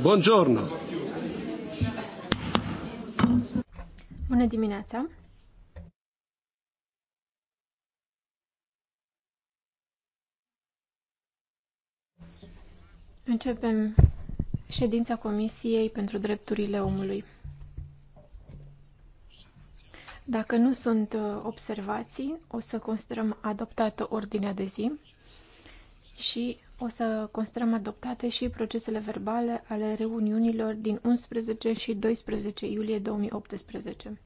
Buongiorno. Bună dimineața. Începem ședința Comisiei pentru Drepturile Omului. Dacă nu sunt uh, observații, o să considerăm adoptată ordinea de zi și o să considerăm adoptate și procesele verbale ale reuniunilor din 11 și 12 iulie 2018.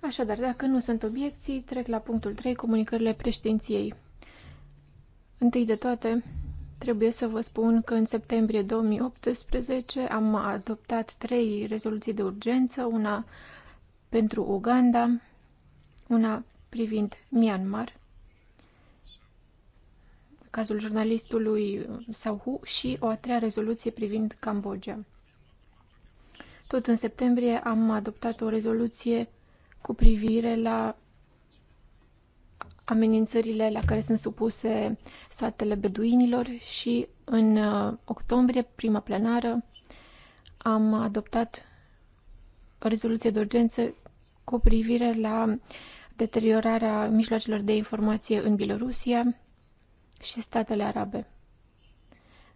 Așadar, dacă nu sunt obiecții, trec la punctul 3, comunicările președinției. Întâi de toate, Trebuie să vă spun că în septembrie 2018 am adoptat trei rezoluții de urgență, una pentru Uganda, una privind Myanmar, cazul jurnalistului Sauhu și o a treia rezoluție privind Cambodgia. Tot în septembrie am adoptat o rezoluție cu privire la amenințările la care sunt supuse satele beduinilor și în uh, octombrie, prima plenară, am adoptat o rezoluție de urgență cu privire la deteriorarea mijloacelor de informație în Bielorusia și statele arabe.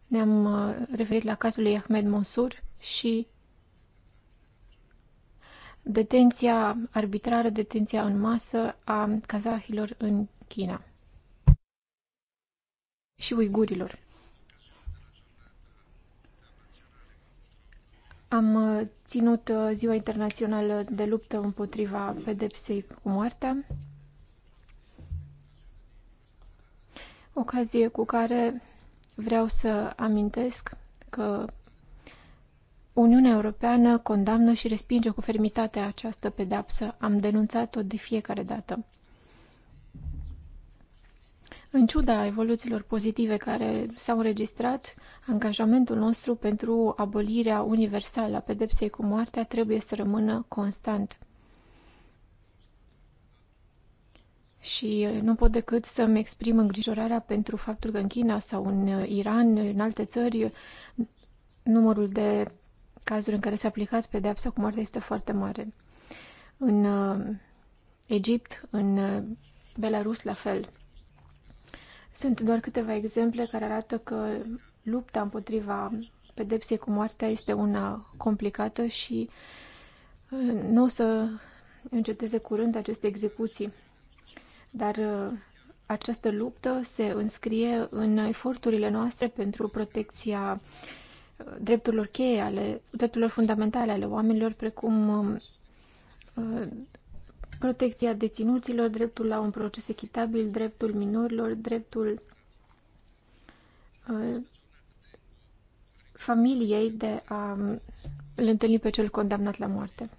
Ne-am uh, referit la cazul lui Ahmed Monsur și detenția arbitrară, detenția în masă a kazahilor în China și uigurilor. Am uh, ținut uh, Ziua Internațională de Luptă împotriva pedepsei cu moartea, ocazie cu care vreau să amintesc că Uniunea Europeană condamnă și respinge cu fermitate această pedapsă. Am denunțat-o de fiecare dată. În ciuda evoluțiilor pozitive care s-au înregistrat, angajamentul nostru pentru abolirea universală a pedepsei cu moartea trebuie să rămână constant. Și nu pot decât să-mi exprim îngrijorarea pentru faptul că în China sau în Iran, în alte țări, numărul de cazuri în care s-a aplicat pedeapsa cu moartea este foarte mare. În uh, Egipt, în uh, Belarus, la fel. Sunt doar câteva exemple care arată că lupta împotriva pedepsei cu moartea este una complicată și uh, nu o să înceteze curând aceste execuții. Dar această luptă se înscrie în eforturile noastre pentru protecția drepturilor cheie, ale drepturilor fundamentale ale oamenilor, precum um, uh, protecția deținuților, dreptul la un proces echitabil, dreptul minorilor, dreptul uh, familiei de a um, îl întâlni pe cel condamnat la moarte.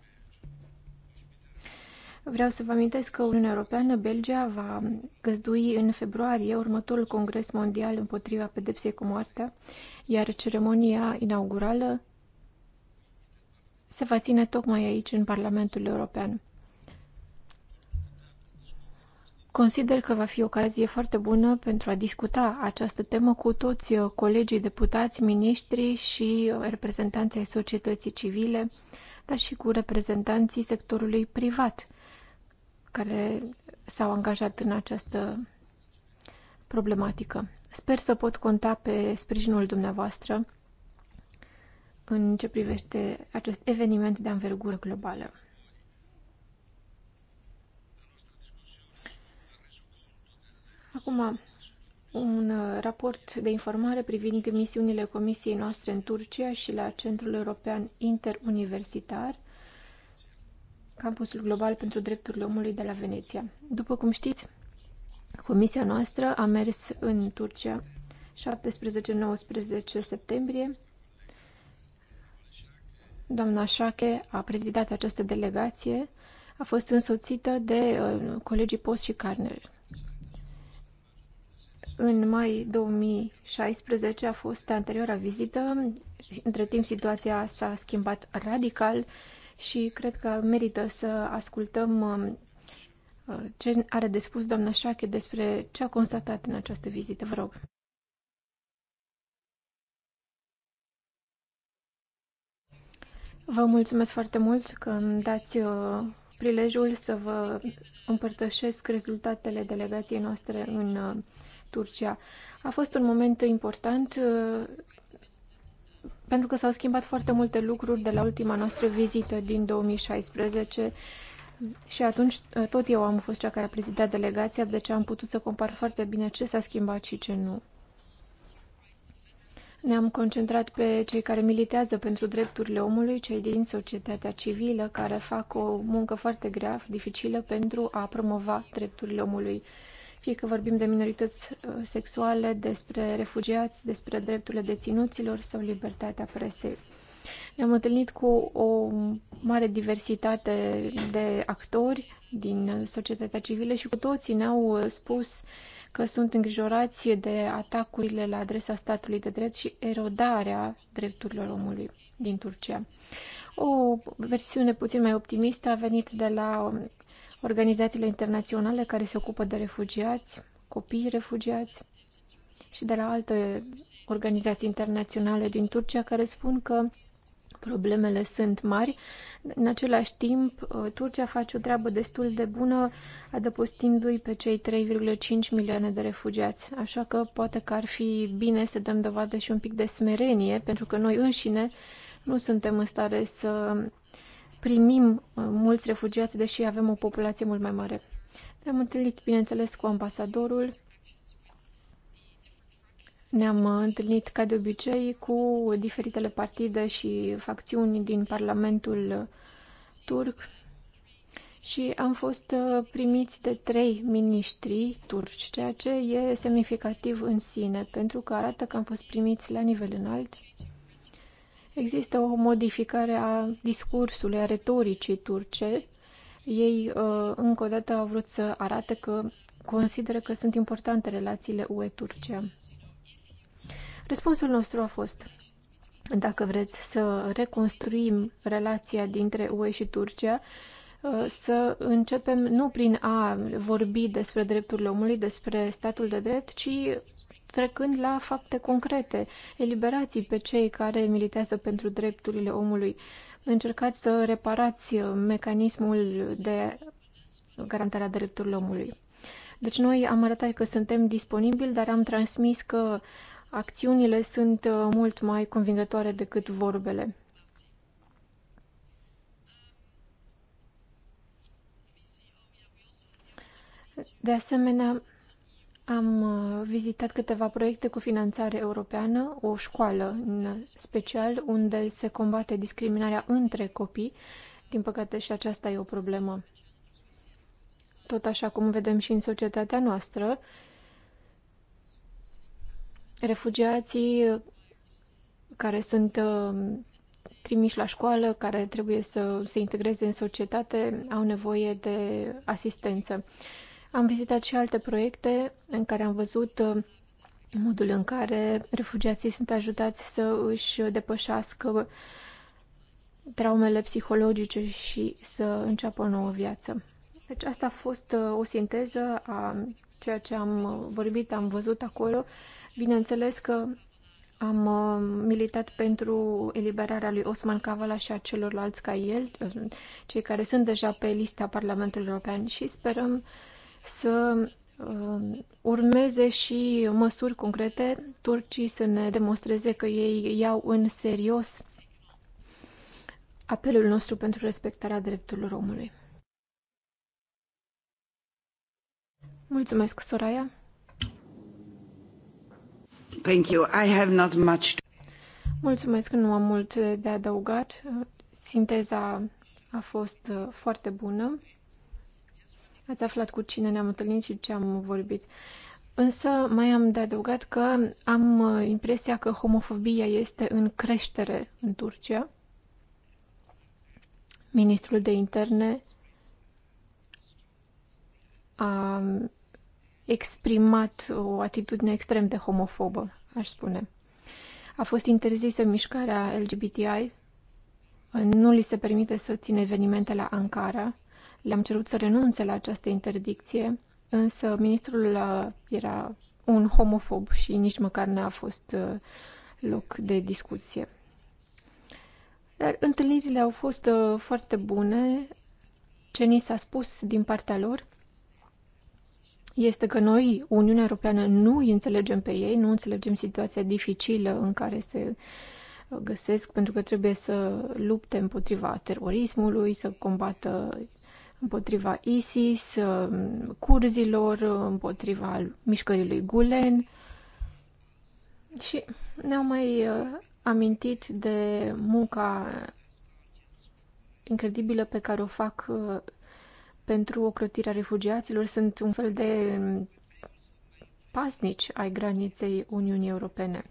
Vreau să vă amintesc că Uniunea Europeană, Belgia, va găzdui în februarie următorul Congres Mondial împotriva pedepsei cu moartea, iar ceremonia inaugurală se va ține tocmai aici, în Parlamentul European. Consider că va fi ocazie foarte bună pentru a discuta această temă cu toți colegii deputați, miniștri și reprezentanții ai societății civile, dar și cu reprezentanții sectorului privat – care s-au angajat în această problematică. Sper să pot conta pe sprijinul dumneavoastră în ce privește acest eveniment de anvergură globală. Acum, un raport de informare privind misiunile comisiei noastre în Turcia și la Centrul European Interuniversitar – Campusul Global pentru Drepturile Omului de la Veneția. După cum știți, comisia noastră a mers în Turcia 17-19 septembrie. Doamna Șache a prezidat această delegație, a fost însoțită de uh, colegii Post și Carner. În mai 2016 a fost anterioara vizită, între timp situația s-a schimbat radical și cred că merită să ascultăm uh, ce are de spus doamna Șache despre ce a constatat în această vizită. Vă rog. Vă mulțumesc foarte mult că îmi dați uh, prilejul să vă împărtășesc rezultatele delegației noastre în uh, Turcia. A fost un moment important pentru că s-au schimbat foarte multe lucruri de la ultima noastră vizită din 2016 și atunci uh, tot eu am fost cea care a prezidat delegația, deci am putut să compar foarte bine ce s-a schimbat și ce nu. Ne-am concentrat pe cei care militează pentru drepturile omului, cei din societatea civilă, care fac o muncă foarte grea, dificilă pentru a promova drepturile omului fie că vorbim de minorități uh, sexuale, despre refugiați, despre drepturile deținuților sau libertatea presei. Ne-am întâlnit cu o mare diversitate de actori din societatea civilă și cu toții ne-au uh, spus că sunt îngrijorați de atacurile la adresa statului de drept și erodarea drepturilor omului din Turcia. O versiune puțin mai optimistă a venit de la um, organizațiile internaționale care se ocupă de refugiați, copii refugiați și de la alte organizații internaționale din Turcia care spun că problemele sunt mari. În același timp, uh, Turcia face o treabă destul de bună adăpostindu-i pe cei 3,5 milioane de refugiați. Așa că poate că ar fi bine să dăm dovadă și un pic de smerenie, pentru că noi înșine nu suntem în stare să primim uh, mulți refugiați, deși avem o populație mult mai mare. Ne-am întâlnit, bineînțeles, cu ambasadorul, ne-am uh, întâlnit, ca de obicei, cu diferitele partide și facțiuni din Parlamentul uh, turc și am fost primiți de trei miniștri turci, ceea ce e semnificativ în sine, pentru că arată că am fost primiți la nivel înalt Există o modificare a discursului, a retoricii turce. Ei, uh, încă o dată, au vrut să arate că consideră că sunt importante relațiile UE-Turcia. Răspunsul nostru a fost, dacă vreți să reconstruim relația dintre UE și Turcia, uh, să începem nu prin a vorbi despre drepturile omului, despre statul de drept, ci trecând la fapte concrete. Eliberați pe cei care militează pentru drepturile omului. Încercați să reparați uh, mecanismul de garantarea drepturilor omului. Deci noi am arătat că suntem disponibili, dar am transmis că acțiunile sunt uh, mult mai convingătoare decât vorbele. De asemenea, am uh, vizitat câteva proiecte cu finanțare europeană, o școală în special, unde se combate discriminarea între copii. Din păcate și aceasta e o problemă. Tot așa cum vedem și în societatea noastră, refugiații care sunt uh, trimiși la școală, care trebuie să se integreze în societate, au nevoie de asistență. Am vizitat și alte proiecte în care am văzut uh, modul în care refugiații sunt ajutați să își depășească traumele psihologice și să înceapă o nouă viață. Deci asta a fost uh, o sinteză a ceea ce am uh, vorbit, am văzut acolo. Bineînțeles că am militat pentru eliberarea lui Osman Kavala și a celorlalți ca el, cei care sunt deja pe lista Parlamentului European și sperăm să um, urmeze și măsuri concrete, turcii să ne demonstreze că ei iau în serios apelul nostru pentru respectarea drepturilor omului. Mulțumesc, Soraya. Thank you. I have not much to... Mulțumesc, nu am mult de adăugat. Sinteza a fost uh, foarte bună ați aflat cu cine ne-am întâlnit și ce am vorbit. Însă mai am de adăugat că am uh, impresia că homofobia este în creștere în Turcia. Ministrul de interne a um, exprimat o atitudine extrem de homofobă, aș spune. A fost interzisă mișcarea LGBTI, nu li se permite să țină evenimente la Ankara, le-am cerut să renunțe la această interdicție, însă ministrul uh, era un homofob și nici măcar n-a fost uh, loc de discuție. Dar întâlnirile au fost uh, foarte bune. Ce ni s-a spus din partea lor este că noi, Uniunea Europeană, nu îi înțelegem pe ei, nu înțelegem situația dificilă în care se găsesc, pentru că trebuie să lupte împotriva terorismului, să combată împotriva ISIS, um, curzilor, împotriva mișcării lui Gulen și ne-au mai uh, amintit de munca incredibilă pe care o fac uh, pentru ocrotirea refugiaților. Sunt un fel de um, pasnici ai graniței Uniunii Europene.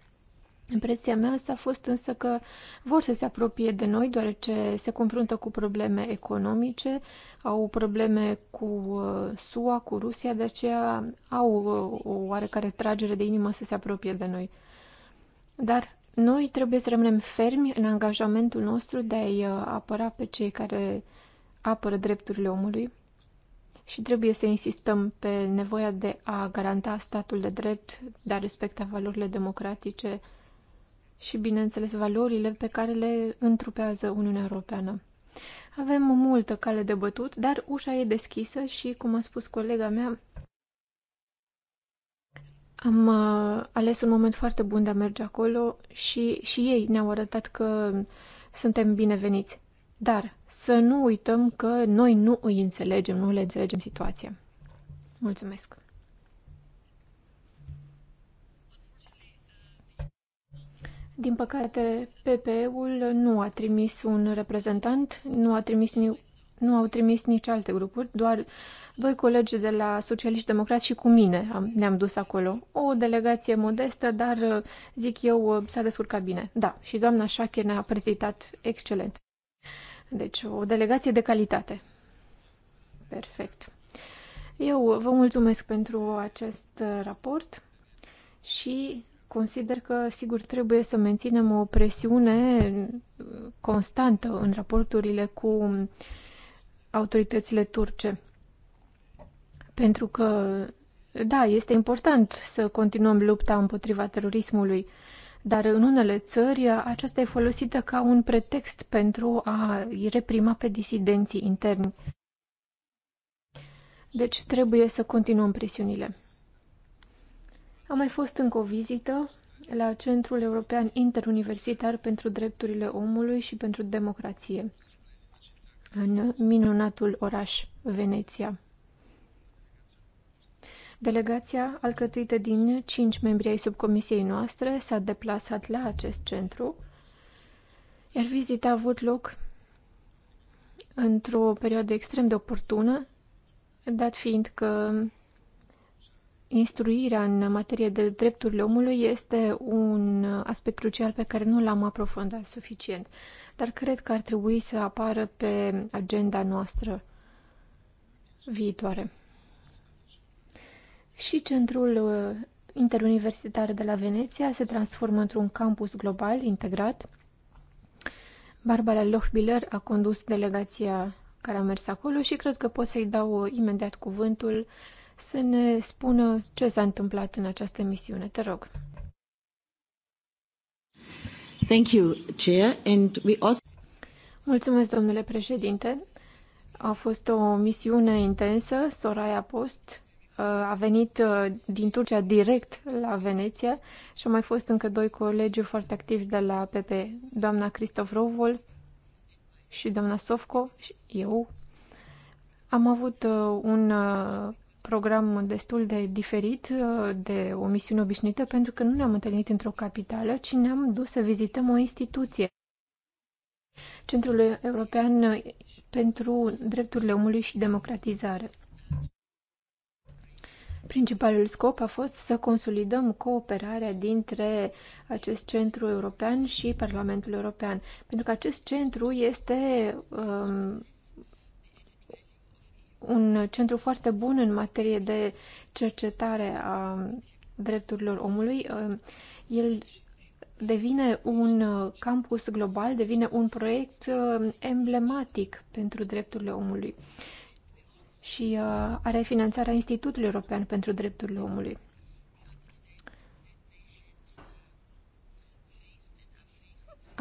Impresia mea asta a fost însă că vor să se apropie de noi, deoarece se confruntă cu probleme economice, au probleme cu uh, SUA, cu Rusia, de aceea au uh, o oarecare tragere de inimă să se apropie de noi. Dar noi trebuie să rămânem fermi în angajamentul nostru de a-i uh, apăra pe cei care apără drepturile omului și trebuie să insistăm pe nevoia de a garanta statul de drept, de a respecta valorile democratice, și, bineînțeles, valorile pe care le întrupează Uniunea Europeană. Avem multă cale de bătut, dar ușa e deschisă și, cum a spus colega mea, am uh, ales un moment foarte bun de a merge acolo și, și ei ne-au arătat că suntem bineveniți. Dar să nu uităm că noi nu îi înțelegem, nu le înțelegem situația. Mulțumesc! Din păcate, PPE-ul nu a trimis un reprezentant, nu, a trimis ni- nu au trimis nici alte grupuri, doar doi colegi de la Socialiști Democrați și cu mine am, ne-am dus acolo. O delegație modestă, dar, zic eu, s-a descurcat bine. Da, și doamna Șache ne-a prezentat excelent. Deci, o delegație de calitate. Perfect. Eu vă mulțumesc pentru acest uh, raport și Consider că, sigur, trebuie să menținem o presiune constantă în raporturile cu autoritățile turce. Pentru că, da, este important să continuăm lupta împotriva terorismului, dar în unele țări aceasta e folosită ca un pretext pentru a i reprima pe disidenții interni. Deci trebuie să continuăm presiunile. Am mai fost încă o vizită la Centrul European Interuniversitar pentru Drepturile Omului și pentru Democrație în minunatul oraș Veneția. Delegația, alcătuită din cinci membri ai subcomisiei noastre, s-a deplasat la acest centru, iar vizita a avut loc într-o perioadă extrem de oportună, dat fiind că instruirea în materie de drepturile omului este un aspect crucial pe care nu l-am aprofundat suficient, dar cred că ar trebui să apară pe agenda noastră viitoare. Și centrul uh, interuniversitar de la Veneția se transformă într-un campus global integrat. Barbara Lochbiller a condus delegația care a mers acolo și cred că pot să-i dau imediat cuvântul uh, să ne spună ce s-a întâmplat în această misiune. Te rog. Thank you, Chair, and we also... Mulțumesc, domnule președinte. A fost o misiune intensă. Soraya Post uh, a venit uh, din Turcia direct la Veneția și au mai fost încă doi colegi foarte activi de la PP, doamna Cristof Rovol și doamna Sofco și eu. Am avut uh, un program destul de diferit uh, de o misiune obișnuită, pentru că nu ne-am întâlnit într-o capitală, ci ne-am dus să vizităm o instituție. Centrul European pentru Drepturile Omului și Democratizare. Principalul scop a fost să consolidăm cooperarea dintre acest centru european și Parlamentul European, pentru că acest centru este um, un centru foarte bun în materie de cercetare a drepturilor omului. Uh, el devine un uh, campus global, devine un proiect uh, emblematic pentru drepturile omului și are finanțarea Institutului European pentru Drepturile Omului.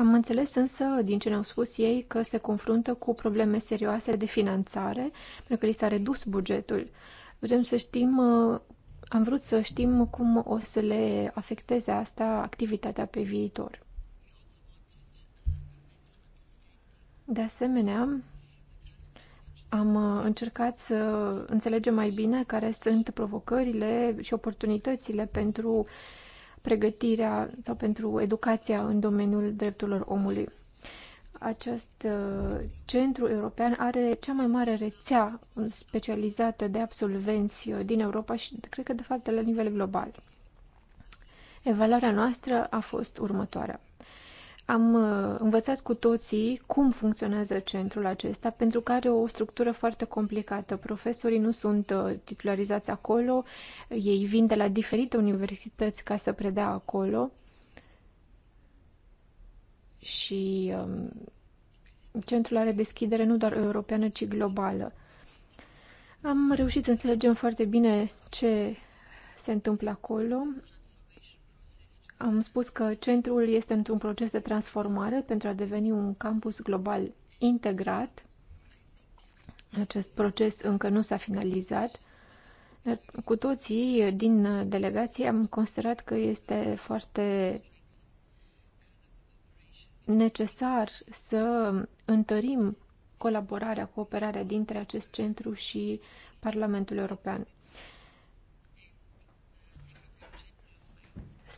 Am înțeles însă, din ce ne-au spus ei, că se confruntă cu probleme serioase de finanțare, pentru că li s-a redus bugetul. Vrem să știm, uh, am vrut să știm cum o să le afecteze asta activitatea pe viitor. De asemenea, am uh, încercat să înțelegem mai bine care sunt provocările și oportunitățile pentru uh, pregătirea sau pentru educația în domeniul drepturilor omului. Acest uh, centru european are cea mai mare rețea specializată de absolvenți uh, din Europa și cred că de fapt de la nivel global. Evaluarea noastră a fost următoarea. Am uh, învățat cu toții cum funcționează centrul acesta, pentru că are o structură foarte complicată. Profesorii nu sunt uh, titularizați acolo, ei vin de la diferite universități ca să predea acolo. Și um, centrul are deschidere nu doar europeană, ci globală. Am reușit să înțelegem foarte bine ce se întâmplă acolo. Am spus că centrul este într-un proces de transformare pentru a deveni un campus global integrat. Acest proces încă nu s-a finalizat. Dar cu toții din delegație am considerat că este foarte necesar să întărim colaborarea, cooperarea dintre acest centru și Parlamentul European.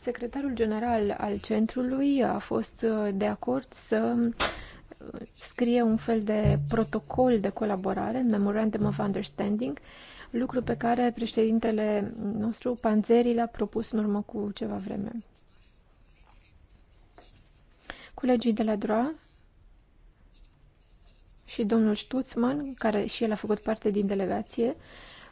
secretarul general al centrului a fost uh, de acord să uh, scrie un fel de protocol de colaborare, Memorandum of Understanding, lucru pe care președintele nostru, Panzeri, l-a propus în urmă cu ceva vreme. Colegii de la DROA și domnul Stutzman, care și el a făcut parte din delegație,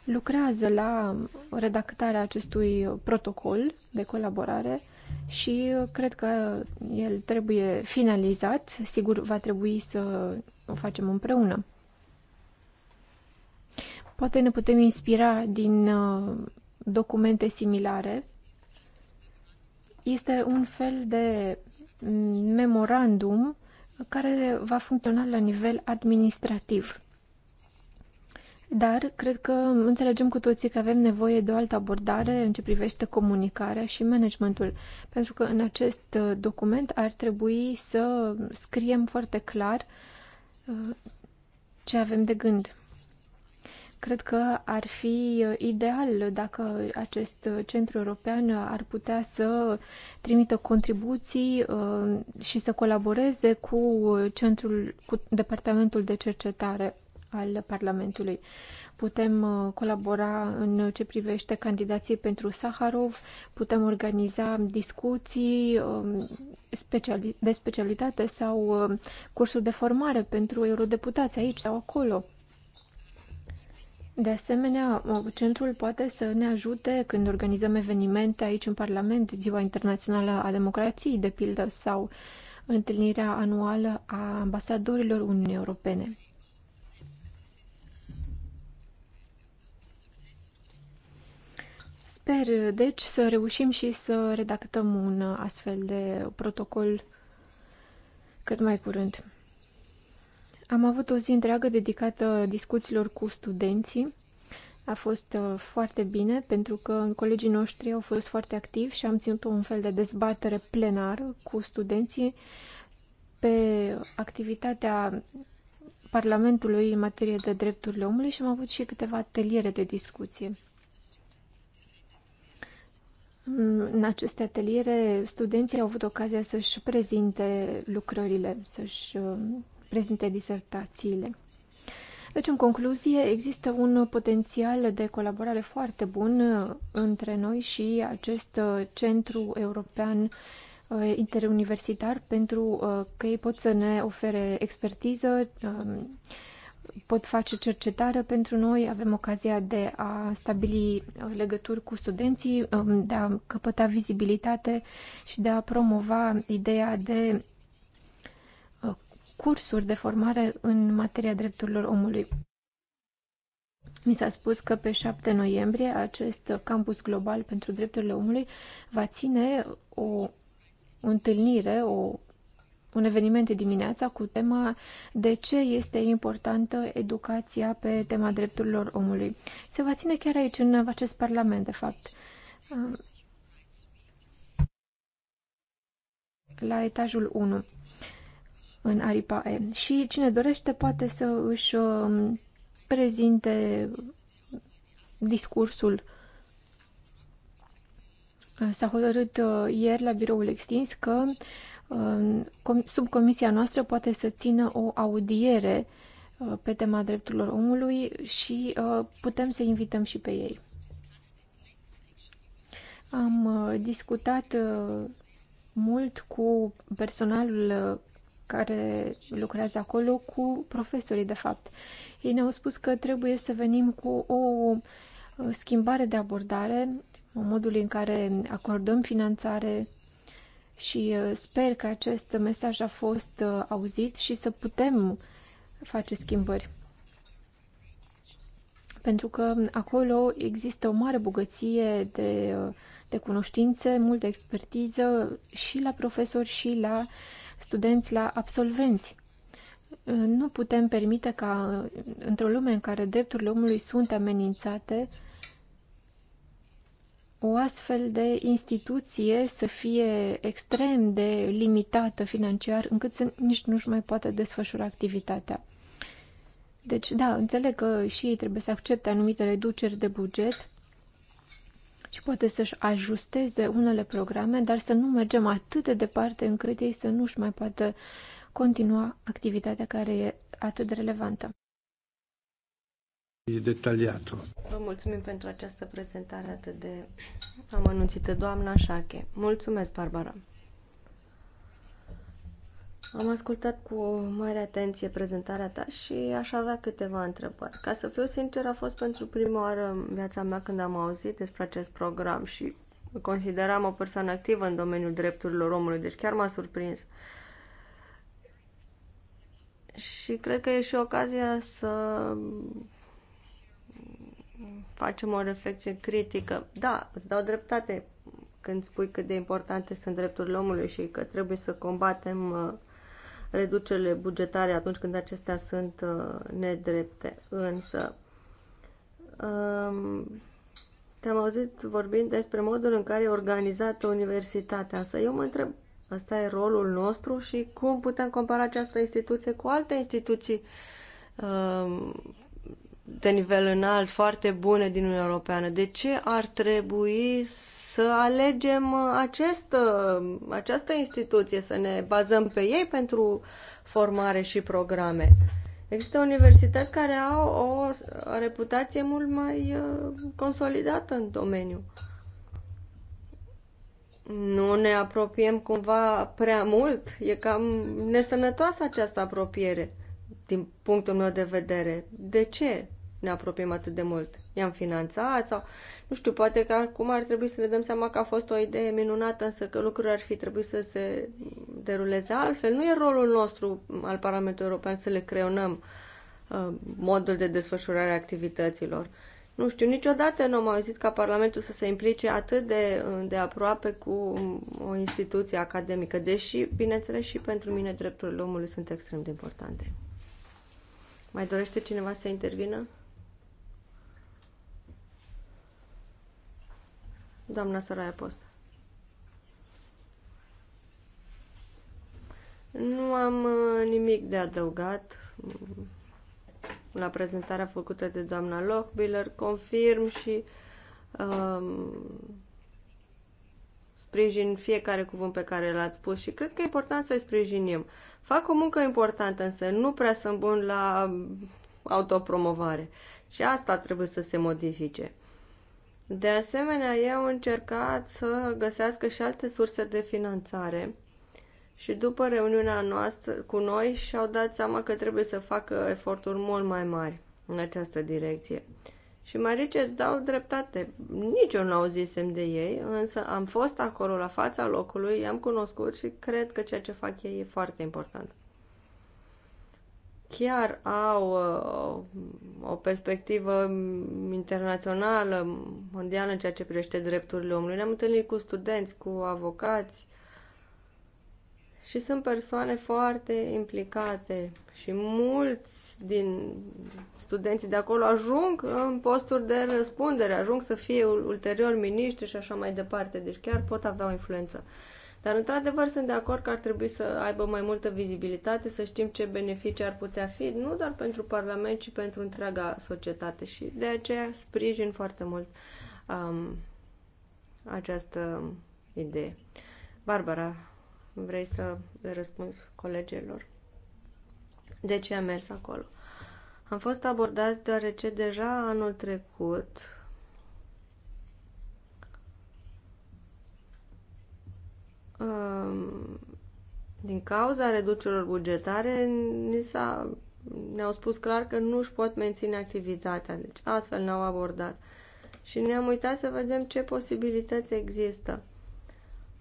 lucrează la redactarea acestui protocol de colaborare și cred că el trebuie finalizat. Sigur, va trebui să o facem împreună. Poate ne putem inspira din uh, documente similare. Este un fel de mm, memorandum care va funcționa la nivel administrativ. Dar cred că înțelegem cu toții că avem nevoie de o altă abordare în ce privește comunicarea și managementul, pentru că în acest uh, document ar trebui să scriem foarte clar uh, ce avem de gând. Cred că ar fi uh, ideal dacă acest centru european ar putea să trimită contribuții și să colaboreze cu centrul, cu departamentul de cercetare al Parlamentului. Putem uh, colabora în ce privește candidații pentru Saharov, putem organiza discuții um, de specialitate sau um, cursuri de formare pentru eurodeputați aici sau acolo. De asemenea, uh, centrul poate să ne ajute când organizăm evenimente aici în Parlament, Ziua Internațională a Democrației, de pildă, sau întâlnirea anuală a ambasadorilor Uniunii Europene. Sper, deci, să reușim și să redactăm un astfel de protocol cât mai curând. Am avut o zi întreagă dedicată discuțiilor cu studenții. A fost uh, foarte bine pentru că colegii noștri au fost foarte activi și am ținut un fel de dezbatere plenară cu studenții pe activitatea Parlamentului în materie de drepturile omului și am avut și câteva ateliere de discuție. În aceste ateliere, studenții au avut ocazia să-și prezinte lucrările, să-și uh, prezinte disertațiile. Deci, în concluzie, există un potențial de colaborare foarte bun uh, între noi și acest uh, centru european interuniversitar pentru că ei pot să ne ofere expertiză, pot face cercetare pentru noi, avem ocazia de a stabili uh, legături cu studenții, um, de a căpăta vizibilitate și de a promova ideea de uh, cursuri de formare în materia drepturilor omului. Mi s-a spus că pe 7 noiembrie acest campus global pentru drepturile omului va ține o întâlnire, o un eveniment dimineața cu tema De ce este importantă educația pe tema drepturilor omului. Se va ține chiar aici, în acest parlament, de fapt. La etajul 1, în aripa E. Și cine dorește poate să își um, prezinte discursul S-a hotărât uh, ieri la biroul extins că Sub comisia noastră poate să țină o audiere uh, pe tema drepturilor omului și uh, putem să invităm și pe ei. Am uh, discutat mult cu personalul care lucrează acolo, cu profesorii, de fapt. Ei ne-au spus că trebuie să venim cu o schimbare de abordare, modul în care acordăm finanțare și uh, sper că acest mesaj a fost uh, auzit și să putem face schimbări. Pentru că acolo există o mare bogăție de, uh, de cunoștințe, multă expertiză și la profesori și la studenți, la absolvenți. Nu putem permite ca într-o lume în care drepturile omului sunt amenințate o astfel de instituție să fie extrem de limitată financiar încât să nici nu-și mai poată desfășura activitatea. Deci, da, înțeleg că și ei trebuie să accepte anumite reduceri de buget și poate să-și ajusteze unele programe, dar să nu mergem atât de departe încât ei să nu-și mai poată continua activitatea care e atât de relevantă detaliatul. Vă mulțumim pentru această prezentare atât de amănunțită, doamna Șache. Mulțumesc, Barbara. Am ascultat cu mare atenție prezentarea ta și aș avea câteva întrebări. Ca să fiu sincer, a fost pentru prima oară în viața mea când am auzit despre acest program și consideram o persoană activă în domeniul drepturilor omului, deci chiar m-a surprins. Și cred că e și ocazia să facem o reflexie critică. Da, îți dau dreptate când spui cât de importante sunt drepturile omului și că trebuie să combatem uh, reducerile bugetare atunci când acestea sunt uh, nedrepte. Însă, um, te-am auzit vorbind despre modul în care e organizată universitatea. Asta eu mă întreb, asta e rolul nostru și cum putem compara această instituție cu alte instituții um, de nivel înalt foarte bune din Uniunea Europeană. De ce ar trebui să alegem această, această instituție, să ne bazăm pe ei pentru formare și programe? Există universități care au o reputație mult mai uh, consolidată în domeniu. Nu ne apropiem cumva prea mult? E cam nesănătoasă această apropiere, din punctul meu de vedere. De ce? ne apropiem atât de mult. I-am finanțat sau, nu știu, poate că acum ar trebui să ne dăm seama că a fost o idee minunată, însă că lucrurile ar fi trebuit să se deruleze altfel. Nu e rolul nostru al Parlamentului European să le creionăm uh, modul de desfășurare a activităților. Nu știu, niciodată nu am auzit ca Parlamentul să se implice atât de, uh, de aproape cu um, o instituție academică, deși, bineînțeles, și pentru mine drepturile omului sunt extrem de importante. Mai dorește cineva să intervină? doamna Soraya Post. Nu am uh, nimic de adăugat mm, la prezentarea făcută de doamna Lochbiller. Confirm și um, sprijin fiecare cuvânt pe care l-ați spus și cred că e important să-i sprijinim. Fac o muncă importantă, însă nu prea sunt bun la autopromovare. Și asta trebuie să se modifice. De asemenea, ei au încercat să găsească și alte surse de finanțare și după reuniunea noastră cu noi și-au dat seama că trebuie să facă eforturi mult mai mari în această direcție. Și Marice îți dau dreptate, nici eu nu auzisem de ei, însă am fost acolo la fața locului, i-am cunoscut și cred că ceea ce fac ei e foarte important chiar au uh, o perspectivă internațională, mondială în ceea ce privește drepturile omului. Ne-am întâlnit cu studenți, cu avocați și sunt persoane foarte implicate și mulți din studenții de acolo ajung în posturi de răspundere, ajung să fie ulterior miniștri și așa mai departe, deci chiar pot avea o influență. Dar, într-adevăr, sunt de acord că ar trebui să aibă mai multă vizibilitate, să știm ce beneficii ar putea fi, nu doar pentru Parlament, ci pentru întreaga societate. Și de aceea sprijin foarte mult um, această idee. Barbara, vrei să răspunzi colegilor? De ce am mers acolo? Am fost abordat deoarece deja anul trecut din cauza reducerilor bugetare, ni s-a, ne-au spus clar că nu își pot menține activitatea. Deci astfel ne-au abordat. Și ne-am uitat să vedem ce posibilități există.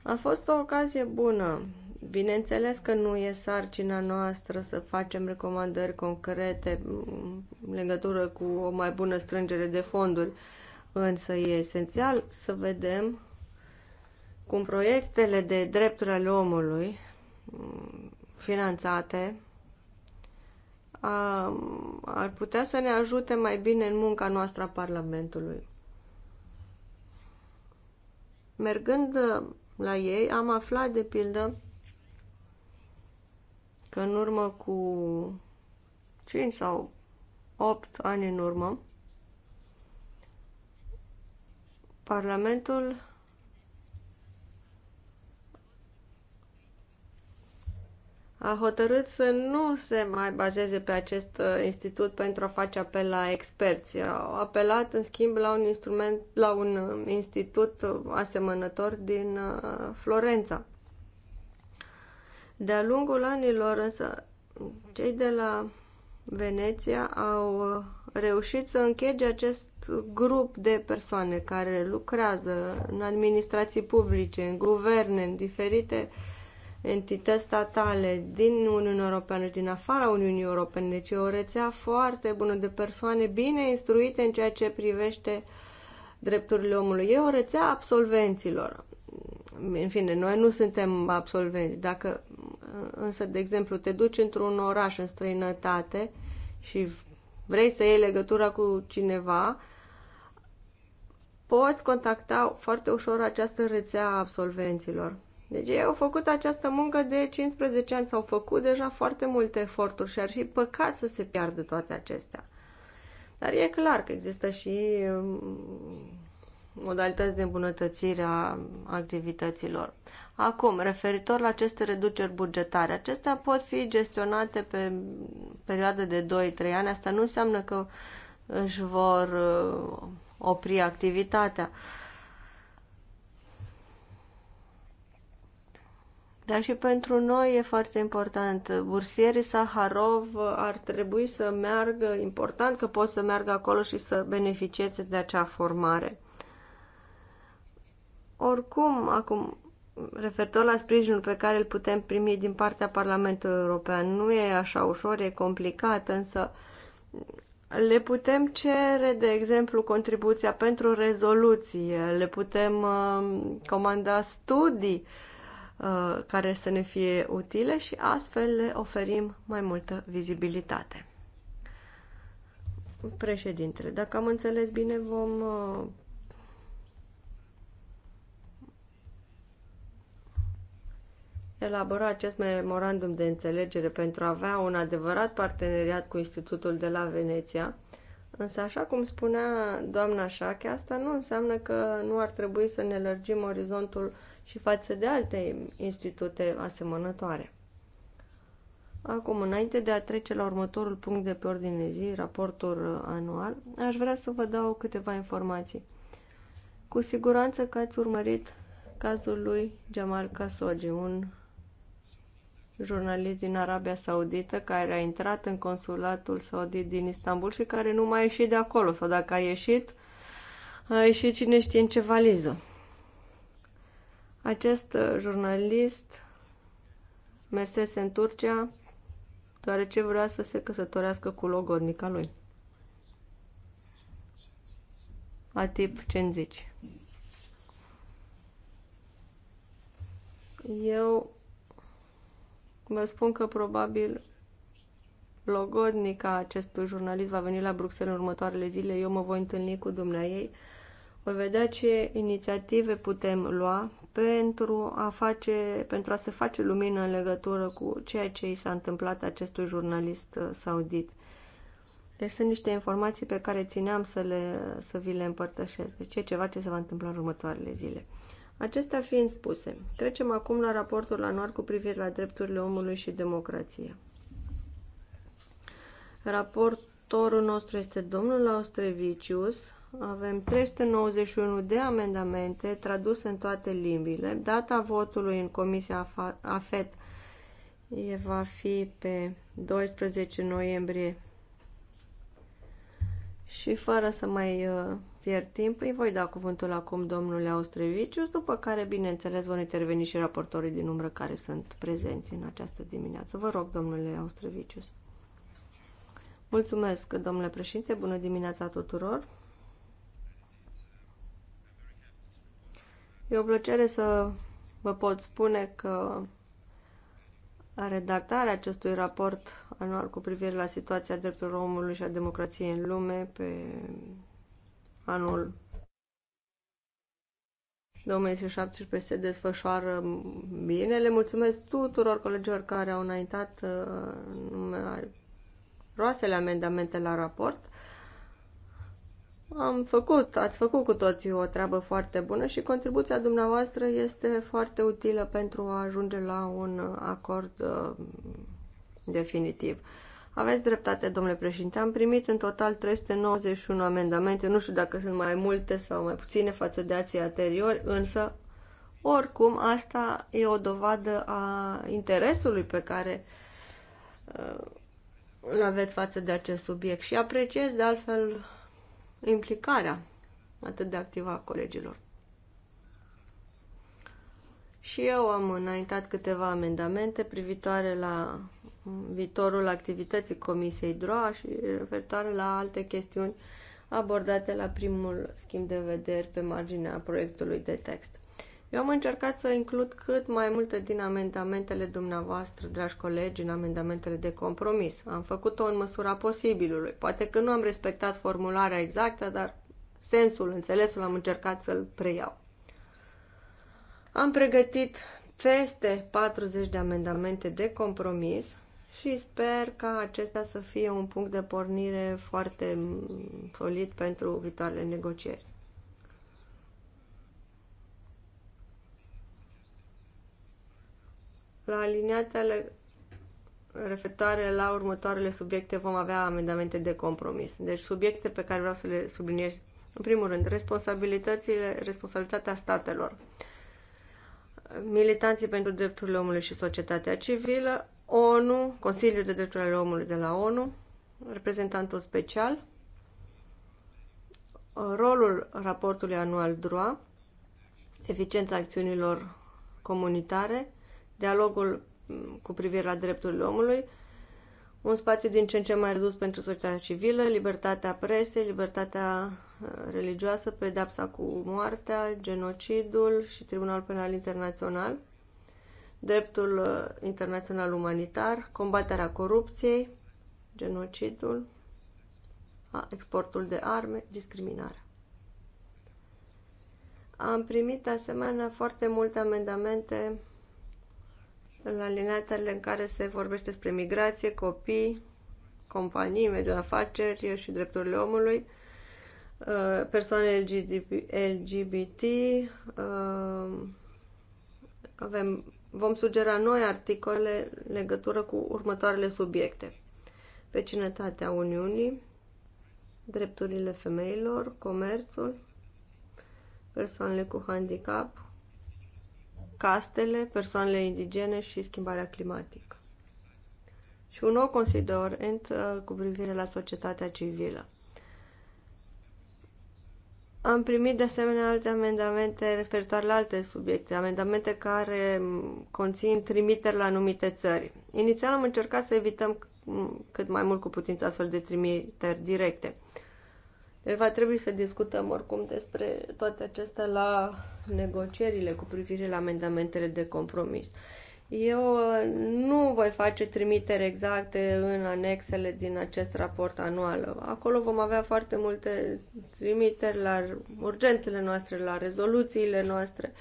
A fost o ocazie bună. Bineînțeles că nu e sarcina noastră să facem recomandări concrete în legătură cu o mai bună strângere de fonduri, însă e esențial să vedem cum proiectele de drepturi ale omului mm, finanțate a, ar putea să ne ajute mai bine în munca noastră a Parlamentului. Mergând uh, la ei, am aflat, de pildă, că în urmă cu 5 sau 8 ani în urmă, Parlamentul a hotărât să nu se mai bazeze pe acest uh, institut pentru a face apel la experți. Au apelat, în schimb, la un instrument, la un uh, institut uh, asemănător din Florența. De-a lungul anilor, însă, cei de la Veneția au reușit să închege acest grup de persoane care lucrează în administrații publice, în guverne, în diferite uh, entități statale din Uniunea Europeană și din afara Uniunii Europene. Deci e o rețea foarte bună de persoane bine instruite în ceea ce privește drepturile omului. E o rețea absolvenților. În fine, noi nu suntem absolvenți. Dacă însă, de exemplu, te duci într-un oraș în străinătate și vrei să iei legătura cu cineva, poți contacta foarte ușor această rețea absolvenților. Deci ei au făcut această muncă de 15 ani, s-au făcut deja foarte multe eforturi și ar fi păcat să se piardă toate acestea. Dar e clar că există și um, modalități de îmbunătățire a activităților. Acum, referitor la aceste reduceri bugetare, acestea pot fi gestionate pe perioadă de 2-3 ani. Asta nu înseamnă că își vor uh, opri activitatea. Uh, Dar și pentru noi e foarte important. Bursierii Saharov ar trebui să meargă, important că pot să meargă acolo și să beneficieze de acea formare. Oricum, acum, referitor la sprijinul pe care îl putem primi din partea Parlamentului European, nu e așa ușor, e complicat, însă le putem cere, de exemplu, contribuția pentru rezoluție, le putem uh, comanda studii, uh, Uh, care să ne fie utile și astfel le oferim mai multă vizibilitate. Președintele, dacă am înțeles bine, vom uh, elabora acest memorandum de înțelegere pentru a avea un adevărat parteneriat cu Institutul de la Veneția. Însă, așa cum spunea doamna Șache, asta nu înseamnă că nu ar trebui să ne lărgim orizontul uh, și față de alte institute asemănătoare. Acum, înainte de a trece la următorul punct de pe ordine zi, raportul anual, aș vrea să vă dau câteva informații. Cu siguranță că ați urmărit cazul lui Jamal Khashoggi, un jurnalist din Arabia Saudită care a intrat în consulatul saudit din Istanbul și care nu mai a ieșit de acolo, sau dacă a ieșit, a ieșit cine știe în ce valiză. Acest uh, jurnalist mersese în Turcia deoarece vrea să se căsătorească cu logodnica lui. A ce zici. Eu vă spun că probabil logodnica acestui jurnalist va veni la Bruxelles în următoarele zile. Eu mă voi întâlni cu dumneai ei voi vedea ce inițiative putem lua pentru a, face, pentru a se face lumină în legătură cu ceea ce i s-a întâmplat acestui jurnalist uh, saudit. Deci sunt niște informații pe care țineam să, le, să vi le împărtășesc. Deci e ceva ce se va întâmpla în următoarele zile. Acestea fiind spuse, trecem acum la raportul anual cu privire la drepturile omului și democrație. Raportorul nostru este domnul Austrevicius, avem 391 de amendamente traduse în toate limbile. Data votului în Comisia AFET e, va fi pe 12 noiembrie. Și fără să mai uh, pierd timp, îi voi da cuvântul acum domnului Austrevicius, după care, bineînțeles, vor interveni și raportorii din umbră care sunt prezenți în această dimineață. Vă rog, domnule Austrevicius. Mulțumesc, domnule președinte, bună dimineața tuturor. E o plăcere să vă pot spune că redactarea acestui raport anual cu privire la situația drepturilor omului și a democrației în lume pe anul 2017 se desfășoară bine. Le mulțumesc tuturor colegilor care au înaintat uh, numeroasele amendamente la raport am făcut, ați făcut cu toții o treabă foarte bună și contribuția dumneavoastră este foarte utilă pentru a ajunge la un acord uh, definitiv. Aveți dreptate, domnule președinte. Am primit în total 391 amendamente. Nu știu dacă sunt mai multe sau mai puține față de ații anteriori, însă, oricum, asta e o dovadă a interesului pe care uh, îl aveți față de acest subiect. Și apreciez, de altfel, implicarea atât de activă a colegilor. Și eu am înaintat câteva amendamente privitoare la viitorul activității Comisiei DROA și referitoare la alte chestiuni abordate la primul schimb de vederi pe marginea proiectului de text. Eu am încercat să includ cât mai multe din amendamentele dumneavoastră, dragi colegi, în amendamentele de compromis. Am făcut-o în măsura posibilului. Poate că nu am respectat formularea exactă, dar sensul, înțelesul am încercat să-l preiau. Am pregătit peste 40 de amendamente de compromis și sper ca acesta să fie un punct de pornire foarte solid pentru viitoarele negocieri. La ale referitoare la următoarele subiecte vom avea amendamente de compromis. Deci subiecte pe care vreau să le subliniez. În primul rând, responsabilitățile, responsabilitatea statelor. Militanții pentru drepturile omului și societatea civilă, ONU, Consiliul de Drepturile Omului de la ONU, reprezentantul special, rolul raportului anual DROA, eficiența acțiunilor comunitare, dialogul mm, cu privire la drepturile omului, un spațiu din ce în ce mai redus pentru societatea civilă, libertatea presei, libertatea uh, religioasă, pedapsa cu moartea, genocidul și Tribunal Penal Internațional, dreptul uh, internațional umanitar, combaterea corupției, genocidul, exportul de arme, discriminarea. Am primit asemenea foarte multe amendamente la alineatele în care se vorbește despre migrație, copii, companii, mediul afaceri și drepturile omului, uh, persoane LGBT, uh, avem, vom sugera noi articole în legătură cu următoarele subiecte. Vecinătatea Uniunii, drepturile femeilor, comerțul, persoanele cu handicap, castele, persoanele indigene și schimbarea climatică. Și un nou considerent uh, cu privire la societatea civilă. Am primit de asemenea alte amendamente referitoare la alte subiecte, amendamente care conțin trimiteri la anumite țări. Inițial am încercat să evităm cât mai mult cu putință astfel de trimiteri directe. Deci va trebui să discutăm oricum despre toate acestea la negocierile cu privire la amendamentele de compromis. Eu uh, nu voi face trimiteri exacte în anexele din acest raport anual. Acolo vom avea foarte multe trimiteri la urgentele noastre, la rezoluțiile noastre. Uh,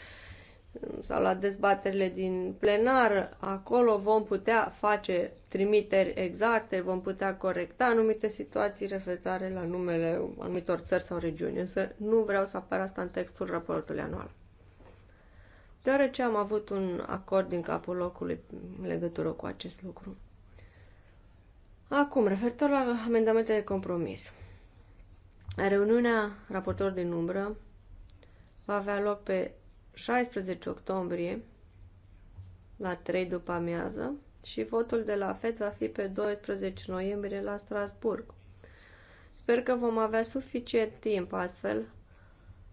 sau la dezbaterile din plenar, acolo vom putea face trimiteri exacte, vom putea corecta anumite situații referitoare la numele anumitor țări sau regiuni, însă nu vreau să apară asta în textul raportului anual. Deoarece am avut un acord din capul locului în legătură cu acest lucru. Acum, referitor la amendamentele de compromis. Reuniunea raportorilor din umbră va avea loc pe 16 octombrie, la 3 după amiază, și votul de la FED va fi pe 12 noiembrie la Strasburg. Sper că vom avea suficient timp astfel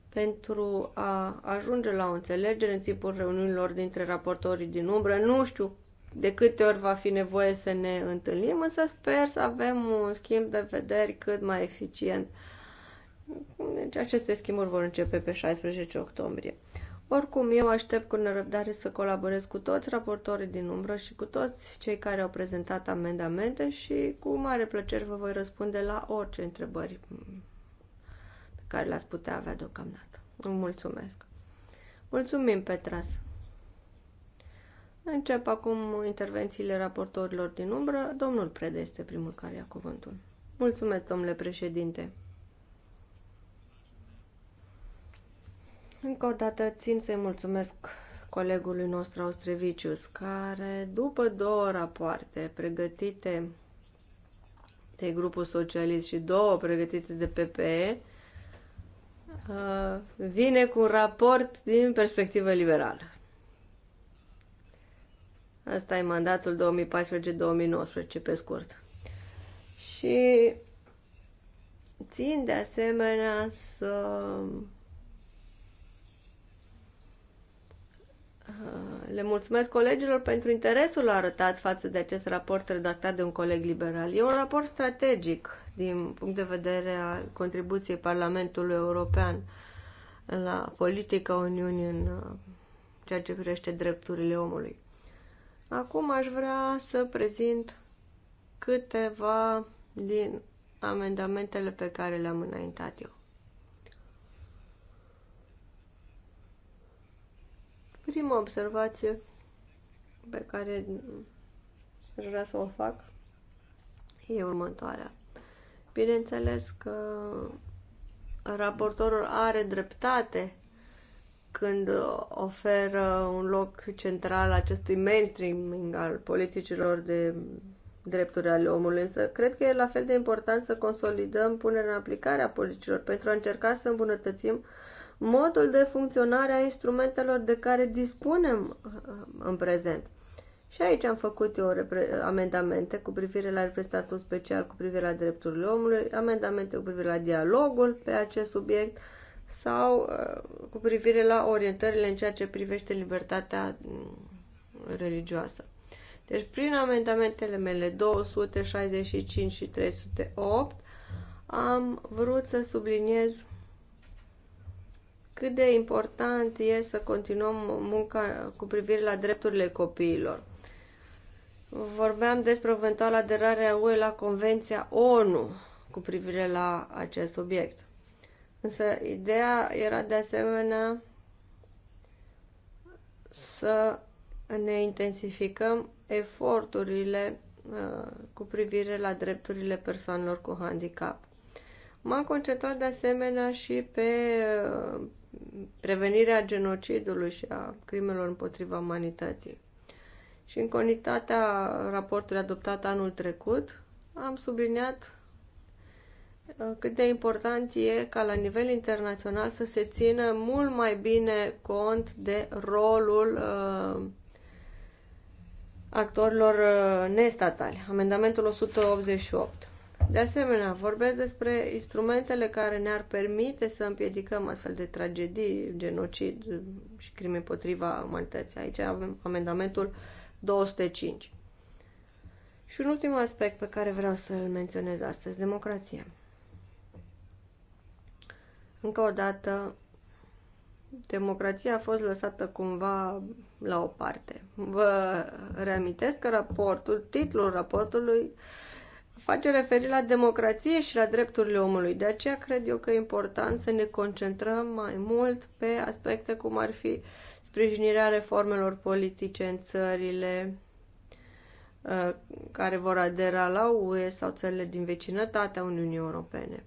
pentru a ajunge la o înțelegere în timpul reuniunilor dintre raportorii din umbră. Nu știu de câte ori va fi nevoie să ne întâlnim, însă sper să avem un schimb de vederi cât mai eficient. Deci aceste schimburi vor începe pe 16 octombrie. Oricum, eu aștept cu nerăbdare să colaborez cu toți raportorii din umbră și cu toți cei care au prezentat amendamente și cu mare plăcere vă voi răspunde la orice întrebări pe care le-ați putea avea deocamdată. Îmi mulțumesc! Mulțumim, Petras! Încep acum intervențiile raportorilor din umbră. Domnul Prede este primul care ia cuvântul. Mulțumesc, domnule președinte! Încă o dată țin să-i mulțumesc colegului nostru Austrevicius, care după două rapoarte pregătite de grupul socialist și două pregătite de PPE, uh, vine cu un raport din perspectivă liberală. Asta e mandatul 2014-2019, pe scurt. Și țin de asemenea să le mulțumesc colegilor pentru interesul arătat față de acest raport redactat de un coleg liberal. E un raport strategic din punct de vedere al contribuției Parlamentului European la politica Uniunii în uh, ceea ce privește drepturile omului. Acum aș vrea să prezint câteva din amendamentele pe care le-am înaintat eu. Prima observație pe care aș vrea să o fac e următoarea. Bineînțeles că raportorul are dreptate când oferă un loc central acestui mainstreaming al politicilor de drepturi ale omului, însă cred că e la fel de important să consolidăm punerea în aplicare a politicilor pentru a încerca să îmbunătățim uh, modul de funcționare a instrumentelor de care dispunem uh, în prezent. Și aici am făcut eu amendamente cu privire la reprezentatul special cu privire la drepturile omului, amendamente cu privire la dialogul pe acest subiect sau uh, cu privire la orientările în ceea ce privește libertatea mm, religioasă. Deci prin amendamentele mele 265 și 308 am vrut să subliniez cât de important e să continuăm munca cu privire la drepturile copiilor. Vorbeam despre eventuala a UE la Convenția ONU cu privire la acest subiect. Însă ideea era de asemenea să ne intensificăm eforturile uh, cu privire la drepturile persoanelor cu handicap. M-am concentrat de asemenea și pe uh, prevenirea genocidului și a crimelor împotriva umanității. Și în conitatea raportului adoptat anul trecut, am subliniat uh, cât de important e ca la nivel internațional să se țină mult mai bine cont de rolul uh, actorilor uh, nestatali. Amendamentul 188. De asemenea, vorbesc despre instrumentele care ne-ar permite să împiedicăm astfel de tragedii, genocid și crime împotriva umanității. Aici avem amendamentul 205. Și un ultim aspect pe care vreau să-l menționez astăzi, democrația. Încă o dată, democrația a fost lăsată cumva la o parte. Vă reamintesc că raportul, titlul raportului uh, face referire la democrație și la drepturile omului. De aceea cred eu că e important să ne concentrăm mai mult pe aspecte cum ar fi sprijinirea reformelor politice în țările uh, care vor adera la UE sau țările din vecinătatea Uniunii Europene.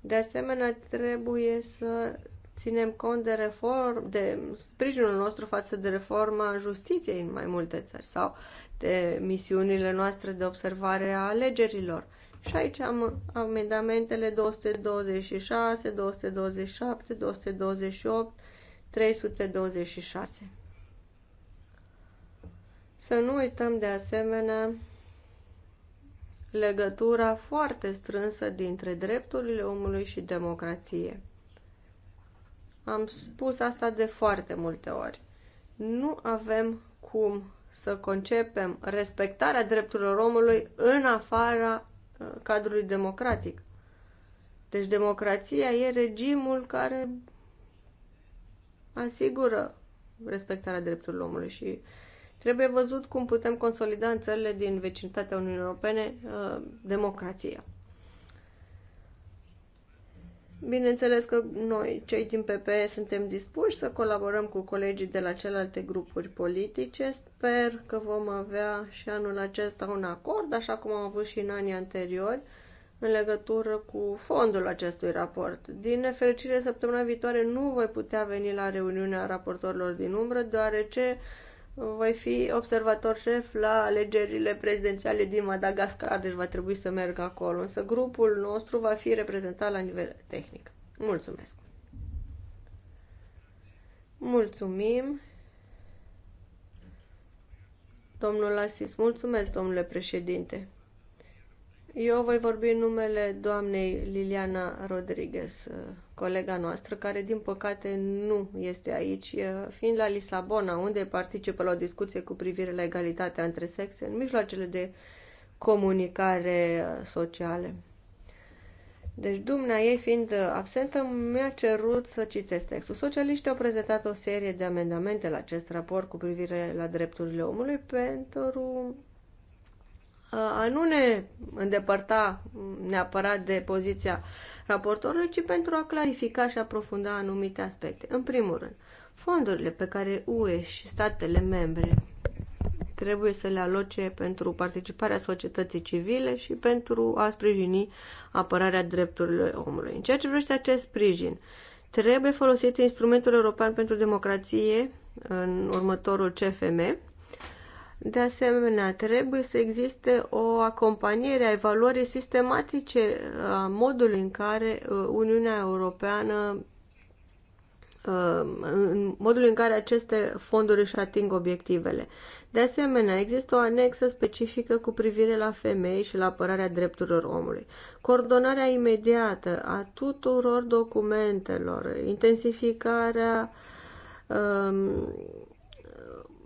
De asemenea, trebuie să ținem cont de, reform, de sprijinul nostru față de reforma justiției în mai multe țări sau de misiunile noastre de observare a alegerilor. Și aici am amendamentele 226, 227, 228, 326. Să nu uităm de asemenea legătura foarte strânsă dintre drepturile omului și democrație. Am spus asta de foarte multe ori. Nu avem cum să concepem respectarea drepturilor omului în afara uh, cadrului democratic. Deci democrația e regimul care asigură respectarea drepturilor omului și trebuie văzut cum putem consolida în țările din vecinătatea Uniunii Europene uh, democrația. Bineînțeles că noi, cei din PPE, suntem dispuși să colaborăm cu colegii de la celelalte grupuri politice. Sper că vom avea și anul acesta un acord, așa cum am avut și în anii anteriori, în legătură cu fondul acestui raport. Din nefericire, săptămâna viitoare nu voi putea veni la reuniunea raportorilor din umbră, deoarece uh, voi fi observator șef la alegerile prezidențiale din Madagascar, deci va trebui să merg acolo, însă grupul nostru va fi reprezentat la nivel tehnic. Mulțumesc! Mulțumim! Domnul Asis, mulțumesc, domnule președinte! Eu voi vorbi în numele doamnei Liliana Rodriguez, colega noastră, care din păcate nu este aici, fiind la Lisabona, unde participă la o discuție cu privire la egalitatea între sexe în mijloacele de comunicare sociale. Deci dumnea ei fiind absentă, mi-a cerut să citesc textul. Socialiștii au prezentat o serie de amendamente la acest raport cu privire la drepturile omului pentru a nu ne îndepărta neapărat de poziția uh, raportorului, ci pentru a clarifica și aprofunda anumite aspecte. În primul rând, fondurile pe care UE și statele membre trebuie să le aloce pentru participarea societății civile și pentru a sprijini apărarea drepturilor omului. În ceea ce privește acest sprijin, trebuie folosit instrumentul european pentru democrație în următorul CFM, de asemenea, trebuie să existe o acompaniere a evaluării sistematice a modului în care uh, Uniunea Europeană uh, în modul în care aceste fonduri își ating obiectivele. De asemenea, există o anexă specifică cu privire la femei și la apărarea drepturilor omului. Coordonarea imediată a tuturor documentelor, intensificarea um,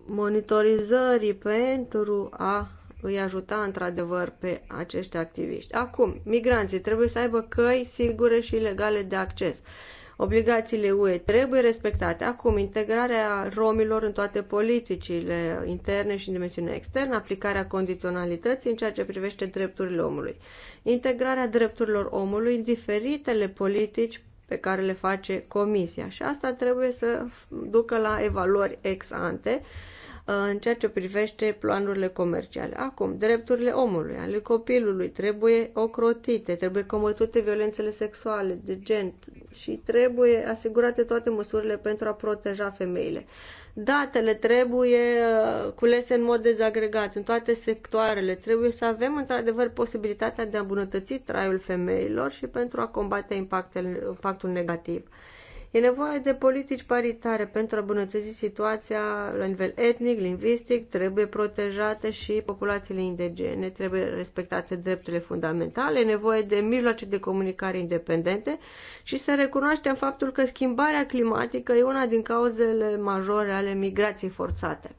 monitorizării pentru a îi ajuta într-adevăr pe acești activiști. Acum, migranții trebuie să aibă căi sigure și legale de acces. Obligațiile UE trebuie respectate. Acum, integrarea romilor în toate politicile interne și în dimensiunea externă, aplicarea condiționalității în ceea ce privește drepturile omului, integrarea drepturilor omului în diferitele politici pe care le face Comisia. Și asta trebuie să ducă la evaluări ex ante, Uh, în ceea ce privește planurile comerciale. Acum, drepturile omului, ale copilului, trebuie ocrotite, trebuie combătute violențele sexuale, de gen și trebuie asigurate toate măsurile pentru a proteja femeile. Datele trebuie uh, culese în mod dezagregat în toate sectoarele. Trebuie să avem într-adevăr posibilitatea de a îmbunătăți traiul femeilor și pentru a combate impactul negativ. E nevoie de politici paritare pentru a bunătăți situația la nivel etnic, lingvistic, trebuie protejate și populațiile indigene, trebuie respectate drepturile fundamentale, e nevoie de mijloace de comunicare independente și să recunoaștem faptul că schimbarea climatică e una din cauzele majore ale migrației forțate.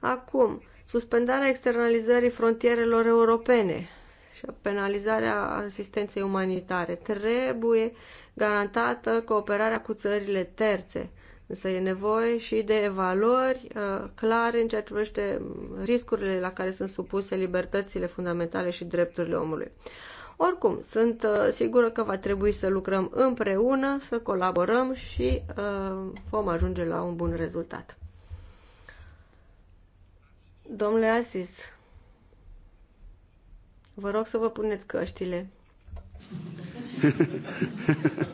Acum, suspendarea externalizării frontierelor europene și penalizarea asistenței umanitare trebuie garantată cooperarea cu țările terțe. Însă e nevoie și de evaluări uh, clare în ceea ce privește riscurile la care sunt supuse libertățile fundamentale și drepturile omului. Oricum, sunt uh, sigură că va trebui să lucrăm împreună, să colaborăm și uh, vom ajunge la un bun rezultat. Domnule Asis, vă rog să vă puneți căștile.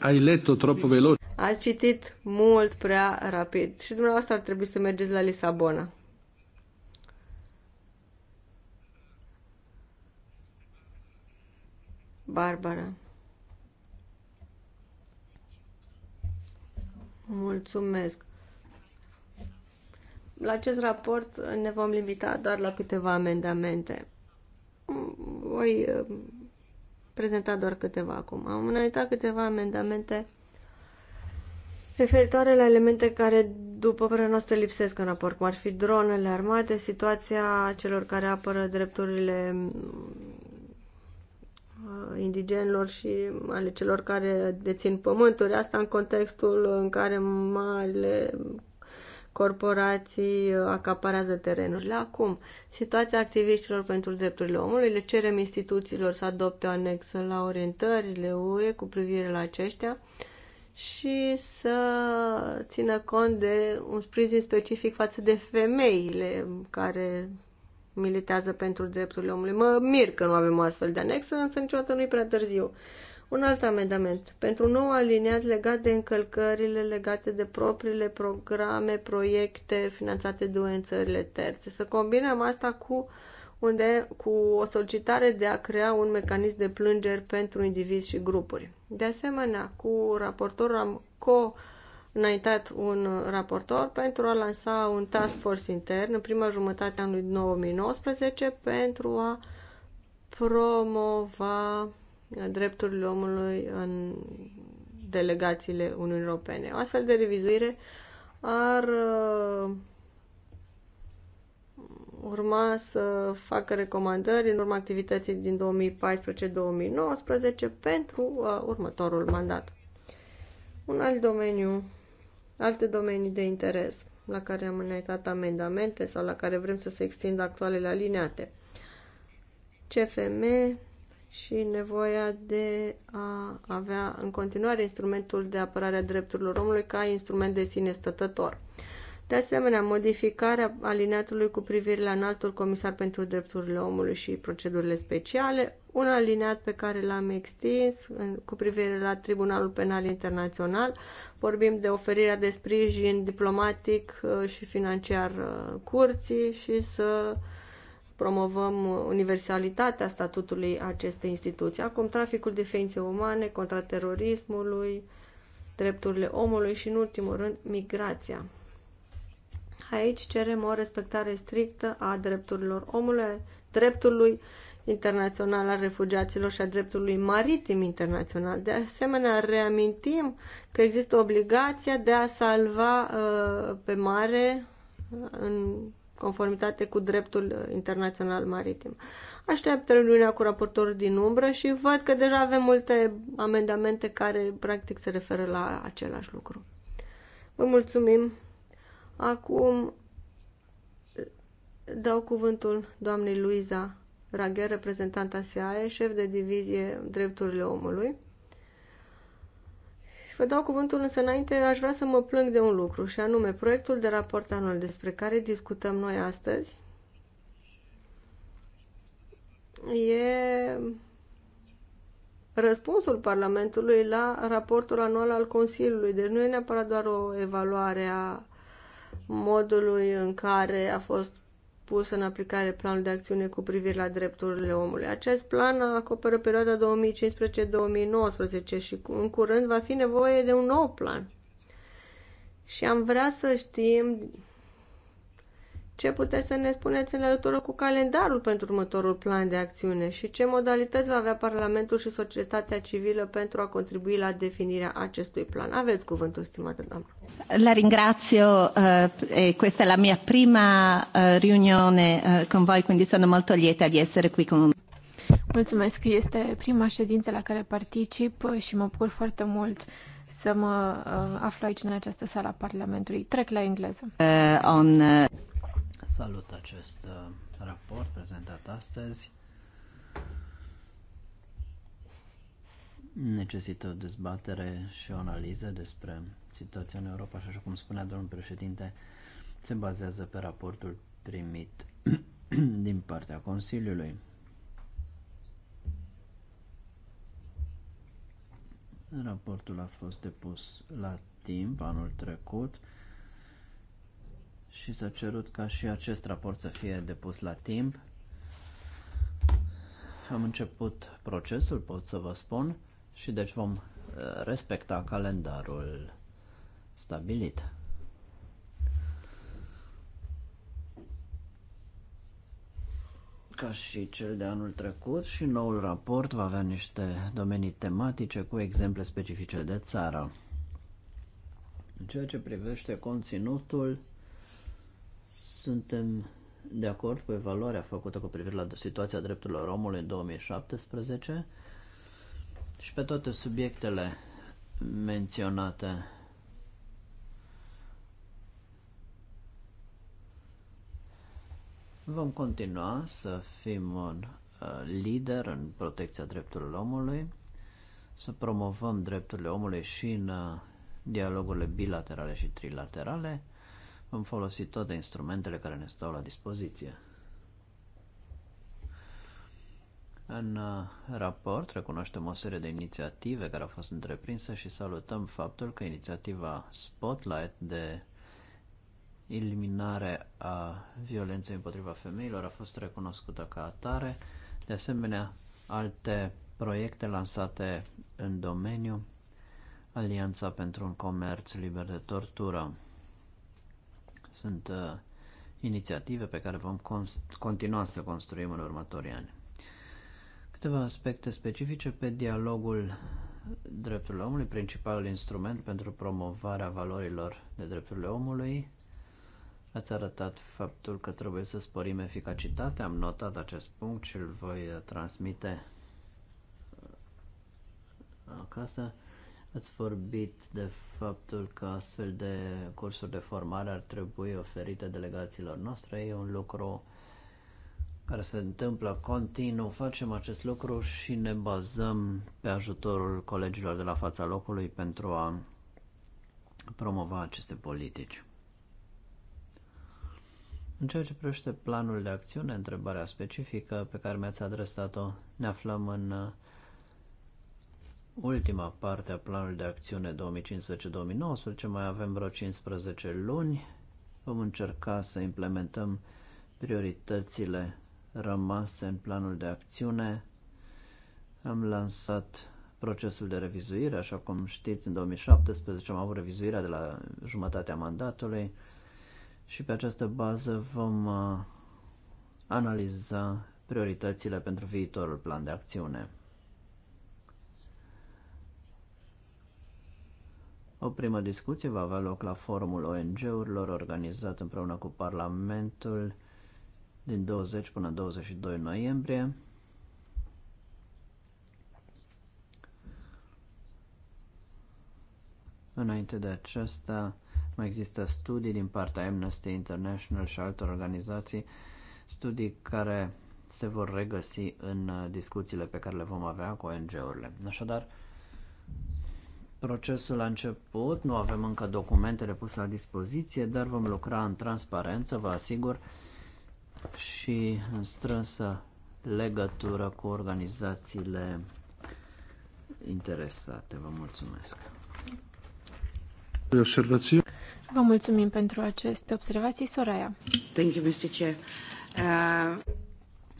Ai letto troppo veloce. Ați citit mult prea rapid și dumneavoastră ar trebui să mergeți la Lisabona. Barbara. Mulțumesc. La acest raport ne vom limita doar la câteva amendamente. Voi prezentat doar câteva acum. Am înaintat câteva amendamente referitoare la elemente care, după părerea noastră, lipsesc în raport, cum ar fi dronele armate, situația celor care apără drepturile uh, indigenilor și ale celor care dețin pământuri, asta în contextul în care marile corporații uh, acaparează terenurile. Acum, situația activiștilor pentru drepturile omului, le cerem instituțiilor să adopte o anexă la orientările UE cu privire la aceștia și să țină cont de un sprijin specific față de femeile care militează pentru drepturile omului. Mă mir că nu avem o astfel de anexă, însă niciodată nu-i prea târziu. Un alt amendament. Pentru nou aliniat legat de încălcările legate de propriile programe, proiecte finanțate de în țările terțe. Să combinăm asta cu, unde, cu o solicitare de a crea un mecanism de plângeri pentru indivizi și grupuri. De asemenea, cu raportorul am co înaintat un raportor pentru a lansa un task force intern în prima jumătate a anului 2019 pentru a promova drepturile omului în delegațiile Uniunii Europene. O astfel de revizuire ar uh, urma să facă recomandări în urma activității din 2014-2019 pentru uh, următorul mandat. Un alt domeniu, alte domenii de interes la care am înaintat amendamente sau la care vrem să se extindă actualele alineate. CFM, și nevoia de a avea în continuare instrumentul de apărare a drepturilor omului ca instrument de sine stătător. De asemenea, modificarea alineatului cu privire la înaltul comisar pentru drepturile omului și procedurile speciale, un alineat pe care l-am extins cu privire la Tribunalul Penal Internațional. Vorbim de oferirea de sprijin diplomatic uh, și financiar uh, curții și să promovăm universalitatea statutului acestei instituții, acum traficul de ființe umane, terorismului, drepturile omului și, în ultimul rând, migrația. Aici cerem o respectare strictă a drepturilor omului, dreptului internațional al refugiaților și a dreptului maritim internațional. De asemenea, reamintim că există obligația de a salva uh, pe mare uh, în conformitate cu dreptul uh, internațional maritim. Aștept luna cu raportorul din umbră și văd că deja avem multe amendamente care practic se referă la același lucru. Vă mulțumim. Acum uh, dau cuvântul doamnei Luiza Rager, reprezentanta SIAE, șef de divizie Drepturile Omului. Și vă dau cuvântul, însă înainte aș vrea să mă plâng de un lucru, și anume proiectul de raport anual despre care discutăm noi astăzi e răspunsul Parlamentului la raportul anual al Consiliului. Deci nu e neapărat doar o evaluare a modului în care a fost pus în aplicare planul de acțiune cu privire la drepturile omului. Acest plan acoperă perioada 2015-2019 și în curând va fi nevoie de un nou plan. Și am vrea să știm ce puteți să ne spuneți în legătură cu calendarul pentru următorul plan de acțiune și ce modalități va avea Parlamentul și societatea civilă pentru a contribui la definirea acestui plan? Aveți cuvântul, stimată doamnă. La ringrazio, eh, questa è la mia prima eh, riunione eh, con voi, quindi sono molto lieta di essere qui con voi. Mulțumesc, este prima ședință la care particip și mă bucur foarte mult să mă eh, aflu aici în această sală a Parlamentului. Trec la engleză. Uh, on, uh... Salut acest uh, raport prezentat astăzi. Necesită o dezbatere și o analiză despre situația în Europa și așa cum spunea domnul președinte, se bazează pe raportul primit din partea Consiliului. Raportul a fost depus la timp anul trecut și s-a cerut ca și acest raport să fie depus la timp. Am început procesul, pot să vă spun, și deci vom uh, respecta calendarul stabilit. Ca și cel de anul trecut și noul raport va avea niște domenii tematice cu exemple specifice de țară. În ceea ce privește conținutul, suntem de acord cu evaluarea făcută cu privire la situația drepturilor omului în 2017 și pe toate subiectele menționate. Vom continua să fim un uh, lider în protecția drepturilor omului, să promovăm drepturile omului și în uh, dialogurile bilaterale și trilaterale Vom folosi toate instrumentele care ne stau la dispoziție. În uh, raport recunoaștem o serie de inițiative care au fost întreprinse și salutăm faptul că inițiativa Spotlight de eliminare a violenței împotriva femeilor a fost recunoscută ca atare. De asemenea, alte proiecte lansate în domeniu, Alianța pentru un comerț liber de tortură. Sunt uh, inițiative pe care vom continua să construim în următorii ani. Câteva aspecte specifice pe dialogul drepturilor omului, principalul instrument pentru promovarea valorilor de drepturile omului. Ați arătat faptul că trebuie să sporim eficacitatea, am notat acest punct și îl voi uh, transmite uh, acasă. Ați vorbit de faptul că astfel de cursuri de formare ar trebui oferite delegațiilor noastre. E un lucru care se întâmplă continuu. Facem acest lucru și ne bazăm pe ajutorul colegilor de la fața locului pentru a promova aceste politici. În ceea ce privește planul de acțiune, întrebarea specifică pe care mi-ați adresat-o, ne aflăm în ultima parte a planului de acțiune 2015-2019, mai avem vreo 15 luni, vom încerca să implementăm prioritățile rămase în planul de acțiune. Am lansat procesul de revizuire, așa cum știți, în 2017 am avut revizuirea de la jumătatea mandatului și pe această bază vom uh, analiza prioritățile pentru viitorul plan de acțiune. O primă discuție va avea loc la forumul ONG-urilor organizat împreună cu Parlamentul din 20 până 22 noiembrie. Înainte de aceasta, mai există studii din partea Amnesty International și altor organizații, studii care se vor regăsi în uh, discuțiile pe care le vom avea cu ONG-urile. Așadar, Procesul a început, nu avem încă documentele puse la dispoziție, dar vom lucra în transparență, vă asigur, și în strânsă legătură cu organizațiile interesate. Vă mulțumesc. Observații? Vă mulțumim pentru aceste observații, Soraya. Thank you, Mr. Chair. Uh...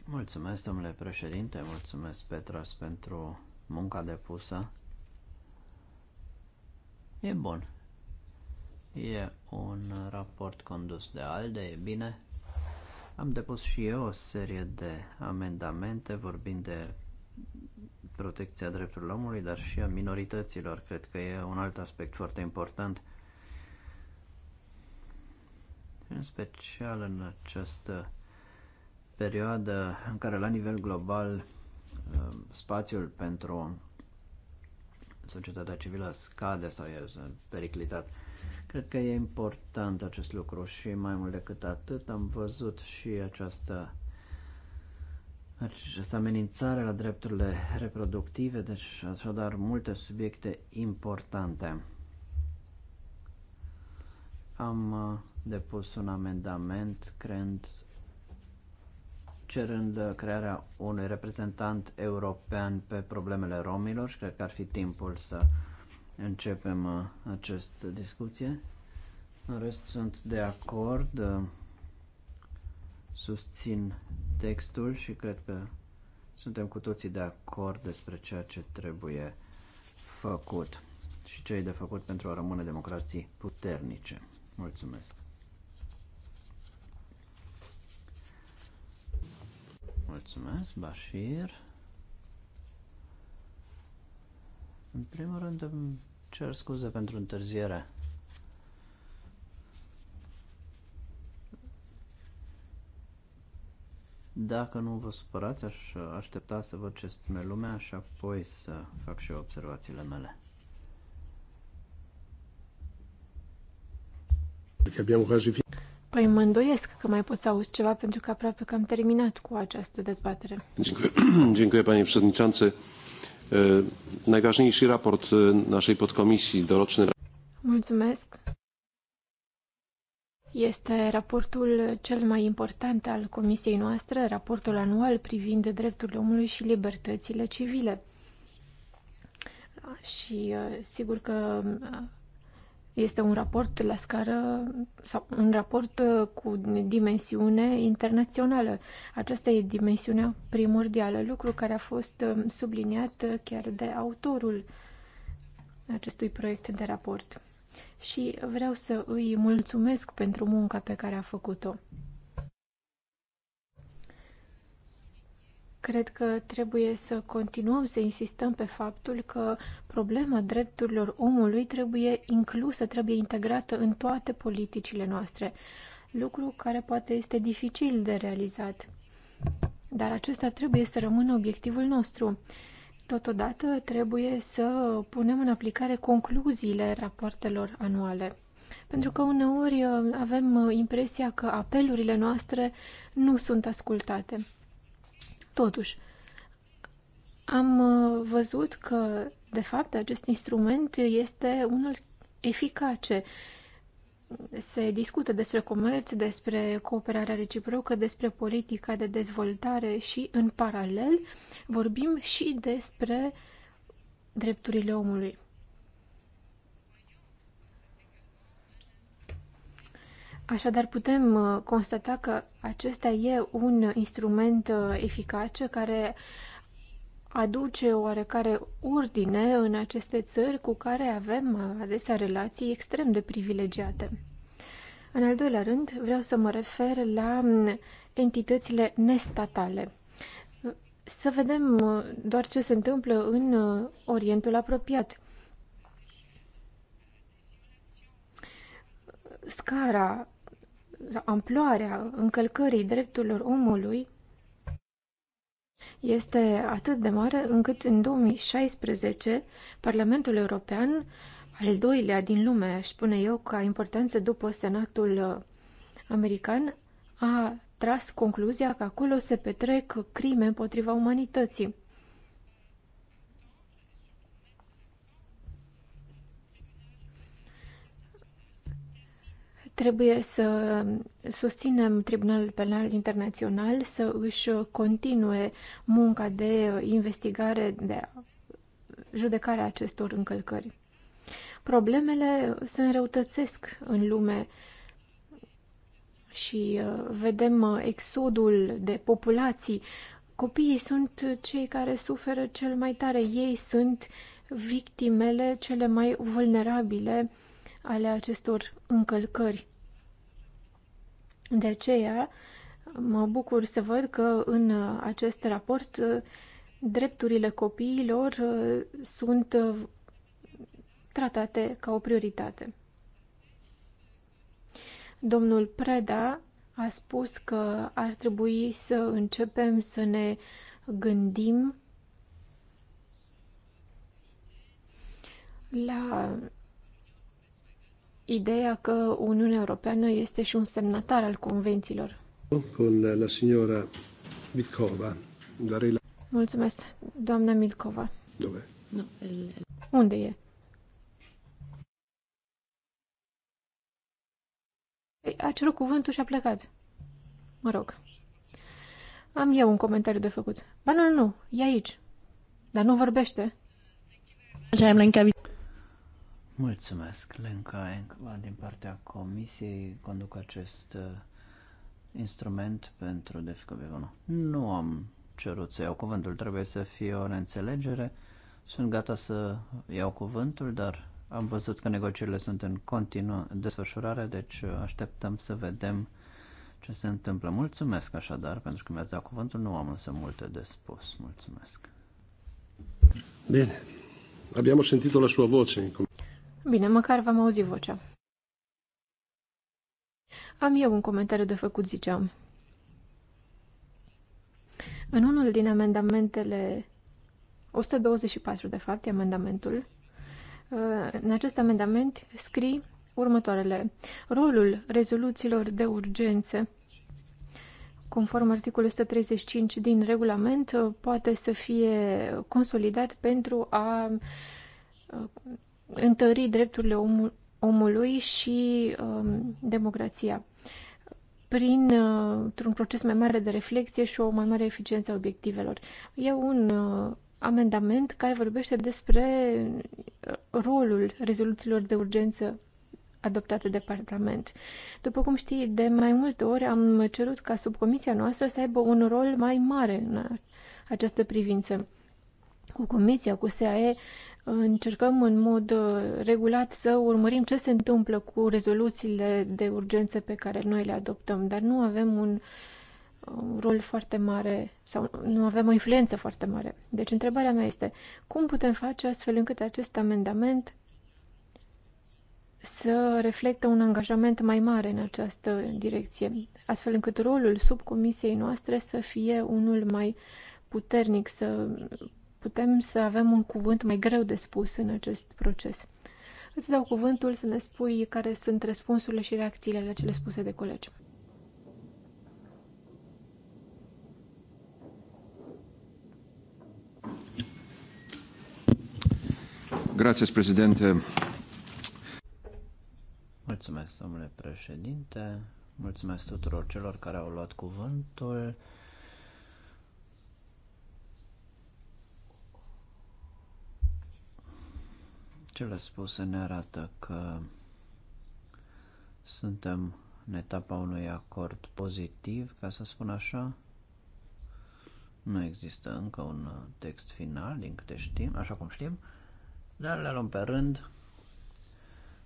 Mulțumesc, domnule președinte, mulțumesc, Petras, pentru munca depusă. E bun. E un raport condus de ALDE, e bine. Am depus și eu o serie de amendamente vorbind de protecția drepturilor omului, dar și a minorităților. Cred că e un alt aspect foarte important. În special în această perioadă în care la nivel global uh, spațiul pentru societatea civilă scade sau e periclitat. Cred că e important acest lucru și mai mult decât atât am văzut și această, această amenințare la drepturile reproductive, deci așadar multe subiecte importante. Am uh, depus un amendament creând cerând uh, crearea unui reprezentant european pe problemele romilor și cred că ar fi timpul să începem uh, această discuție. În rest sunt de acord, uh, susțin textul și cred că suntem cu toții de acord despre ceea ce trebuie făcut și ce e de făcut pentru a rămâne democrații puternice. Mulțumesc! Mulțumesc, Bashir. În primul rând îmi cer scuze pentru întârziere. Dacă nu vă supărați, aș aștepta să văd ce spune lumea și apoi să fac și eu observațiile mele. Păi mă îndoiesc că mai pot să auzi ceva pentru că aproape că am terminat cu această dezbatere. Dziękuję panie przewodniczący. Najważniejszy raport naszej podkomisji doroczny. Mulțumesc. Este raportul cel mai important al comisiei noastre, raportul anual privind drepturile omului și libertățile civile. Și sigur că este un raport la scară sau un raport uh, cu dimensiune internațională. Aceasta e dimensiunea primordială, lucru care a fost uh, subliniat uh, chiar de autorul acestui proiect de raport. Și vreau să îi mulțumesc pentru munca pe care a făcut-o. Cred că trebuie să continuăm să insistăm pe faptul că problema drepturilor omului trebuie inclusă, trebuie integrată în toate politicile noastre, lucru care poate este dificil de realizat. Dar acesta trebuie să rămână obiectivul nostru. Totodată trebuie să punem în aplicare concluziile rapoartelor anuale. Pentru că uneori uh, avem uh, impresia că apelurile noastre nu sunt ascultate. Totuși, am uh, văzut că, de fapt, acest instrument este unul eficace. Se discută despre comerț, despre cooperarea reciprocă, despre politica de dezvoltare și, în paralel, vorbim și despre drepturile omului. Așadar, putem uh, constata că acesta e un instrument uh, eficace care aduce oarecare ordine în aceste țări cu care avem adesea relații extrem de privilegiate. În al doilea rând, vreau să mă refer la mm, entitățile nestatale. Să vedem uh, doar ce se întâmplă în Orientul apropiat. Scara amploarea încălcării drepturilor omului este atât de mare încât în 2016 Parlamentul European, al doilea din lume, aș spune eu, ca importanță după Senatul uh, American, a tras concluzia că acolo se petrec crime împotriva umanității. Trebuie să susținem Tribunalul Penal Internațional să își continue munca de investigare, de judecarea acestor încălcări. Problemele se înrăutățesc în lume și uh, vedem uh, exodul de populații. Copiii sunt cei care suferă cel mai tare. Ei sunt victimele cele mai vulnerabile ale acestor încălcări. De aceea, mă bucur să văd că în acest raport drepturile copiilor uh, sunt uh, tratate ca o prioritate. Domnul Preda a spus că ar trebui să începem să ne gândim la ideea că Uniunea Europeană este și un semnatar al convențiilor. Con la signora Mitkova. la... Mulțumesc, doamna Milcova. Dove? No, el... Unde e? Păi, a cerut cuvântul și a plecat. Mă rog. Am eu un comentariu de făcut. Ba nu, nu, nu, e aici. Dar nu vorbește. Mulțumesc, Lenca Enkva, din partea Comisiei, conduc acest uh, instrument pentru DFCB1. Nu am cerut să iau cuvântul, trebuie să fie o neînțelegere. Sunt gata să iau cuvântul, dar am văzut că negocierile sunt în continuă desfășurare, deci uh, așteptăm să vedem ce se întâmplă. Mulțumesc așadar, pentru că mi-ați dat cuvântul, nu am însă multe de spus. Mulțumesc. Bine. Abbiamo sentito la sua voce. Bine, măcar v-am auzit vocea. Am eu un comentariu de făcut, ziceam. În unul din amendamentele 124, de fapt, e amendamentul, în acest amendament scrii următoarele. Rolul rezoluțiilor de urgență, conform articolul 135 din regulament, poate să fie consolidat pentru a întări drepturile omul, omului și um, democrația prin uh, un proces mai mare de reflexie și o mai mare eficiență a obiectivelor. E un uh, amendament care vorbește despre uh, rolul rezoluțiilor de urgență adoptate de Parlament. După cum știi, de mai multe ori am cerut ca subcomisia noastră să aibă un rol mai mare în această privință. Cu comisia, cu SAE, încercăm în mod uh, regulat să urmărim ce se întâmplă cu rezoluțiile de urgență pe care noi le adoptăm, dar nu avem un rol foarte mare sau nu avem o influență foarte mare. Deci întrebarea mea este cum putem face astfel încât acest amendament să reflectă un angajament mai mare în această direcție, astfel încât rolul subcomisiei noastre să fie unul mai puternic, să putem să avem un cuvânt mai greu de spus în acest proces. Îți dau cuvântul să ne spui care sunt răspunsurile și reacțiile la cele spuse de colegi. Grazie, președinte. Mulțumesc, domnule președinte. Mulțumesc tuturor celor care au luat cuvântul. Cele spuse ne arată că suntem în etapa unui acord pozitiv, ca să spun așa. Nu există încă un text final, din câte știm, așa cum știm, dar le luăm pe rând.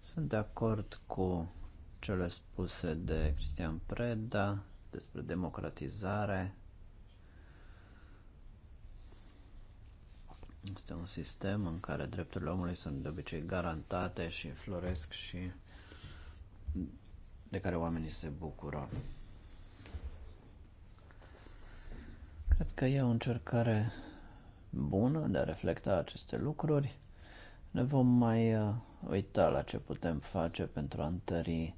Sunt de acord cu cele spuse de Cristian Preda despre democratizare, Este un sistem în care drepturile omului sunt de obicei garantate și floresc și de care oamenii se bucură. Cred că e o încercare bună de a reflecta aceste lucruri. Ne vom mai uh, uita la ce putem face pentru a întări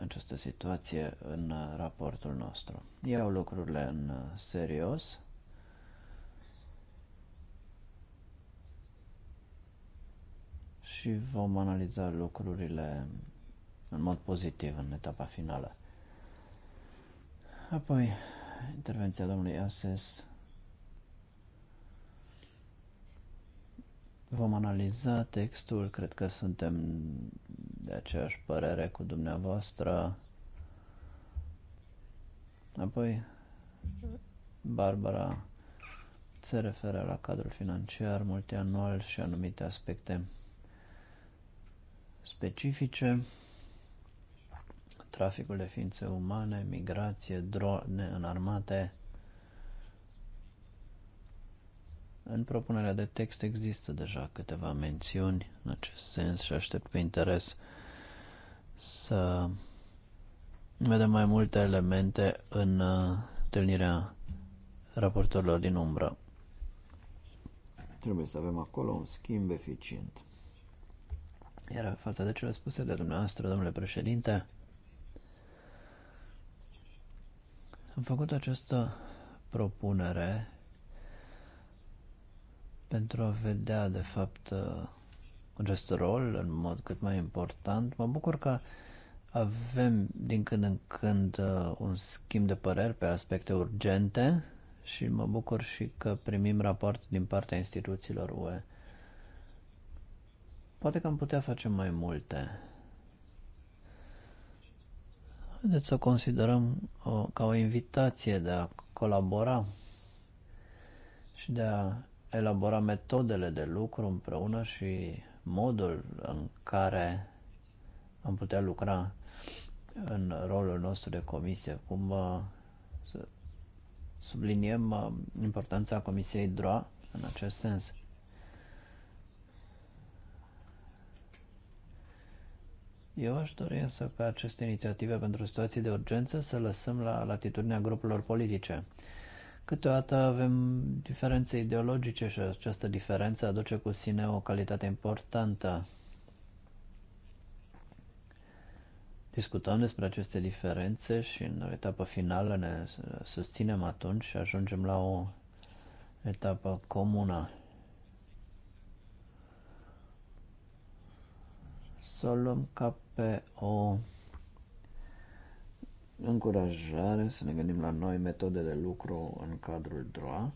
această situație în uh, raportul nostru. Iau lucrurile în uh, serios. Și vom analiza lucrurile în mod pozitiv în etapa finală. Apoi, intervenția domnului Ases. Vom analiza textul, cred că suntem de aceeași părere cu dumneavoastră. Apoi, Barbara se referă la cadrul financiar multianual și anumite aspecte specifice, traficul de ființe umane, migrație, drone armate. În propunerea de text există deja câteva mențiuni în acest sens și aștept cu interes să vedem mai multe elemente în uh, întâlnirea raportorilor din umbră. Trebuie să avem acolo un schimb eficient. Iar față de cele spuse de dumneavoastră, domnule președinte, am făcut această propunere pentru a vedea, de fapt, uh, acest rol în mod cât mai important. Mă bucur că avem din când în când uh, un schimb de păreri pe aspecte urgente și mă bucur și că primim raport din partea instituțiilor UE. Poate că am putea face mai multe. Haideți să considerăm o, ca o invitație de a colabora și de a elabora metodele de lucru împreună și modul în care am putea lucra în rolul nostru de comisie, cum uh, să subliniem uh, importanța Comisiei DROA în acest sens. Eu aș dori însă ca aceste inițiative pentru situații de urgență să lăsăm la latitudinea grupurilor politice. Câteodată avem diferențe ideologice și această diferență aduce cu sine o calitate importantă. Discutăm despre aceste diferențe și în etapa finală ne susținem atunci și ajungem la o etapă comună. Să luăm ca pe o încurajare să ne gândim la noi metode de lucru în cadrul DROA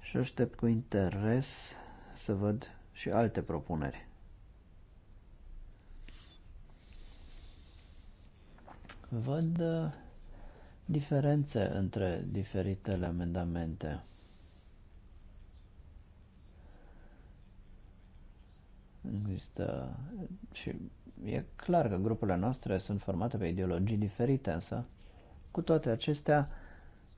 și aștept cu interes să văd și alte propuneri. Văd uh, diferențe între diferitele amendamente. Există și E clar că grupurile noastre sunt formate pe ideologii diferite, însă cu toate acestea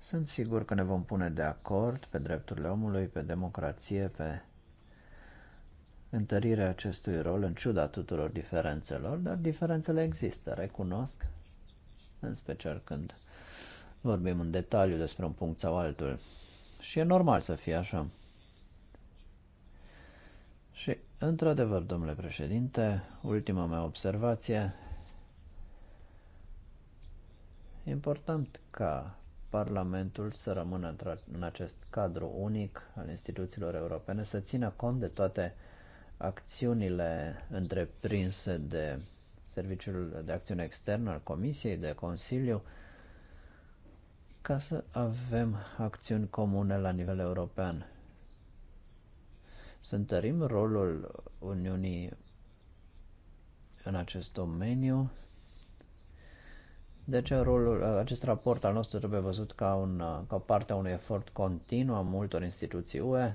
sunt sigur că ne vom pune de acord pe drepturile omului, pe democrație, pe întărirea acestui rol în ciuda tuturor diferențelor, dar diferențele există, recunosc, în special când vorbim în detaliu despre un punct sau altul. Și e normal să fie așa. Și, într-adevăr, domnule președinte, ultima mea observație, important ca Parlamentul să rămână în acest cadru unic al instituțiilor europene, să țină cont de toate acțiunile întreprinse de Serviciul de Acțiune Externă al Comisiei, de Consiliu, ca să avem acțiuni comune la nivel european să întărim rolul Uniunii în acest domeniu. De deci, rolul, acest raport al nostru trebuie văzut ca, un, ca parte a unui efort continuu a multor instituții UE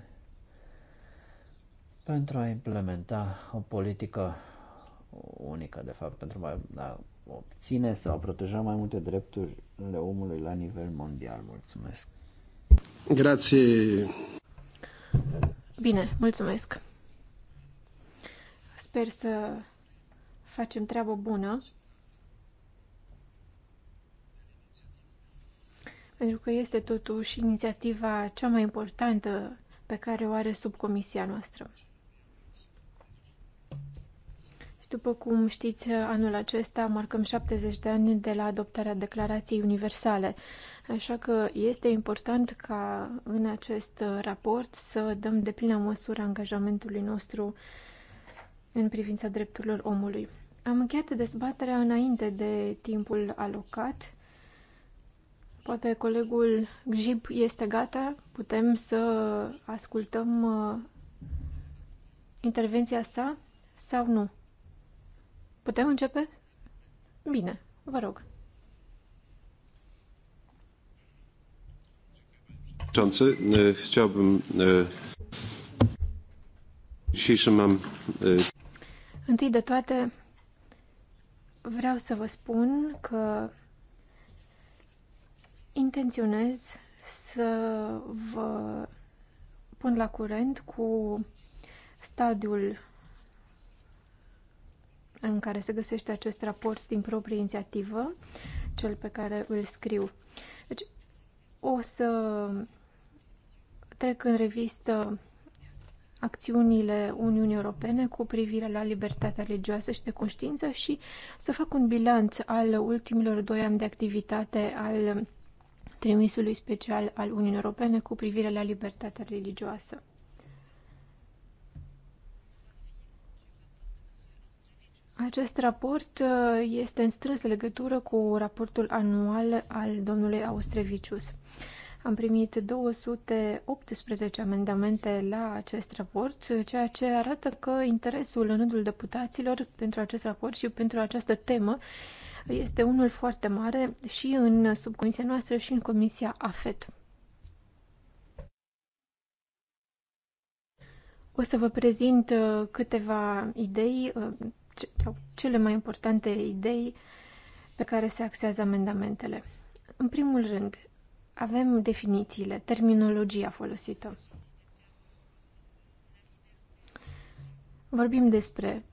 pentru a implementa o politică unică, de fapt, pentru a obține sau a proteja mai multe ale omului la nivel mondial. Mulțumesc! Grație! Bine, mulțumesc. Sper să facem treabă bună. Pentru că este totuși inițiativa cea mai importantă pe care o are subcomisia noastră. Și după cum știți, anul acesta marcăm 70 de ani de la adoptarea Declarației Universale Așa că este important ca în acest raport să dăm de plină măsură angajamentului nostru în privința drepturilor omului. Am încheiat dezbaterea înainte de timpul alocat. Poate colegul Gjib este gata, putem să ascultăm uh, intervenția sa sau nu? Putem începe? Bine, vă rog. Przewodniczący, chciałbym dzisiejszym am... Întâi de toate, vreau să vă spun că intenționez să vă pun la curent cu stadiul în care se găsește acest raport din proprie inițiativă, cel pe care îl scriu. Deci, o să Trec în revistă acțiunile Uniunii Europene cu privire la libertatea religioasă și de conștiință și să fac un bilanț al ultimilor doi ani de activitate al trimisului special al Uniunii Europene cu privire la libertatea religioasă. Acest raport uh, este în strânsă legătură cu raportul anual al domnului Austrevicius. Am primit 218 amendamente la acest raport, ceea ce arată că interesul în rândul deputaților pentru acest raport și pentru această temă este unul foarte mare și în subcomisia noastră și în comisia AFET. O să vă prezint uh, câteva idei, uh, cele mai importante idei pe care se axează amendamentele. În primul rând, avem definițiile, terminologia folosită. Vorbim despre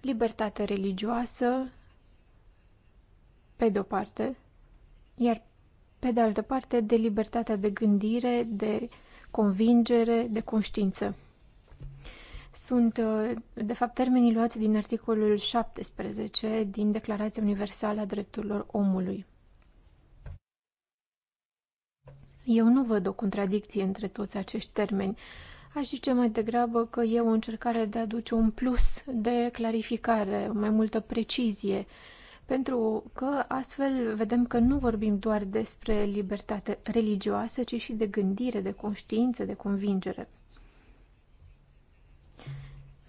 libertate religioasă, pe de-o parte, iar pe de altă parte de libertatea de gândire, de convingere, de conștiință. Sunt, de fapt, termenii luați din articolul 17 din Declarația Universală a Drepturilor Omului. Eu nu văd o contradicție între toți acești termeni. Aș zice mai degrabă că e o încercare de a aduce un plus de clarificare, mai multă precizie, pentru că astfel vedem că nu vorbim doar despre libertate religioasă, ci și de gândire, de conștiință, de convingere.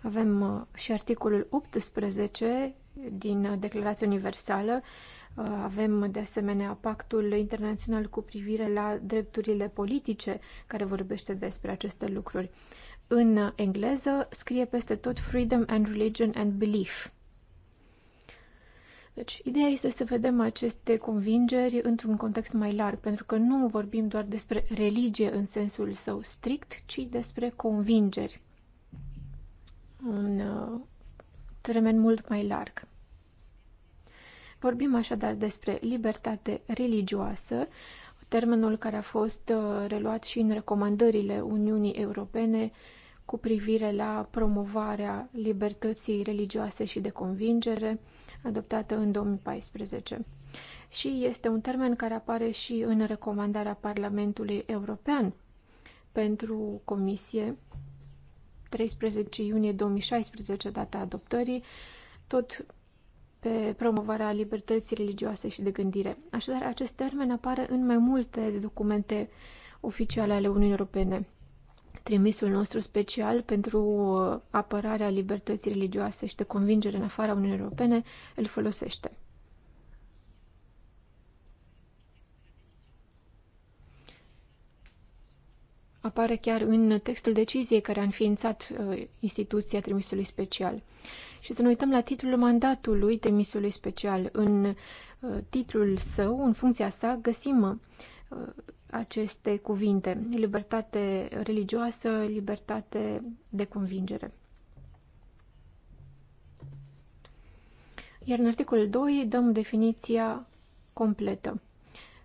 Avem uh, și articolul 18 din uh, Declarația Universală, avem de asemenea pactul internațional cu privire la drepturile politice care vorbește despre aceste lucruri. În engleză scrie peste tot Freedom and Religion and Belief. Deci, ideea este să vedem aceste convingeri într-un context mai larg, pentru că nu vorbim doar despre religie în sensul său strict, ci despre convingeri. Un uh, termen mult mai larg. Vorbim așadar despre libertate religioasă, termenul care a fost uh, reluat și în recomandările Uniunii Europene cu privire la promovarea libertății religioase și de convingere, adoptată în 2014. Și este un termen care apare și în recomandarea Parlamentului European pentru Comisie 13 iunie 2016, data adoptării, tot pe promovarea libertății religioase și de gândire. Așadar, acest termen apare în mai multe documente oficiale ale Uniunii Europene. Trimisul nostru special pentru uh, apărarea libertății religioase și de convingere în afara Uniunii Europene îl folosește. Apare chiar în textul deciziei care a înființat uh, instituția trimisului special și să ne uităm la titlul mandatului trimisului special. În uh, titlul său, în funcția sa, găsim uh, aceste cuvinte. Libertate religioasă, libertate de convingere. Iar în articolul 2 dăm definiția completă.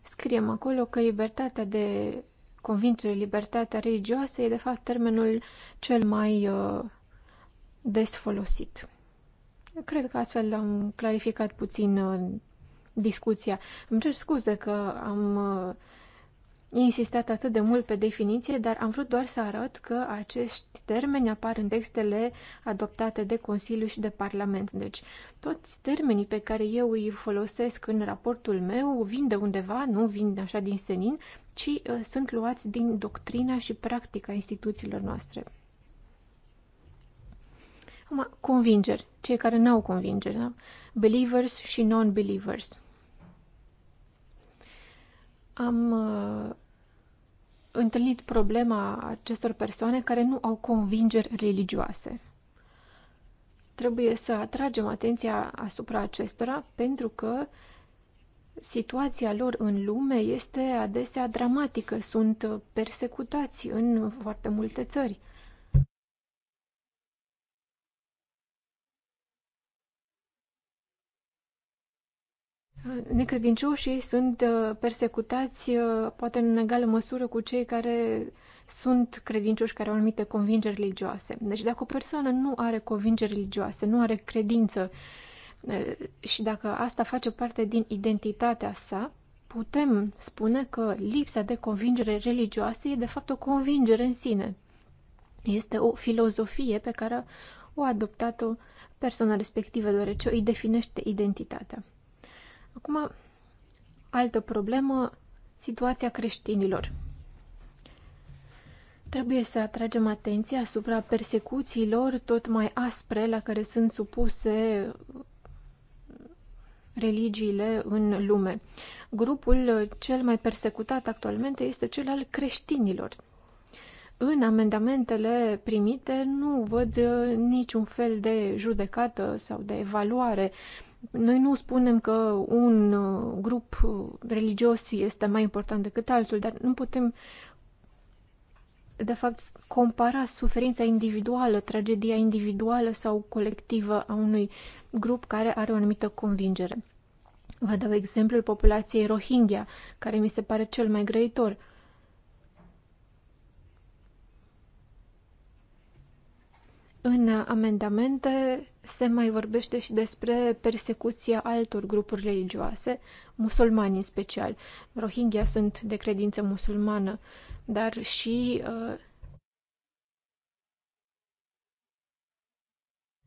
Scriem acolo că libertatea de convingere, libertatea religioasă e de fapt termenul cel mai uh, des folosit. Cred că astfel am clarificat puțin uh, discuția. Îmi cer scuze că am uh, insistat atât de mult pe definiție, dar am vrut doar să arăt că acești termeni apar în textele adoptate de Consiliu și de Parlament. Deci, toți termenii pe care eu îi folosesc în raportul meu vin de undeva, nu vin așa din senin, ci uh, sunt luați din doctrina și practica instituțiilor noastre. Acum, convingeri. Cei care n-au convingeri, da? Believers și non-believers. Am uh, întâlnit problema acestor persoane care nu au convingeri religioase. Trebuie să atragem atenția asupra acestora pentru că situația lor în lume este adesea dramatică. Sunt uh, persecutați în foarte multe țări. Necredincioșii sunt uh, persecutați uh, poate în egală măsură cu cei care sunt credincioși care au anumite convingeri religioase. Deci dacă o persoană nu are convingeri religioase, nu are credință uh, și dacă asta face parte din identitatea sa, putem spune că lipsa de convingere religioasă e de fapt o convingere în sine. Este o filozofie pe care o a adoptat-o persoana respectivă, deoarece îi definește identitatea. Acum, altă problemă, situația creștinilor. Trebuie să atragem atenția asupra persecuțiilor tot mai aspre la care sunt supuse religiile în lume. Grupul cel mai persecutat actualmente este cel al creștinilor. În amendamentele primite nu văd niciun fel de judecată sau de evaluare noi nu spunem că un uh, grup uh, religios este mai important decât altul, dar nu putem, de fapt, compara suferința individuală, tragedia individuală sau colectivă a unui grup care are o anumită convingere. Vă dau exemplul populației Rohingya, care mi se pare cel mai grăitor. În amendamente se mai vorbește și despre persecuția altor grupuri religioase, musulmani în special. Rohingya sunt de credință musulmană, dar și uh,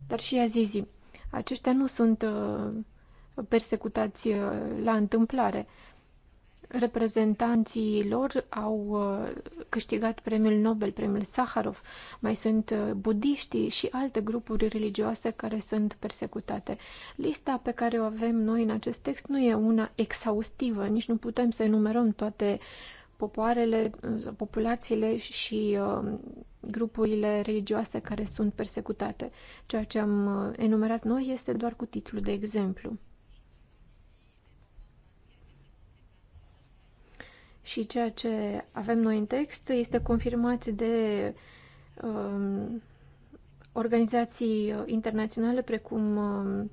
dar și azizi. Aceștia nu sunt uh, persecutați uh, la întâmplare reprezentanții lor au uh, câștigat premiul Nobel, premiul Saharov, mai sunt uh, budiștii și alte grupuri religioase care sunt persecutate. Lista pe care o avem noi în acest text nu e una exhaustivă, nici nu putem să enumerăm toate popoarele, uh, populațiile și grupurile religioase care sunt persecutate. Ceea ce am enumerat noi este doar cu titlul de exemplu. și ceea ce avem noi în text este confirmat de um, organizații internaționale precum um,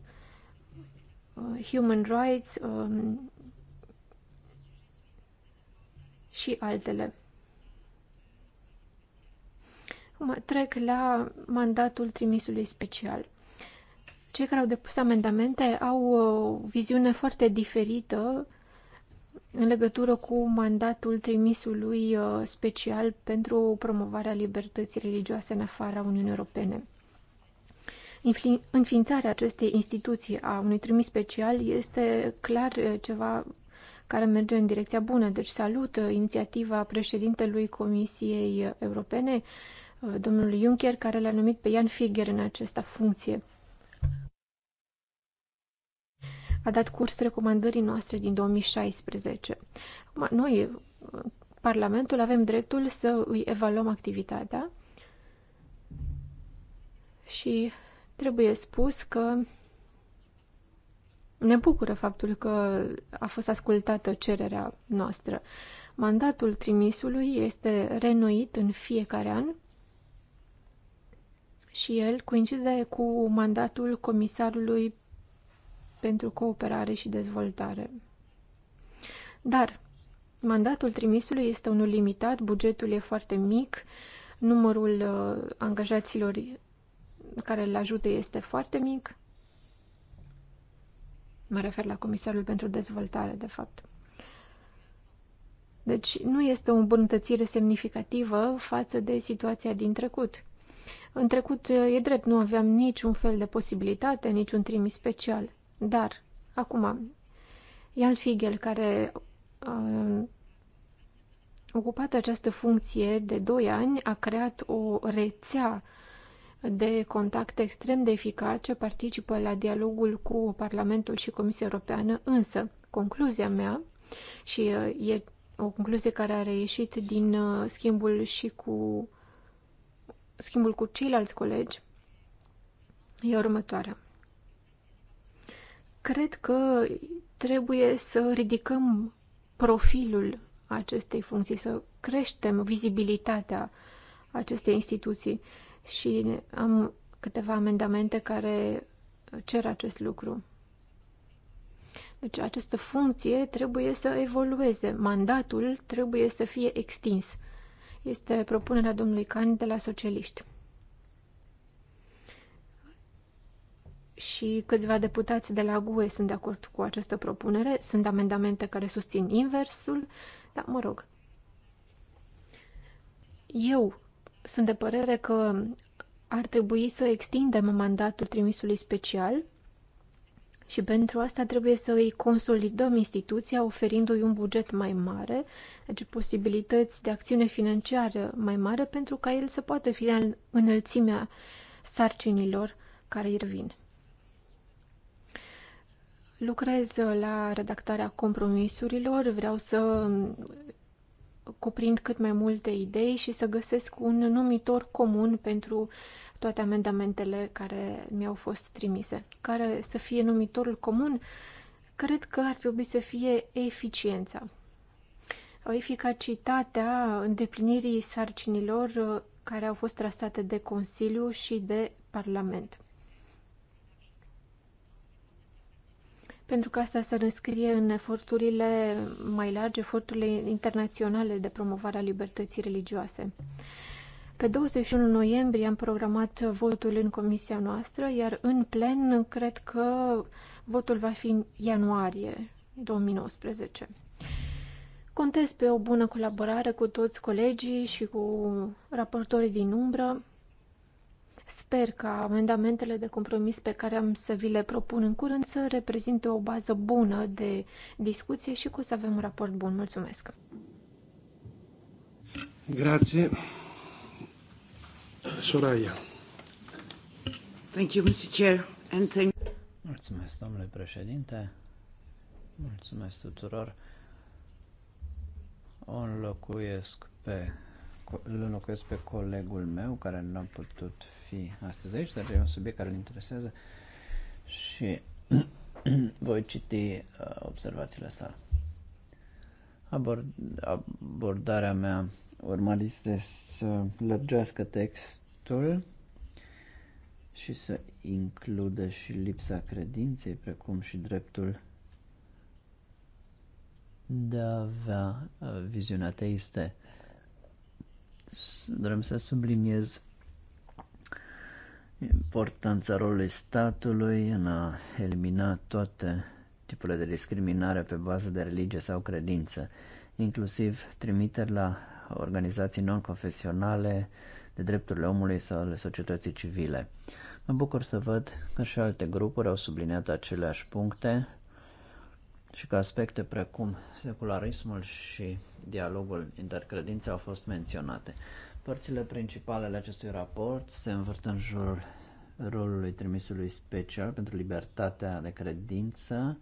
uh, Human Rights um, și altele. Acum trec la mandatul trimisului special. Cei care au depus amendamente au uh, o viziune foarte diferită uh, în legătură cu mandatul trimisului uh, special pentru promovarea libertății religioase în afara Uniunii Europene. Înființarea acestei instituții a unui trimis special este clar uh, ceva care merge în direcția bună. Deci salut uh, inițiativa președintelui Comisiei Europene, domnul Juncker, care l-a numit pe Ian Figer în această funcție. a dat curs recomandării noastre din 2016. Acum, noi, Parlamentul, avem dreptul să îi evaluăm activitatea și trebuie spus că ne bucură faptul că a fost ascultată cererea noastră. Mandatul trimisului este renuit în fiecare an și el coincide cu mandatul comisarului pentru cooperare și dezvoltare. Dar mandatul trimisului este unul limitat, bugetul e foarte mic, numărul uh, angajaților care îl ajută este foarte mic. Mă refer la Comisarul pentru Dezvoltare, de fapt. Deci nu este o îmbunătățire semnificativă față de situația din trecut. În trecut, e drept, nu aveam niciun fel de posibilitate, niciun trimis special. Dar, acum, Ian Figel, care a uh, ocupat această funcție de 2 ani, a creat o rețea de contacte extrem de eficace, participă la dialogul cu Parlamentul și Comisia Europeană, însă concluzia mea, și uh, e o concluzie care a reieșit din uh, schimbul și cu schimbul cu ceilalți colegi, e următoarea. Cred că trebuie să ridicăm profilul acestei funcții, să creștem vizibilitatea acestei instituții și am câteva amendamente care cer acest lucru. Deci această funcție trebuie să evolueze, mandatul trebuie să fie extins. Este propunerea domnului Cani de la socialiști. și câțiva deputați de la GUE sunt de acord cu această propunere. Sunt amendamente care susțin inversul, dar mă rog. Eu sunt de părere că ar trebui să extindem mandatul trimisului special și pentru asta trebuie să îi consolidăm instituția oferindu-i un buget mai mare, deci posibilități de acțiune financiară mai mare pentru ca el să poată fi în înălțimea sarcinilor care îi revin. Lucrez uh, la redactarea compromisurilor, vreau să um, cuprind cât mai multe idei și să găsesc un numitor comun pentru toate amendamentele care mi-au fost trimise. Care să fie numitorul comun? Cred că ar trebui să fie eficiența. Eficacitatea îndeplinirii sarcinilor uh, care au fost trasate de Consiliu și de Parlament. Pentru că asta se înscrie în eforturile mai largi, eforturile internaționale de promovare a libertății religioase. Pe 21 noiembrie am programat votul în comisia noastră, iar în plen cred că votul va fi în ianuarie 2019. Contez pe o bună colaborare cu toți colegii și cu raportorii din umbră Sper că amendamentele de compromis pe care am să vi le propun în curând să reprezinte o bază bună de discuție și că o să avem un raport bun. Mulțumesc! Grazie. Soraya. Thank you, Mr. Chair, and thank Mulțumesc, domnule președinte. Mulțumesc tuturor. O înlocuiesc pe îl înlocuiesc pe colegul meu care nu a putut fi astăzi aici, dar e un subiect care îl interesează și voi citi uh, observațiile sale. Abord, abordarea mea urma este să lărgească textul și să includă și lipsa credinței, precum și dreptul de a avea uh, viziunea teiste vrem să subliniez importanța rolului statului în a elimina toate tipurile de discriminare pe bază de religie sau credință, inclusiv trimiteri la organizații non-confesionale de drepturile omului sau ale societății civile. Mă bucur să văd că și alte grupuri au subliniat aceleași puncte, și că aspecte precum secularismul și dialogul intercredințe au fost menționate. Părțile principale ale acestui raport se învârt în jurul rolului trimisului special pentru libertatea de credință,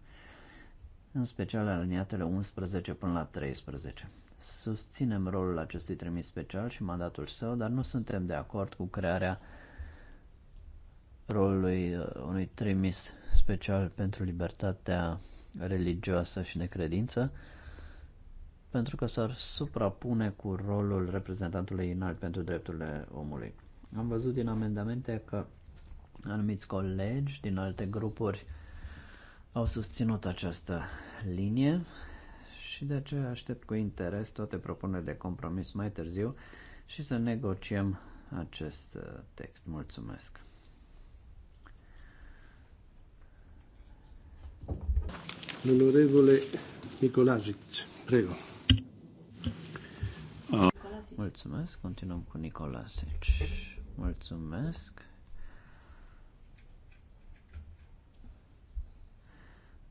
în special aliniatele 11 până la 13. Susținem rolul acestui trimis special și mandatul său, dar nu suntem de acord cu crearea rolului uh, unui trimis special pentru libertatea religioasă și de credință, pentru că s-ar suprapune cu rolul reprezentantului înalt pentru drepturile omului. Am văzut din amendamente că anumiți colegi din alte grupuri au susținut această linie și de aceea aștept cu interes toate propunerile de compromis mai târziu și să negociem acest uh, text. Mulțumesc! l'onorevole Nicolazic. Prego. Mulțumesc, continuăm cu Nicolasic. Mulțumesc.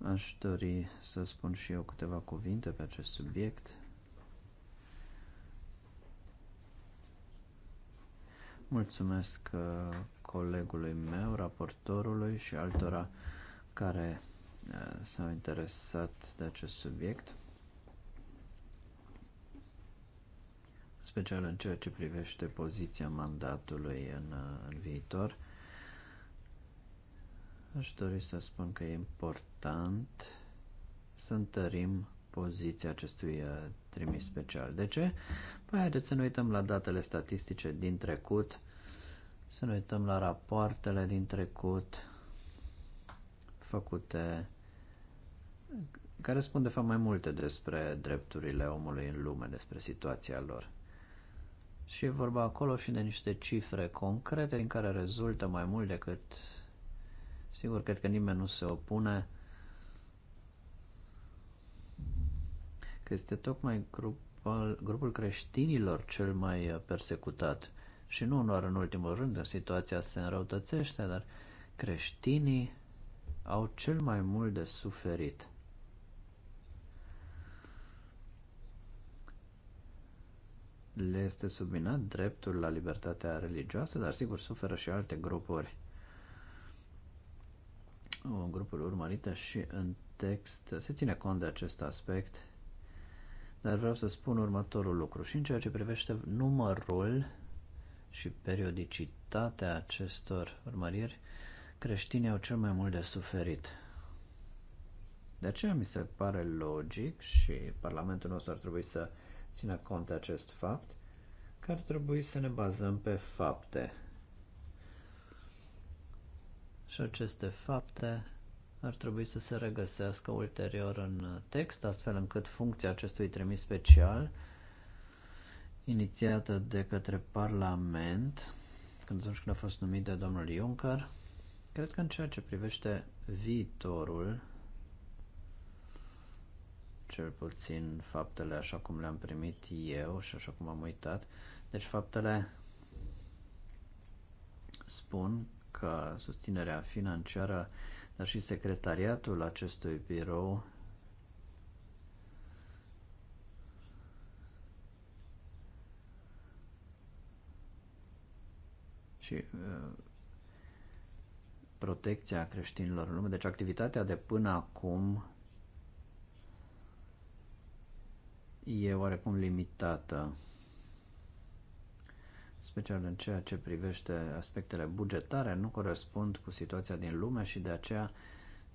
Aș dori să spun și eu câteva cuvinte pe acest subiect. Mulțumesc uh, colegului meu, raportorului și altora care s-au interesat de acest subiect, special în ceea ce privește poziția mandatului în, în viitor. Aș dori să spun că e important să întărim poziția acestui uh, trimis special. De ce? Păi haideți să ne uităm la datele statistice din trecut, să ne uităm la rapoartele din trecut făcute care spun de fapt mai multe despre drepturile omului în lume, despre situația lor. Și e vorba acolo și de niște cifre concrete din care rezultă mai mult decât... Sigur, cred că nimeni nu se opune că este tocmai grupul, grupul creștinilor cel mai persecutat. Și nu doar în ultimul rând, situația se înrăutățește, dar creștinii au cel mai mult de suferit. le este subminat dreptul la libertatea religioasă, dar sigur suferă și alte grupuri grupuri urmărite și în text se ține cont de acest aspect, dar vreau să spun următorul lucru și în ceea ce privește numărul și periodicitatea acestor urmăriri, creștinii au cel mai mult de suferit. De aceea mi se pare logic și Parlamentul nostru ar trebui să ține cont de acest fapt, că ar trebui să ne bazăm pe fapte. Și aceste fapte ar trebui să se regăsească ulterior în text, astfel încât funcția acestui trimis special, inițiată de către Parlament, când atunci când a fost numit de domnul Juncker, cred că în ceea ce privește viitorul cel puțin faptele așa cum le-am primit eu și așa cum am uitat. Deci faptele spun că susținerea financiară, dar și secretariatul acestui birou și uh, protecția creștinilor în lume. Deci activitatea de până acum e oarecum limitată, special în ceea ce privește aspectele bugetare, nu corespund cu situația din lume și de aceea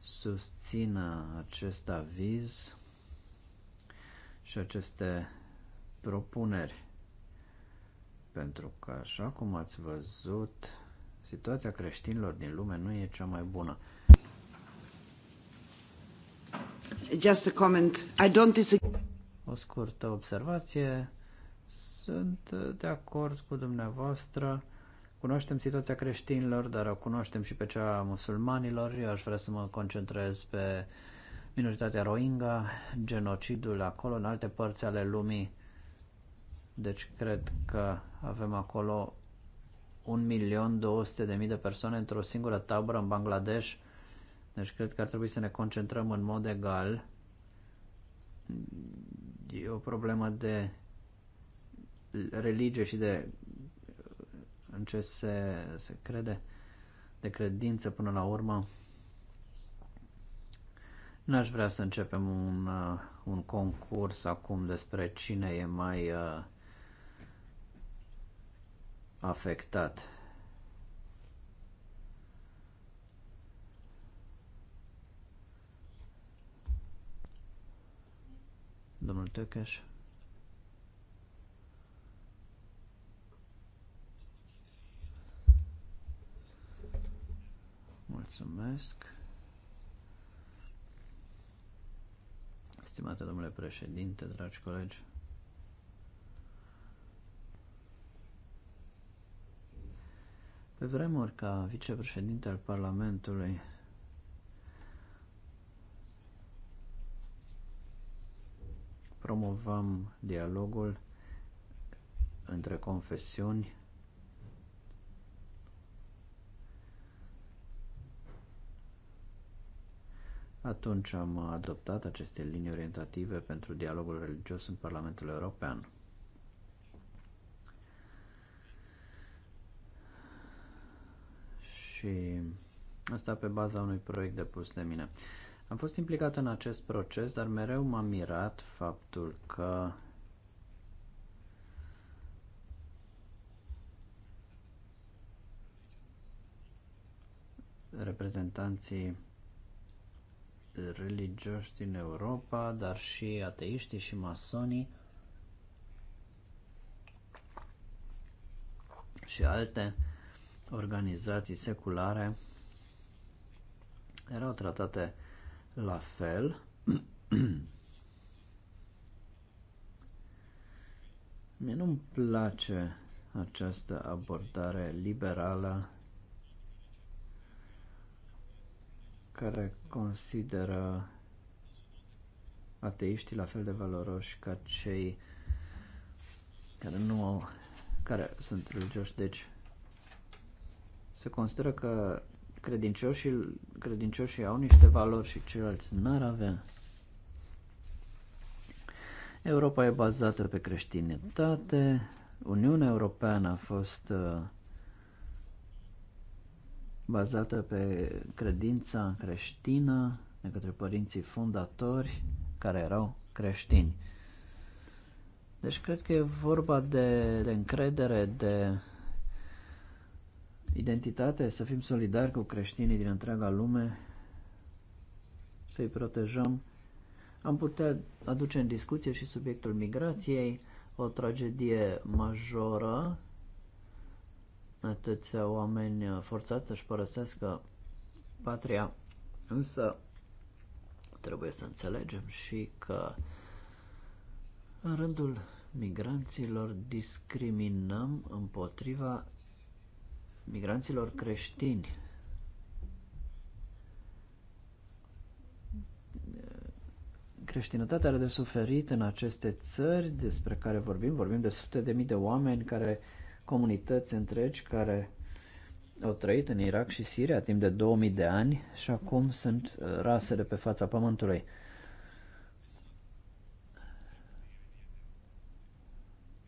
susțină acest aviz și aceste propuneri. Pentru că, așa cum ați văzut, situația creștinilor din lume nu e cea mai bună. Just a comment. I don't disagree. O scurtă observație. Sunt de acord cu dumneavoastră. Cunoaștem situația creștinilor, dar o cunoaștem și pe cea a musulmanilor. Eu aș vrea să mă concentrez pe minoritatea Rohingya, genocidul acolo, în alte părți ale lumii. Deci cred că avem acolo 1.200.000 de persoane într-o singură tabără în Bangladesh. Deci cred că ar trebui să ne concentrăm în mod egal e o problemă de religie și de în ce se, se crede, de credință până la urmă. N-aș vrea să începem un, uh, un concurs acum despre cine e mai uh, afectat. domnul Tăcăș. Mulțumesc. Stimate domnule președinte, dragi colegi, pe vremuri ca vicepreședinte al Parlamentului promovăm dialogul între confesiuni Atunci am adoptat aceste linii orientative pentru dialogul religios în Parlamentul European. Și asta pe baza unui proiect depus de mine. Am fost implicat în acest proces, dar mereu m-am mirat faptul că reprezentanții religioși din Europa, dar și ateiștii și masonii și alte organizații seculare erau tratate la fel. Mie nu-mi place această abordare liberală care consideră ateiștii la fel de valoroși ca cei care nu au, care sunt religioși. Deci se consideră că credincioșii, credincioșii au niște valori și ceilalți n-ar avea. Europa e bazată pe creștinitate. Uniunea Europeană a fost uh, bazată pe credința creștină de către părinții fondatori care erau creștini. Deci cred că e vorba de, de încredere, de identitate, să fim solidari cu creștinii din întreaga lume, să-i protejăm. Am putea aduce în discuție și subiectul migrației, o tragedie majoră, atâția oameni forțați să-și părăsească patria, însă trebuie să înțelegem și că în rândul migranților discriminăm împotriva migranților creștini. Creștinătatea are de suferit în aceste țări despre care vorbim. Vorbim de sute de mii de oameni care, comunități întregi care au trăit în Irak și Siria timp de 2000 de ani și acum sunt uh, rasele pe fața pământului.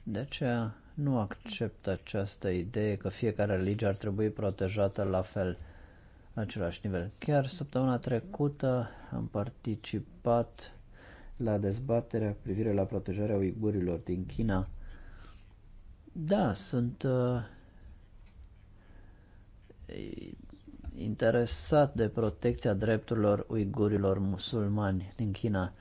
De aceea nu accept această idee că fiecare religie ar trebui protejată la fel, la același nivel. Chiar săptămâna trecută am participat la dezbaterea cu privire la protejarea uigurilor din China. Da, sunt uh, interesat de protecția drepturilor uigurilor musulmani din China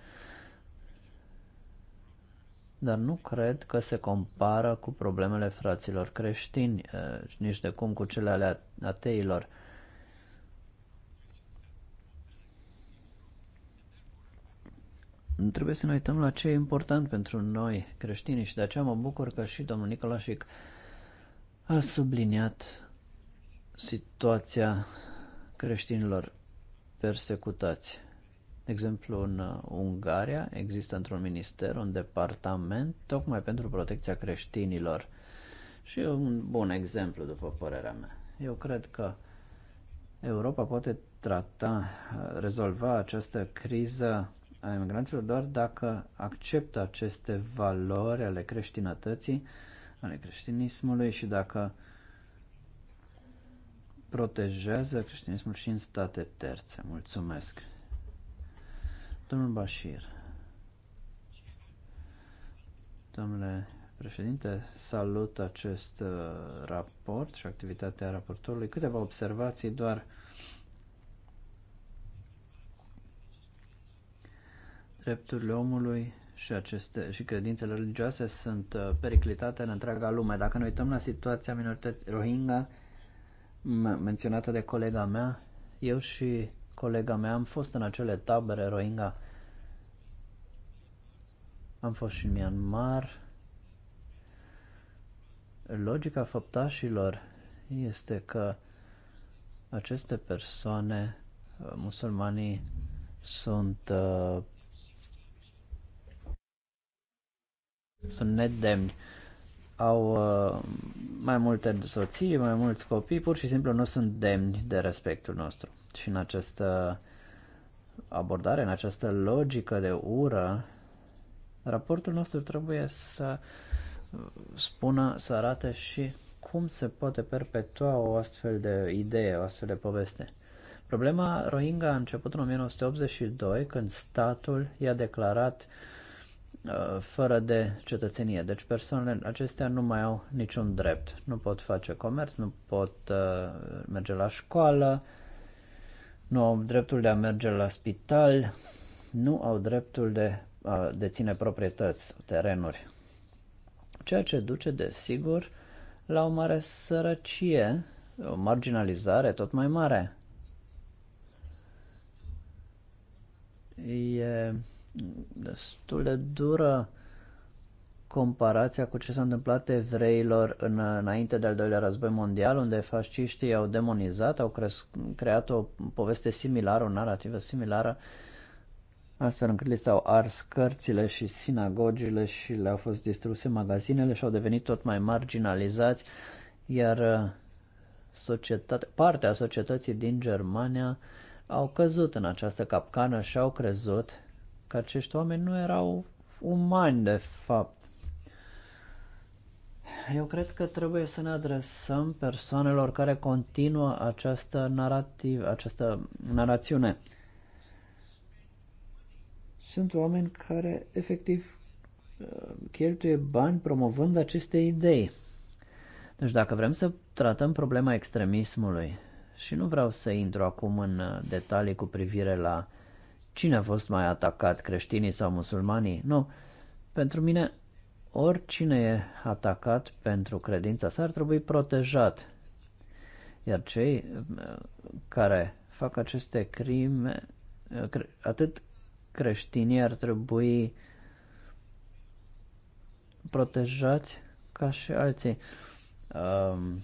dar nu cred că se compară cu problemele fraților creștini, eh, nici de cum cu cele ale ateilor. Trebuie să ne uităm la ce e important pentru noi creștini și de aceea mă bucur că și domnul Nicolașic a subliniat situația creștinilor persecutați. De exemplu, în uh, Ungaria există într-un minister un departament tocmai pentru protecția creștinilor. Și e un bun exemplu, după părerea mea. Eu cred că Europa poate trata, uh, rezolva această criză a emigranților doar dacă acceptă aceste valori ale creștinătății, ale creștinismului și dacă protejează creștinismul și în state terțe. Mulțumesc! Domnul Bashir. Domnule președinte, salut acest uh, raport și activitatea raportorului. Câteva observații doar. Drepturile omului și, aceste, și credințele religioase sunt uh, periclitate în întreaga lume. Dacă ne uităm la situația minorității Rohingya, menționată de colega mea, eu și colega mea, am fost în acele tabere Rohingya. Am fost și în Myanmar. Logica făptașilor este că aceste persoane, uh, musulmanii, sunt uh, sunt nedemni. Au uh, mai multe soții, mai mulți copii, pur și simplu nu sunt demni de respectul nostru și în această abordare, în această logică de ură, raportul nostru trebuie să spună, să arate și cum se poate perpetua o astfel de idee, o astfel de poveste. Problema Rohingya a început în 1982, când statul i-a declarat uh, fără de cetățenie. Deci persoanele acestea nu mai au niciun drept. Nu pot face comerț, nu pot uh, merge la școală, uh, nu au dreptul de a merge la spital, nu au dreptul de a deține proprietăți, terenuri. Ceea ce duce, desigur, la o mare sărăcie, o marginalizare tot mai mare. E destul de dură comparația cu ce s-a întâmplat evreilor în, înainte de al doilea război mondial, unde fasciștii au demonizat, au cres, creat o poveste similară, o narrativă similară, astfel încât li s-au ars cărțile și sinagogile și le-au fost distruse magazinele și au devenit tot mai marginalizați, iar uh, societate, partea societății din Germania au căzut în această capcană și au crezut că acești oameni nu erau umani de fapt eu cred că trebuie să ne adresăm persoanelor care continuă această, narativ, această narațiune. Sunt oameni care efectiv cheltuie bani promovând aceste idei. Deci dacă vrem să tratăm problema extremismului, și nu vreau să intru acum în detalii cu privire la cine a fost mai atacat, creștinii sau musulmanii, nu. Pentru mine Oricine e atacat pentru credința sa ar trebui protejat. Iar cei uh, care fac aceste crime, uh, atât creștinii ar trebui protejați ca și alții. Um,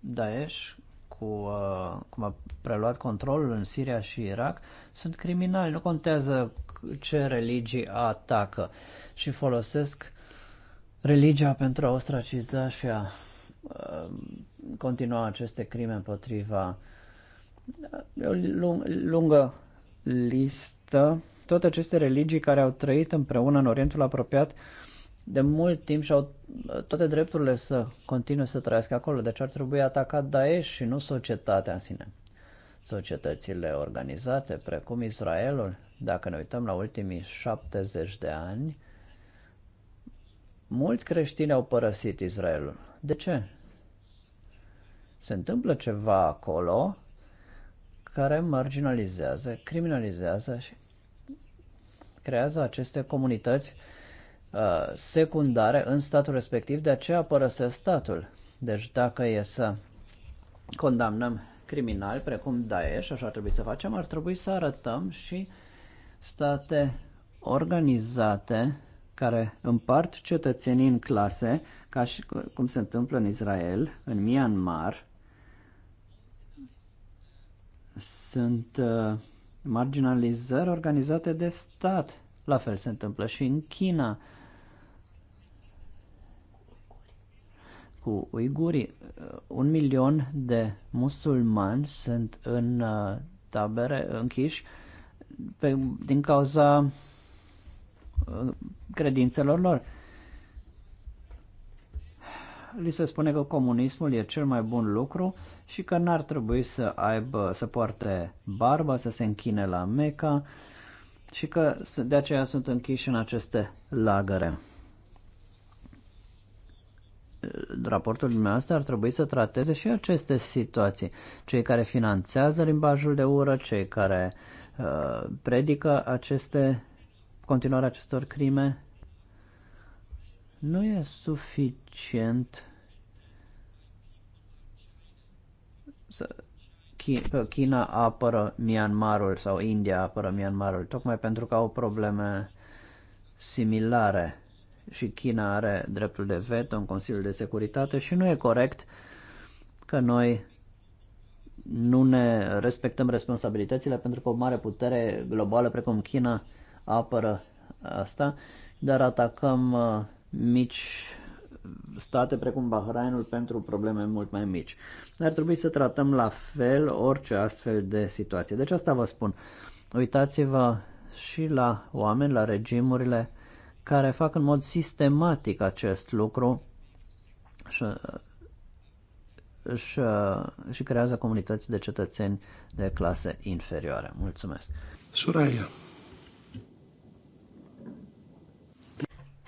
Daesh, cu, uh, cum a preluat controlul în Siria și Irak, sunt criminali. Nu contează ce religii atacă. Uh, și folosesc religia pentru a ostraciza și a um, continua aceste crime împotriva o lungă listă. Toate aceste religii care au trăit împreună în Orientul apropiat de mult timp și au toate drepturile să continue să trăiască acolo, deci ar trebui atacat Daesh și nu societatea în sine. Societățile organizate, precum Israelul, dacă ne uităm la ultimii 70 de ani, Mulți creștini au părăsit Israelul. De ce? Se întâmplă ceva acolo care marginalizează, criminalizează și creează aceste comunități uh, secundare în statul respectiv, de aceea părăsesc statul. Deci dacă e să condamnăm criminali precum Daesh, așa ar trebui să facem, ar trebui să arătăm și state organizate care împart cetățenii în clase, ca și cum se întâmplă în Israel, în Myanmar, sunt uh, marginalizări organizate de stat. La fel se întâmplă și în China cu uigurii. Uh, un milion de musulmani sunt în uh, tabere închiși pe, din cauza Uh, credințelor lor. Li se spune că comunismul e cel mai bun lucru și că n-ar trebui să aibă, să poarte barba, să se închine la Meca și că de aceea sunt închiși în aceste lagăre raportul dumneavoastră ar trebui să trateze și aceste situații. Cei care finanțează limbajul de ură, cei care uh, predică aceste continuarea acestor crime, nu e suficient să China apără Myanmarul sau India apără Myanmarul, tocmai pentru că au probleme similare și China are dreptul de veto în Consiliul de Securitate și nu e corect că noi nu ne respectăm responsabilitățile pentru că o mare putere globală precum China apără asta, dar atacăm uh, mici state precum Bahrainul pentru probleme mult mai mici. Ar trebui să tratăm la fel orice astfel de situație. Deci asta vă spun. Uitați-vă și la oameni, la regimurile care fac în mod sistematic acest lucru și, și, și creează comunități de cetățeni de clase inferioare. Mulțumesc! Suraya.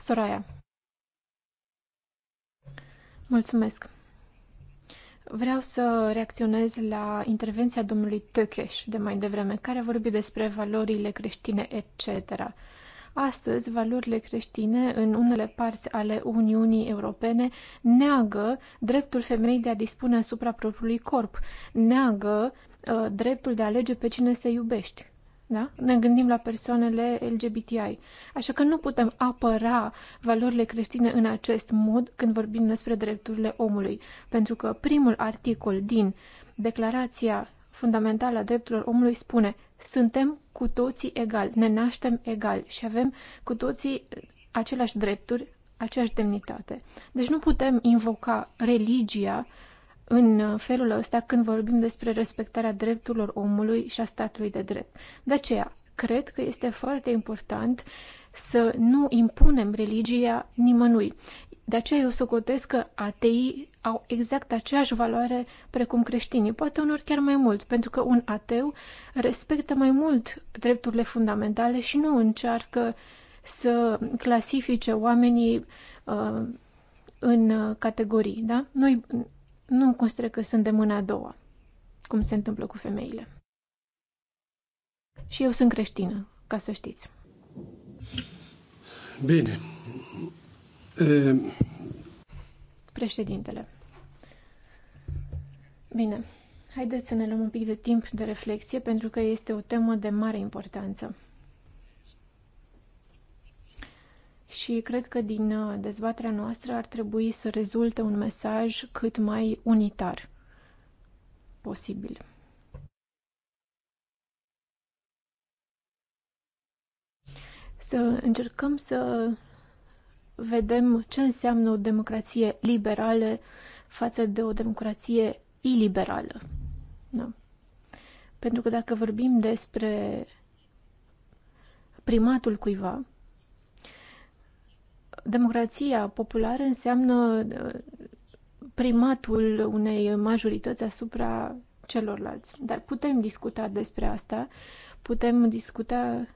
Soraya. Mulțumesc. Vreau să reacționez la intervenția domnului Tăcheș de mai devreme, care a vorbit despre valorile creștine, etc. Astăzi, valorile creștine în unele parți ale Uniunii Europene neagă dreptul femeii de a dispune asupra propriului corp, neagă uh, dreptul de a alege pe cine să iubești. Da? Ne gândim la persoanele LGBTI. Așa că nu putem apăra valorile creștine în acest mod când vorbim despre drepturile omului, pentru că primul articol din Declarația Fundamentală a Drepturilor Omului spune suntem cu toții egali, ne naștem egali și avem cu toții aceleași drepturi, aceeași demnitate. Deci nu putem invoca religia în felul ăsta când vorbim despre respectarea drepturilor omului și a statului de drept. De aceea, cred că este foarte important să nu impunem religia nimănui. De aceea eu socotesc că ateii au exact aceeași valoare precum creștinii, poate unor chiar mai mult, pentru că un ateu respectă mai mult drepturile fundamentale și nu încearcă să clasifice oamenii uh, în categorii. Da? Noi nu consideră că sunt de mâna a doua, cum se întâmplă cu femeile. Și eu sunt creștină, ca să știți. Bine. E... Președintele. Bine. Haideți să ne luăm un pic de timp de reflexie, pentru că este o temă de mare importanță. și cred că din uh, dezbaterea noastră ar trebui să rezulte un mesaj cât mai unitar posibil. Să încercăm să vedem ce înseamnă o democrație liberală față de o democrație iliberală. Da. Pentru că dacă vorbim despre primatul cuiva, democrația populară înseamnă uh, primatul unei majorități asupra celorlalți. Dar putem discuta despre asta, putem discuta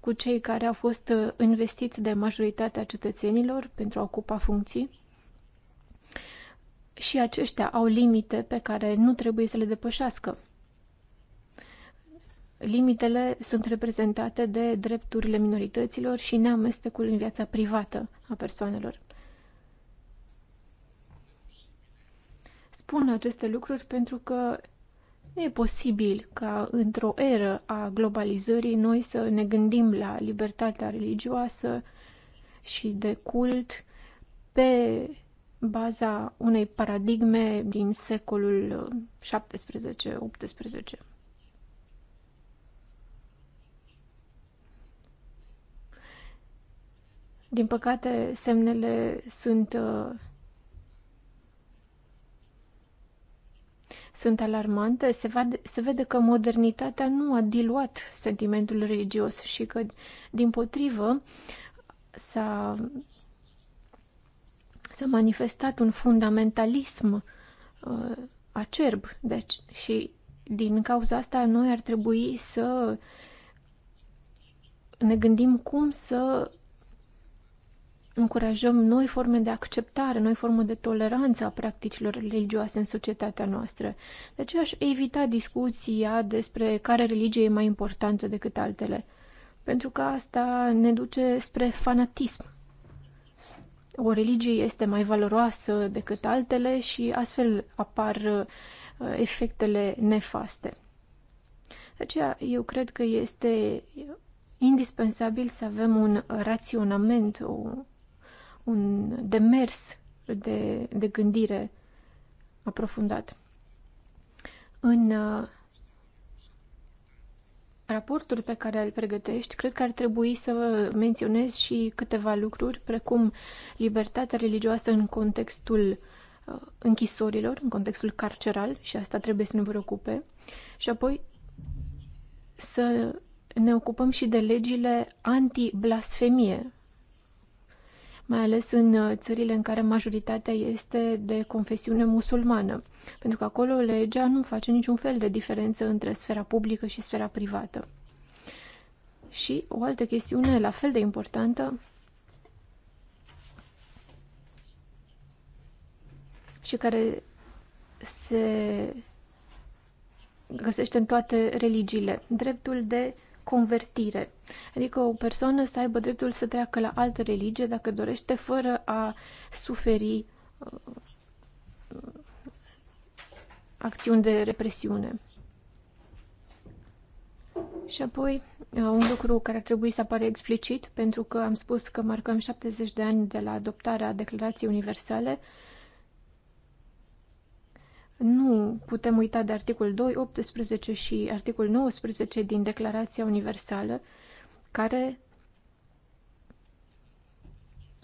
cu cei care au fost uh, investiți de majoritatea cetățenilor pentru a ocupa funcții. Și aceștia au limite pe care nu trebuie să le depășească limitele sunt reprezentate de drepturile minorităților și neamestecul în viața privată a persoanelor. Spun aceste lucruri pentru că nu e posibil ca într-o eră a globalizării noi să ne gândim la libertatea religioasă și de cult pe baza unei paradigme din secolul 17-18. Din păcate, semnele sunt uh, sunt alarmante, se, vade, se vede că modernitatea nu a diluat sentimentul religios și că, din potrivă, s-a, s-a manifestat un fundamentalism uh, acerb. Deci, și din cauza asta, noi ar trebui să ne gândim cum să încurajăm noi forme de acceptare, noi forme de toleranță a practicilor religioase în societatea noastră. De aceea aș evita discuția despre care religie e mai importantă decât altele, pentru că asta ne duce spre fanatism. O religie este mai valoroasă decât altele și astfel apar uh, efectele nefaste. De aceea eu cred că este indispensabil să avem un raționament, o un demers de, de gândire aprofundat. În uh, raportul pe care îl pregătești, cred că ar trebui să menționez și câteva lucruri, precum libertatea religioasă în contextul uh, închisorilor, în contextul carceral, și asta trebuie să ne preocupe, și apoi să ne ocupăm și de legile anti-blasfemie, mai ales în uh, țările în care majoritatea este de confesiune musulmană, pentru că acolo legea nu face niciun fel de diferență între sfera publică și sfera privată. Și o altă chestiune la fel de importantă și care se găsește în toate religiile, dreptul de convertire. Adică o persoană să aibă dreptul să treacă la altă religie dacă dorește, fără a suferi uh, acțiuni de represiune. Și apoi, uh, un lucru care ar trebui să apare explicit, pentru că am spus că marcăm 70 de ani de la adoptarea Declarației Universale, nu putem uita de articol 2, 18 și articol 19 din Declarația Universală, care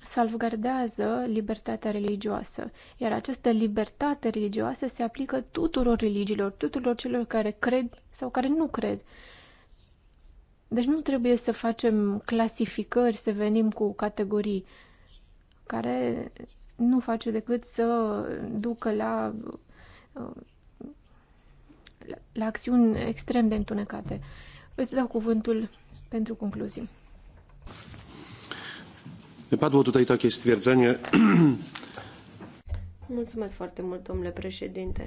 salvgardează libertatea religioasă, iar această libertate religioasă se aplică tuturor religiilor, tuturor celor care cred sau care nu cred. Deci nu trebuie să facem clasificări, să venim cu categorii care nu face decât să ducă la la acțiuni extrem de întunecate. Îți dau cuvântul pentru concluzii. Padło tutaj takie stwierdzenie. Mulțumesc foarte mult, domnule președinte.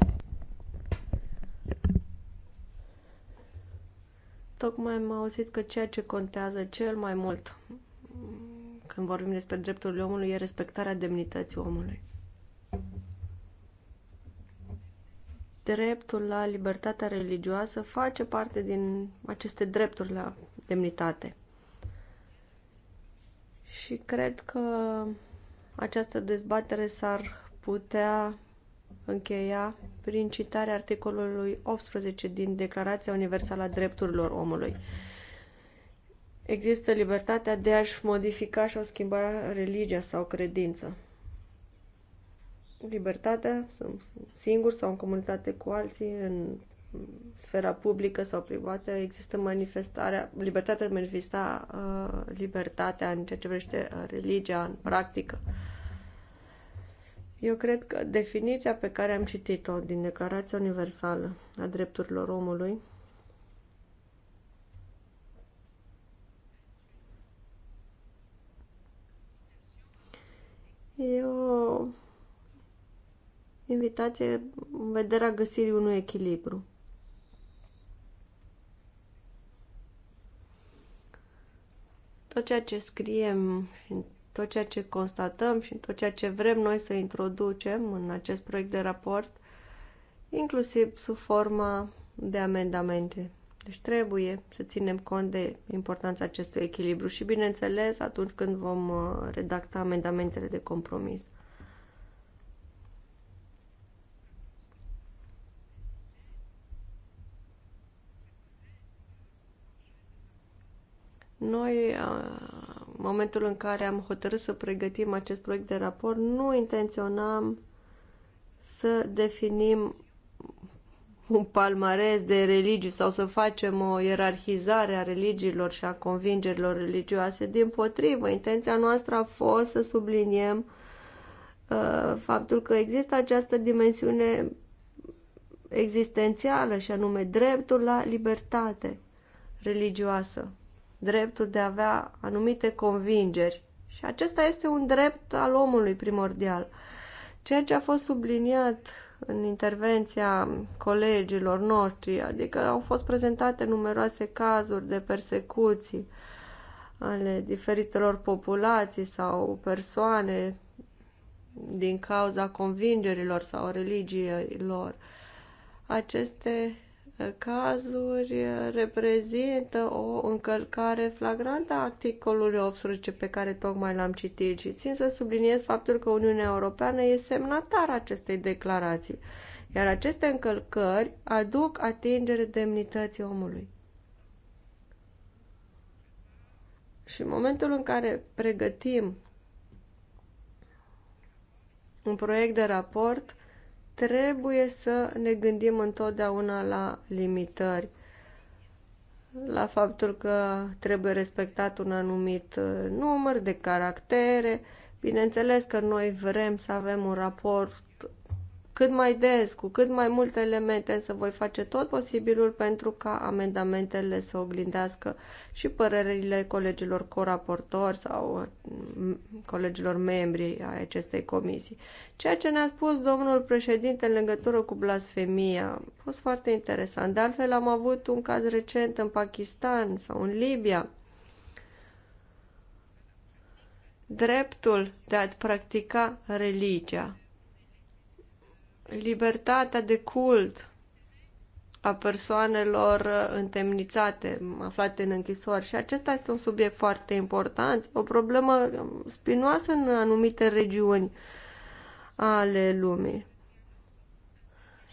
Tocmai am auzit că ceea ce contează cel mai mult mm, când vorbim despre drepturile omului e respectarea demnității omului. dreptul la libertatea religioasă face parte din aceste drepturi la demnitate. Și cred că această dezbatere s-ar putea încheia prin citarea articolului 18 din Declarația Universală a Drepturilor Omului. Există libertatea de a-și modifica și a schimba religia sau credință libertatea, sunt singur sau în comunitate cu alții, în sfera publică sau privată, există manifestarea, libertatea de manifesta uh, libertatea în ceea ce vrește uh, religia, în practică. Eu cred că definiția pe care am citit-o din Declarația Universală a Drepturilor Omului e o invitație în vederea găsirii unui echilibru. Tot ceea ce scriem și tot ceea ce constatăm și tot ceea ce vrem noi să introducem în acest proiect de raport, inclusiv sub forma de amendamente. Deci trebuie să ținem cont de importanța acestui echilibru și, bineînțeles, atunci când vom uh, redacta amendamentele de compromis. Noi, în momentul în care am hotărât să pregătim acest proiect de raport, nu intenționam să definim un palmares de religii sau să facem o ierarhizare a religiilor și a convingerilor religioase. Din potrivă, intenția noastră a fost să subliniem faptul că există această dimensiune existențială și anume dreptul la libertate religioasă dreptul de a avea anumite convingeri. Și acesta este un drept al omului primordial. Ceea ce a fost subliniat în intervenția colegilor noștri, adică au fost prezentate numeroase cazuri de persecuții ale diferitelor populații sau persoane din cauza convingerilor sau religiei lor. Aceste cazuri reprezintă o încălcare flagrantă a articolului 18 pe care tocmai l-am citit și țin să subliniez faptul că Uniunea Europeană e semnatar acestei declarații, iar aceste încălcări aduc atingere demnității omului. Și în momentul în care pregătim un proiect de raport, trebuie să ne gândim întotdeauna la limitări, la faptul că trebuie respectat un anumit uh, număr de caractere. Bineînțeles că noi vrem să avem un raport cât mai des, cu cât mai multe elemente, să voi face tot posibilul pentru ca amendamentele să oglindească și părerile colegilor coraportori sau mm, colegilor membri ai acestei comisii. Ceea ce ne-a spus domnul președinte în legătură cu blasfemia a fost foarte interesant. De altfel am avut un caz recent în Pakistan sau în Libia, dreptul de a-ți practica religia libertatea de cult a persoanelor întemnițate, aflate în închisori. Și acesta este un subiect foarte important, o problemă spinoasă în anumite regiuni ale lumii.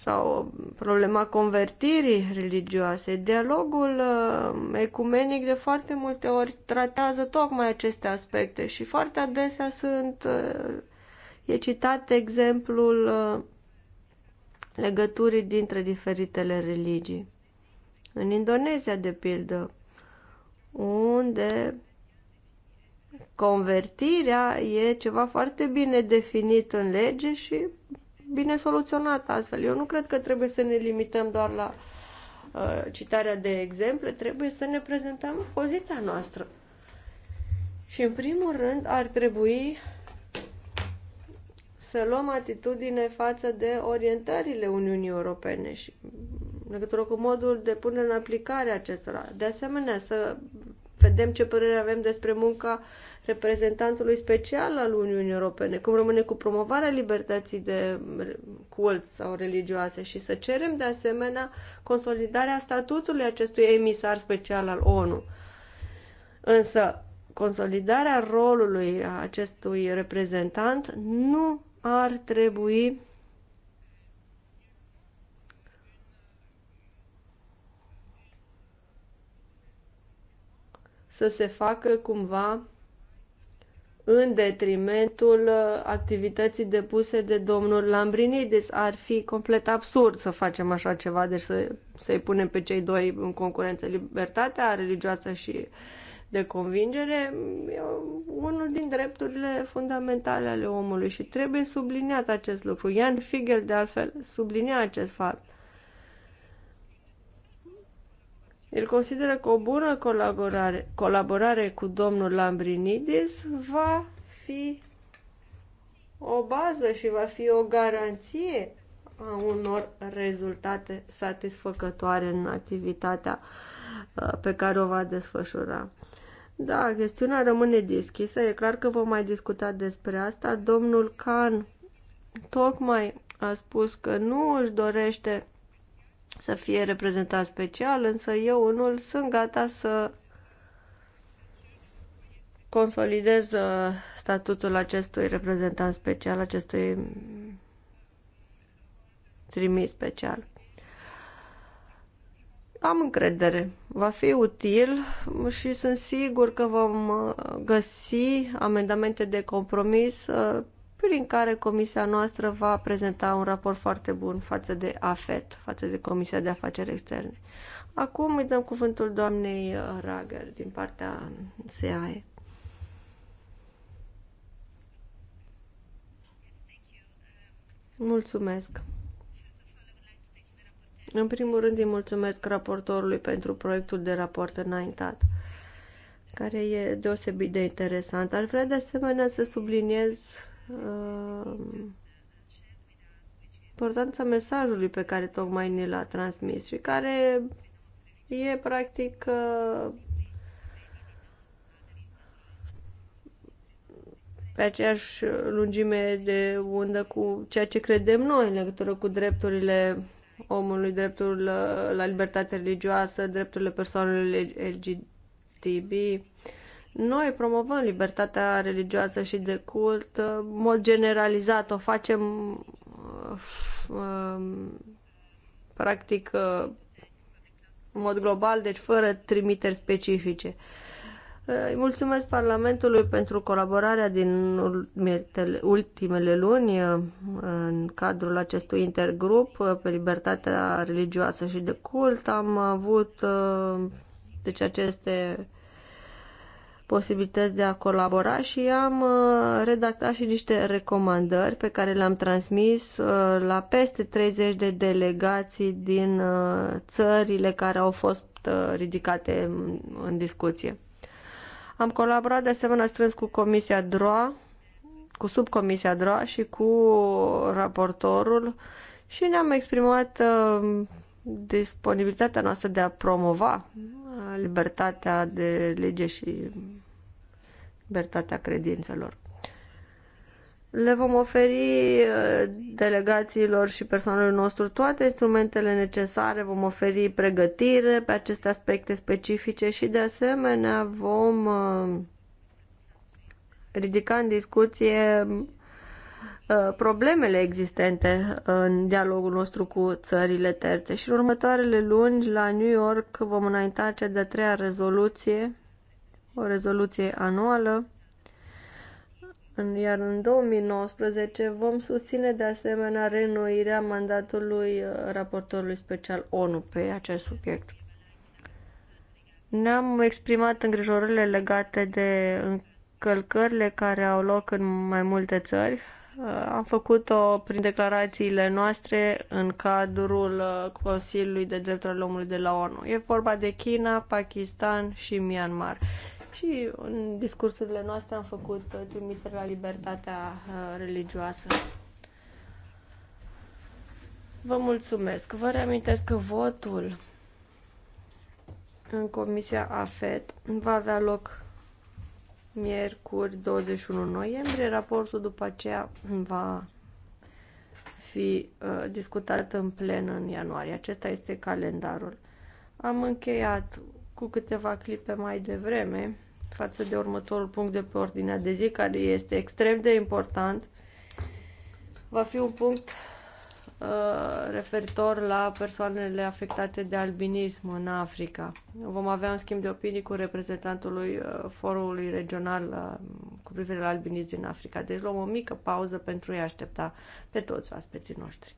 Sau problema convertirii religioase. Dialogul uh, ecumenic de foarte multe ori tratează tocmai aceste aspecte și foarte adesea sunt uh, e citat exemplul uh, legăturii dintre diferitele religii. În Indonezia, de pildă, unde convertirea e ceva foarte bine definit în lege și bine soluționat astfel. Eu nu cred că trebuie să ne limităm doar la uh, citarea de exemple, trebuie să ne prezentăm poziția noastră. Și în primul rând ar trebui să luăm atitudine față de orientările Uniunii Europene și în legătură cu modul de punere în aplicare acestora. De asemenea, să vedem ce părere avem despre munca reprezentantului special al Uniunii Europene, cum rămâne cu promovarea libertății de cult sau religioase și să cerem de asemenea consolidarea statutului acestui emisar special al ONU. Însă, consolidarea rolului acestui reprezentant nu ar trebui să se facă cumva în detrimentul uh, activității depuse de domnul Lambrinidis. Ar fi complet absurd să facem așa ceva, deci să, să-i punem pe cei doi în concurență, libertatea religioasă și de convingere e unul din drepturile fundamentale ale omului și trebuie subliniat acest lucru. Ian Figel, de altfel, sublinia acest fapt. El consideră că o bună colaborare, colaborare cu domnul Lambrinidis va fi o bază și va fi o garanție a unor rezultate satisfăcătoare în activitatea uh, pe care o va desfășura. Da, chestiunea rămâne deschisă. E clar că vom mai discuta despre asta. Domnul Can tocmai a spus că nu își dorește să fie reprezentat special, însă eu unul sunt gata să consolidez uh, statutul acestui reprezentant special, acestui trimis special. Am încredere. Va fi util și sunt sigur că vom uh, găsi amendamente de compromis uh, prin care comisia noastră va prezenta un raport foarte bun față de AFET, față de Comisia de Afaceri Externe. Acum îi dăm cuvântul doamnei uh, Rager din partea SEAE. Mulțumesc! În primul rând îi mulțumesc raportorului pentru proiectul de raport înaintat, care e deosebit de interesant. Ar vrea de asemenea să subliniez uh, importanța mesajului pe care tocmai ni l-a transmis și care e practic uh, pe aceeași lungime de undă cu ceea ce credem noi în legătură cu drepturile omului, dreptul la, la libertate religioasă, drepturile persoanelor LGTB. Noi promovăm libertatea religioasă și de cult în mod generalizat. O facem um, practic uh, în mod global, deci fără trimiteri specifice. Uh, îi mulțumesc Parlamentului pentru colaborarea din ultimele luni uh, în cadrul acestui intergrup uh, pe libertatea religioasă și de cult. Am avut uh, deci aceste posibilități de a colabora și am redactat și niște recomandări pe care le-am transmis la peste 30 de delegații din țările care au fost ridicate în discuție. Am colaborat de asemenea strâns cu Comisia DROA, cu subcomisia DROA și cu raportorul și ne-am exprimat uh, disponibilitatea noastră de a promova uh, libertatea de lege și libertatea credințelor. Le vom oferi uh, delegațiilor și personalul nostru toate instrumentele necesare, vom oferi pregătire pe aceste aspecte specifice și de asemenea vom uh, ridica în discuție uh, problemele existente în dialogul nostru cu țările terțe și în următoarele luni la New York vom înainta cea de-a treia rezoluție, o rezoluție anuală iar în 2019 vom susține de asemenea reînnoirea mandatului uh, raportorului special ONU pe acest subiect. Ne-am exprimat îngrijorările legate de încălcările care au loc în mai multe țări. Uh, am făcut-o prin declarațiile noastre în cadrul uh, Consiliului de Drepturile Omului de la ONU. E vorba de China, Pakistan și Myanmar. Și în discursurile noastre am făcut uh, trimitere la libertatea uh, religioasă. Vă mulțumesc. Vă reamintesc că votul în Comisia AFET va avea loc miercuri 21 noiembrie. Raportul după aceea va fi uh, discutat în plen în ianuarie. Acesta este calendarul. Am încheiat cu câteva clipe mai devreme față de următorul punct de pe ordinea de zi, care este extrem de important. Va fi un punct uh, referitor la persoanele afectate de albinism în Africa. Vom avea un schimb de opinii cu reprezentantului uh, forului regional uh, cu privire la albinism din Africa. Deci luăm o mică pauză pentru a-i aștepta pe toți aspeții noștri.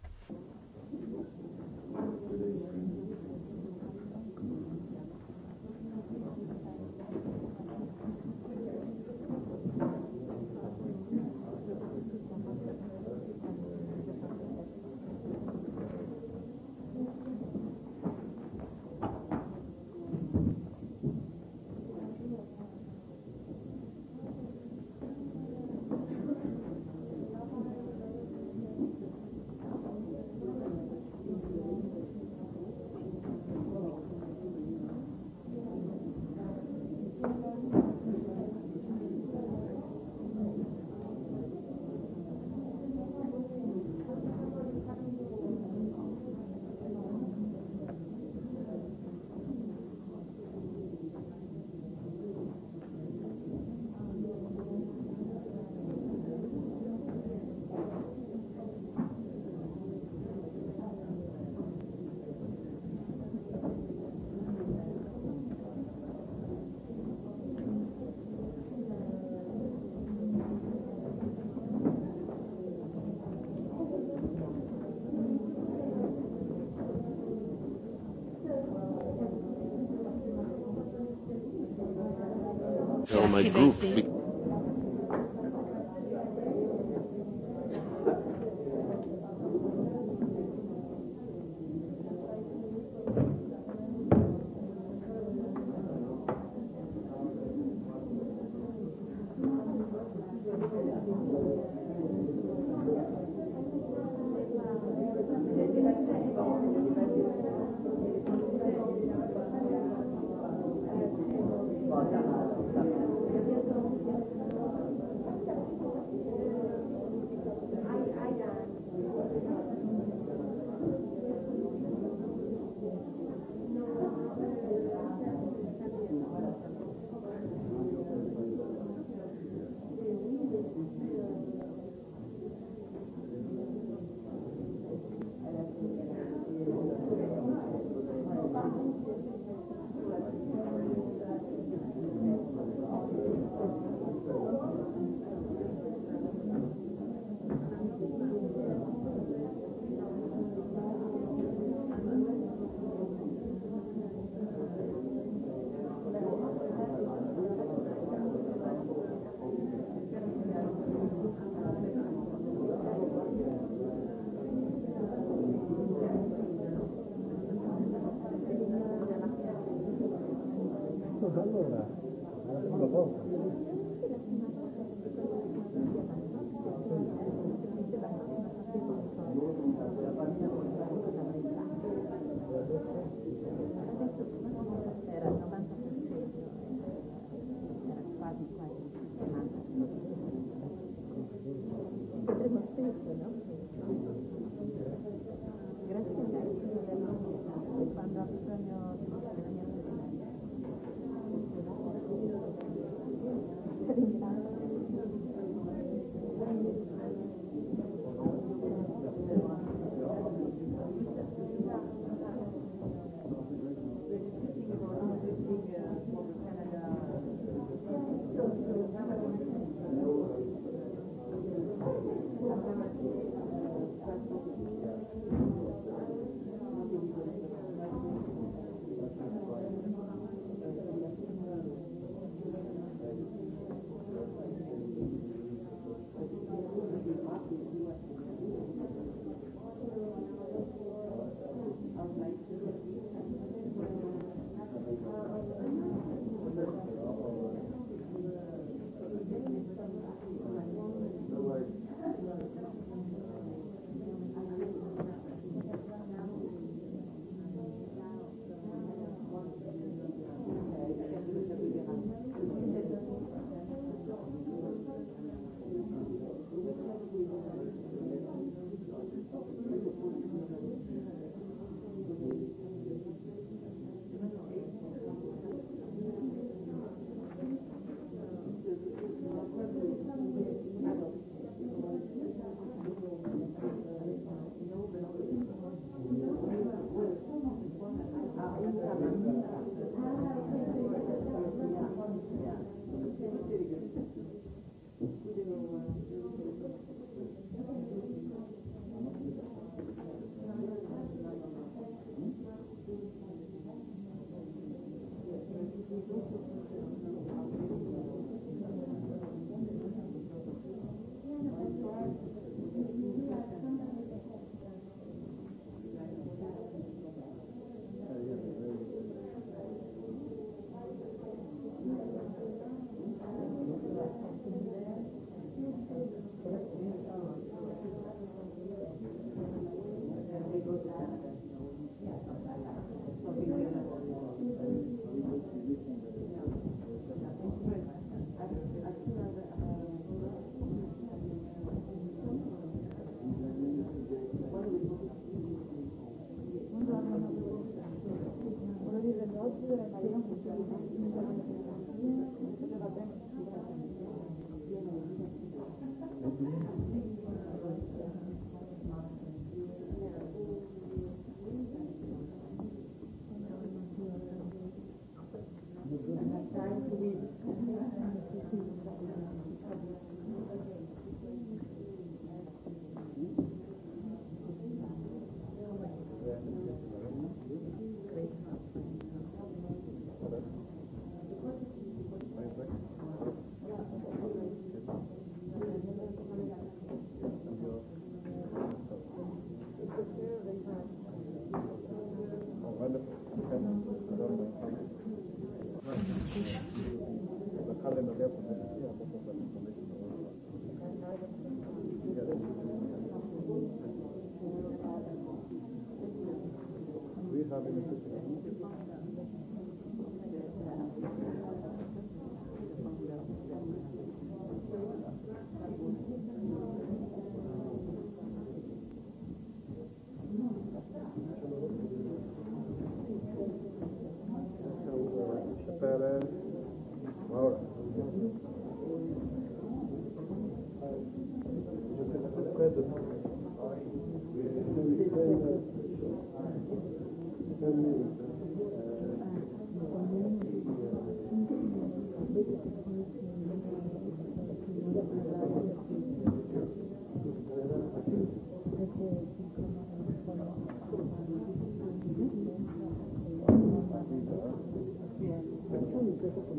No,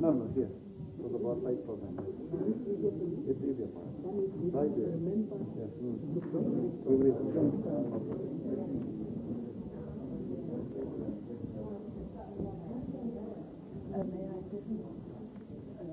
no, here. It was about five thousand. It is a part. Right there. Yes. Mm. Everything. Uh, may I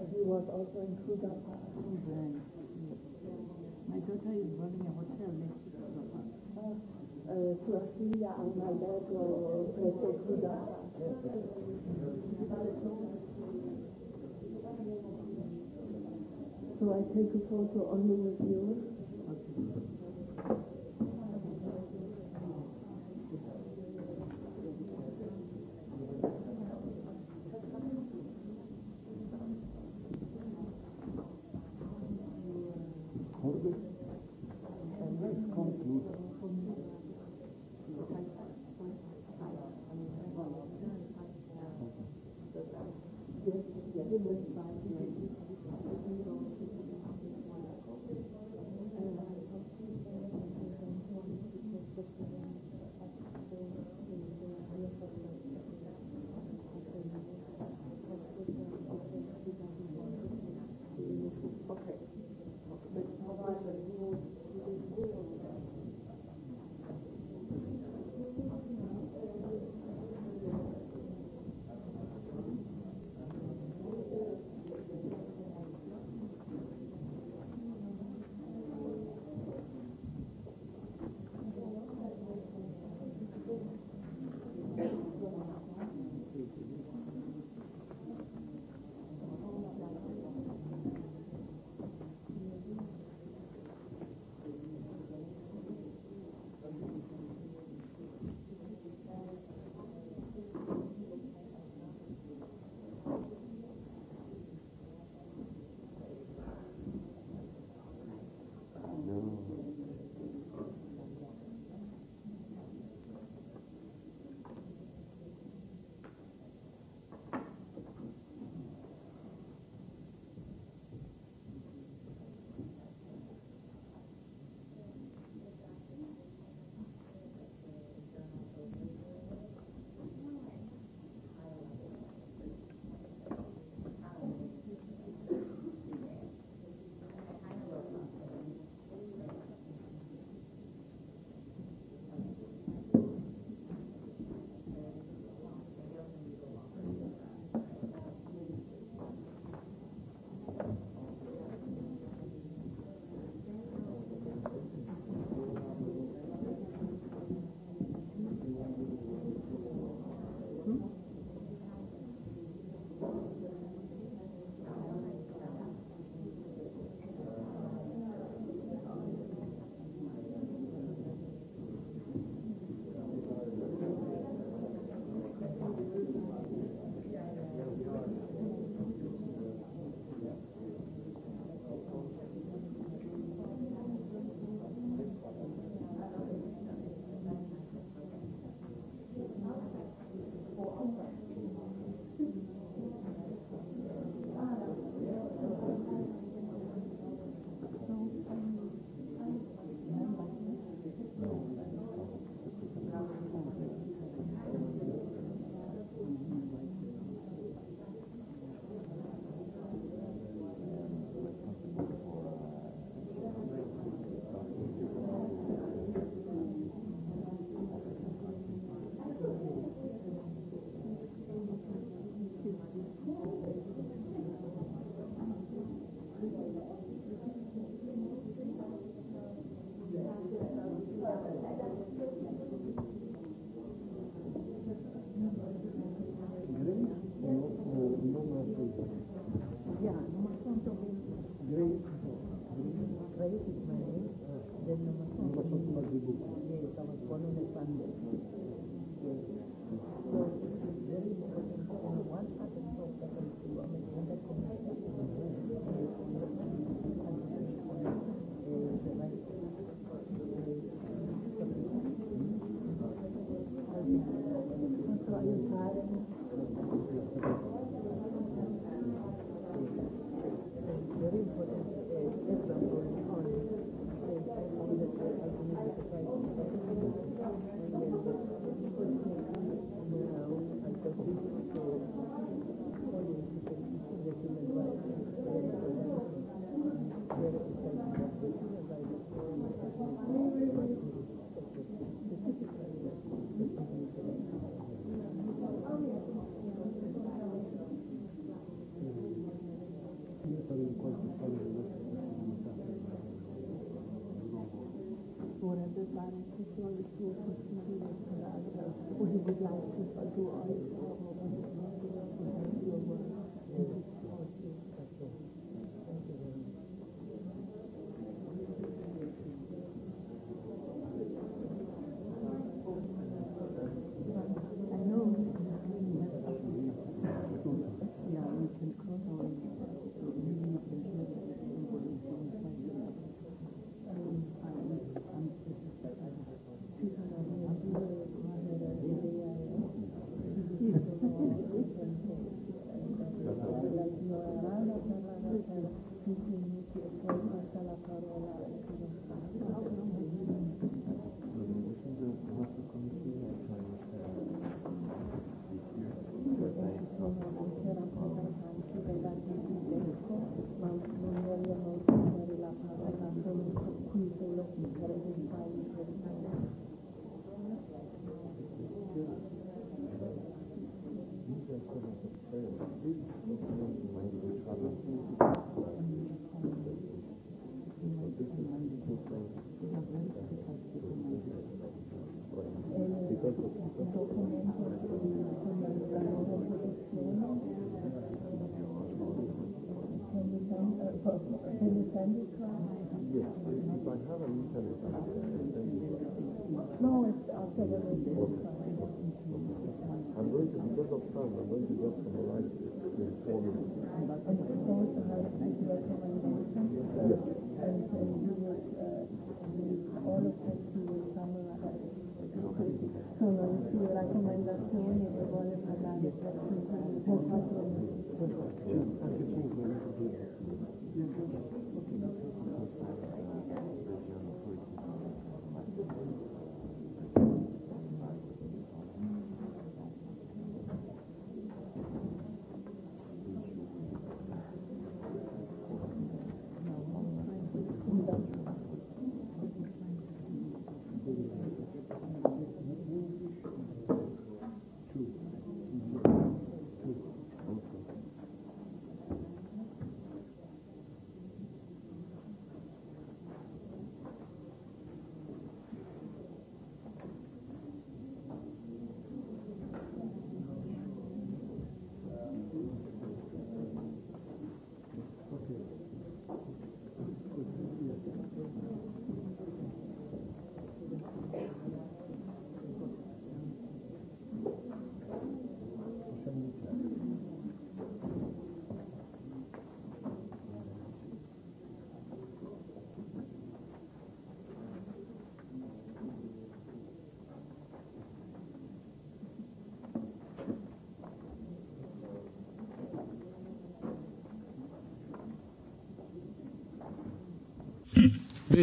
he was also in Kruger Park. My daughter is running a hotel next to Kruger Park. Uh, uh, Cecilia and my dad were also Kruger Park. So I take a photo only with you.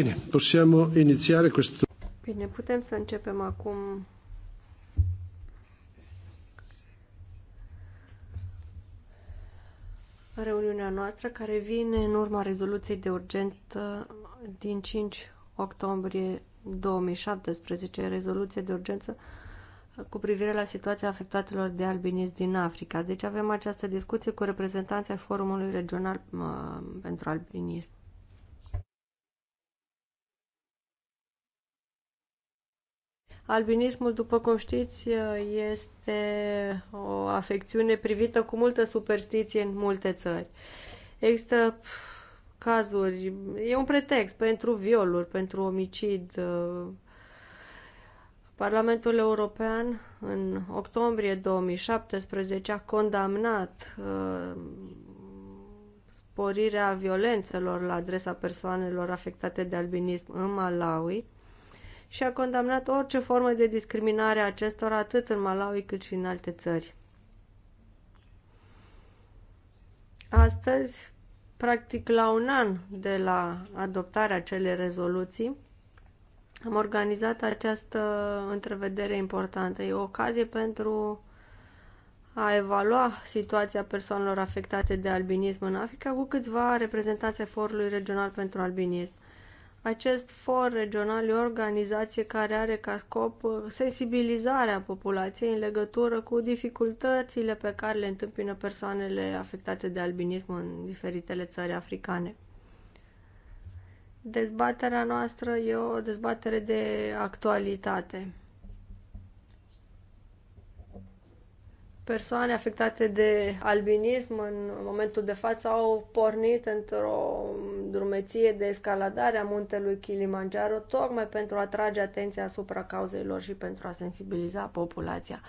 Bine, possiamo iniziare questo... Bine, putem să începem acum reuniunea noastră care vine în urma rezoluției de urgență din 5 octombrie 2017, rezoluție de urgență cu privire la situația afectatelor de albinism din Africa. Deci avem această discuție cu reprezentanții Forumului Regional pentru Albinism. Albinismul, după cum știți, este o afecțiune privită cu multă superstiție în multe țări. Există cazuri, e un pretext pentru violuri, pentru omicid. Parlamentul European în octombrie 2017 a condamnat uh, sporirea violențelor la adresa persoanelor afectate de albinism în Malawi și a condamnat orice formă de discriminare a acestora atât în Malawi cât și în alte țări. Astăzi, practic la un an de la adoptarea acelei rezoluții, am organizat această întrevedere importantă. E o ocazie pentru a evalua situația persoanelor afectate de albinism în Africa cu câțiva reprezentanți Forului regional pentru albinism. Acest for regional e o organizație care are ca scop uh, sensibilizarea populației în legătură cu dificultățile pe care le întâmpină persoanele afectate de albinism în diferitele țări africane. Dezbaterea noastră e o dezbatere de actualitate. persoane afectate de albinism în momentul de față au pornit într-o drumeție de escaladare a muntelui Kilimanjaro tocmai pentru a atrage atenția asupra cauzelor și pentru a sensibiliza populația.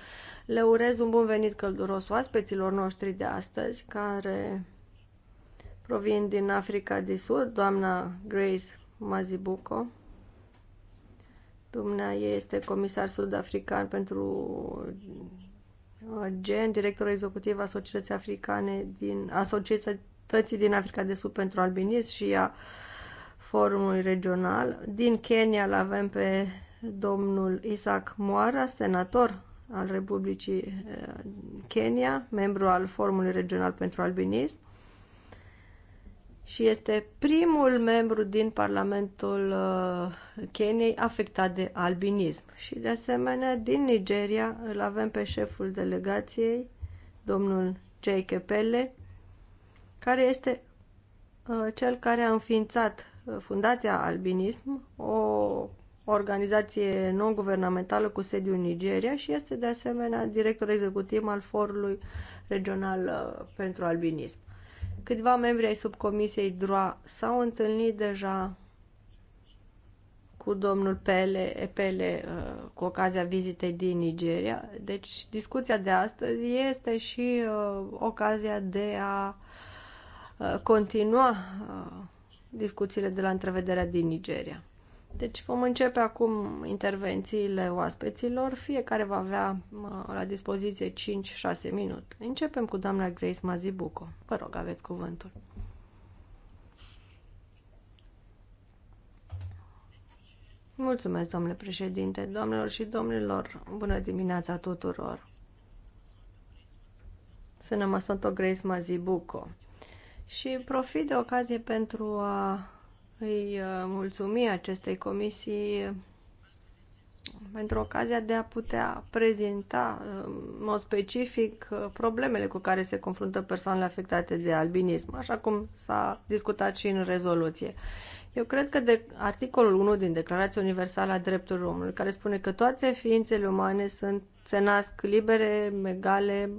Le urez un bun venit călduros oaspeților noștri de astăzi, care provin din Africa de Sud, doamna Grace Mazibuko, Dumnea este comisar sud-african pentru Uh, Gen, director executiv a Societății Africane din Asociații din Africa de Sud pentru Albinism și a Forumului Regional. Din Kenya îl avem pe domnul Isaac Moara, senator al Republicii uh, Kenya, membru al Forumului Regional pentru Albinism și este primul membru din Parlamentul uh, Keniei afectat de albinism. Și de asemenea, din Nigeria îl avem pe șeful delegației, domnul Jake Pelle, care este uh, cel care a înființat uh, Fundația Albinism, o organizație non-guvernamentală cu sediu în Nigeria și este de asemenea director executiv al Forului Regional pentru Albinism. Câțiva membri ai subcomisiei DROA s-au întâlnit deja cu domnul Pele, Pele uh, cu ocazia vizitei din Nigeria. Deci discuția de astăzi este și uh, ocazia de a uh, continua uh, discuțiile de la întrevederea din Nigeria. Deci vom începe acum intervențiile oaspeților. Fiecare va avea la dispoziție 5-6 minute. Începem cu doamna Grace Mazibuco. Vă rog, aveți cuvântul. Mulțumesc, domnule președinte, domnilor și domnilor, bună dimineața tuturor. Sunt Amasanto Grace Mazibuco și profit de ocazie pentru a îi uh, mulțumi acestei comisii uh, pentru ocazia de a putea prezenta uh, în mod specific problemele cu care se confruntă persoanele afectate de albinism, așa cum s-a discutat și în rezoluție. Eu cred că de articolul 1 din Declarația Universală a Drepturilor Omului, care spune că toate ființele umane sunt, se nasc libere, egale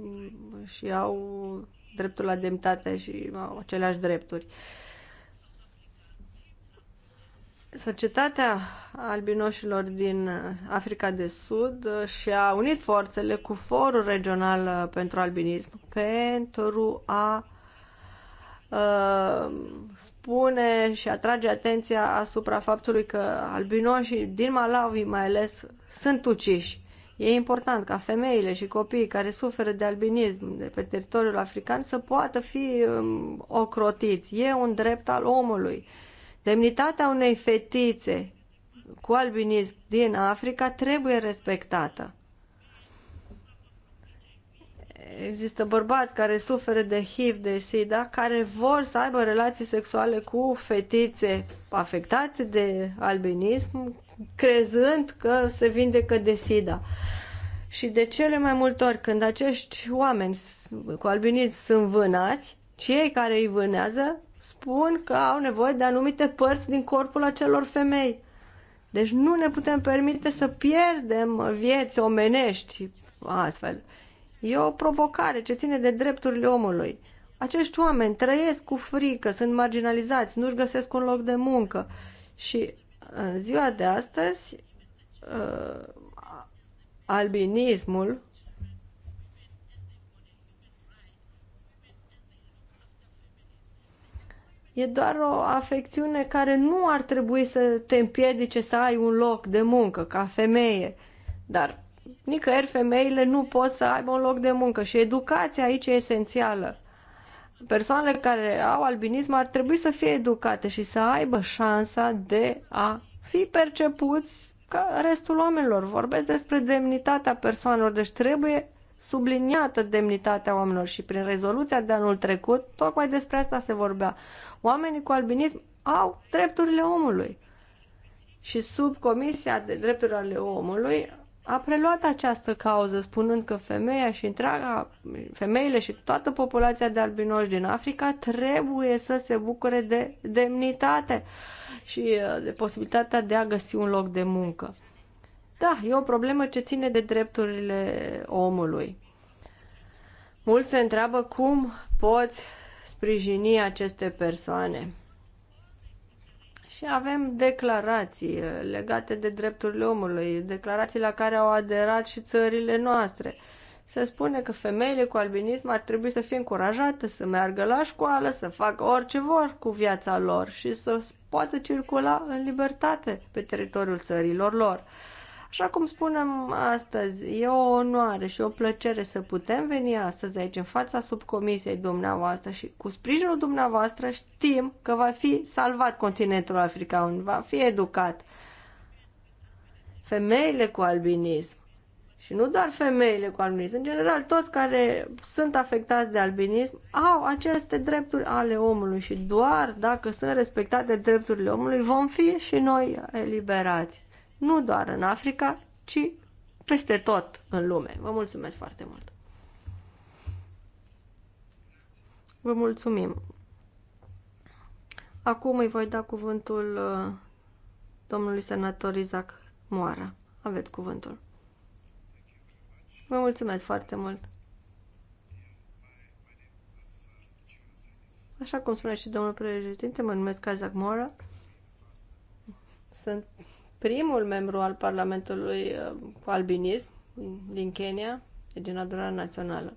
și au dreptul la demnitate și au aceleași drepturi. Uh, Societatea albinoșilor din Africa de Sud uh, și-a unit forțele cu Forul Regional uh, pentru Albinism pentru a uh, spune și atrage atenția asupra faptului că albinoșii din Malawi mai ales sunt uciși. E important ca femeile și copiii care suferă de albinism de pe teritoriul african să poată fi um, ocrotiți. E un drept al omului. Uh, Demnitatea unei fetițe cu albinism din Africa trebuie respectată. Există bărbați care suferă de HIV, de SIDA, care vor să aibă relații sexuale cu fetițe afectate de albinism, crezând că se vindecă de SIDA. Și de cele mai multe ori, când acești oameni cu albinism sunt vânați, cei care îi vânează spun că au nevoie de anumite părți din corpul acelor femei. Deci nu ne putem permite să pierdem vieți omenești astfel. E o provocare ce ține de drepturile omului. Acești oameni trăiesc cu frică, sunt marginalizați, nu-și găsesc un loc de muncă. Și în ziua de astăzi, uh, albinismul E doar o afecțiune care nu ar trebui să te împiedice să ai un loc de muncă ca femeie. Dar nicăieri femeile nu pot să aibă un loc de muncă și educația aici e esențială. Persoanele care au albinism ar trebui să fie educate și să aibă șansa de a fi percepuți ca restul oamenilor. Vorbesc despre demnitatea persoanelor, deci trebuie subliniată demnitatea oamenilor și prin rezoluția de anul trecut, tocmai despre asta se vorbea. Oamenii cu albinism au drepturile omului. Și sub Comisia de Drepturi ale Omului a preluat această cauză, spunând că femeia și întreaga, femeile și toată populația de albinoși din Africa trebuie să se bucure de demnitate și uh, de posibilitatea de a găsi un loc de muncă. Da, e o problemă ce ține de drepturile omului. Mulți se întreabă cum poți sprijini aceste persoane. Și avem declarații eh, legate de drepturile omului, declarații la care au aderat și țările noastre. Se spune că femeile cu albinism ar trebui să fie încurajate să meargă la școală, să facă orice vor cu viața lor și să poată circula în libertate pe teritoriul țărilor lor. Așa cum spunem astăzi, e o onoare și o plăcere să putem veni astăzi aici în fața subcomisiei dumneavoastră și cu sprijinul dumneavoastră știm că va fi salvat continentul african, va fi educat. Femeile cu albinism și nu doar femeile cu albinism, în general toți care sunt afectați de albinism au aceste drepturi ale omului și doar dacă sunt respectate drepturile omului vom fi și noi eliberați nu doar în Africa, ci peste tot în lume. Vă mulțumesc foarte mult! Vă mulțumim! Acum îi voi da cuvântul uh, domnului senator Isaac Moara. Aveți cuvântul. Vă mulțumesc foarte mult! Așa cum spunea și domnul președinte, mă numesc Isaac Mora. Sunt primul membru al Parlamentului uh, cu albinism din Kenya, din adunarea națională.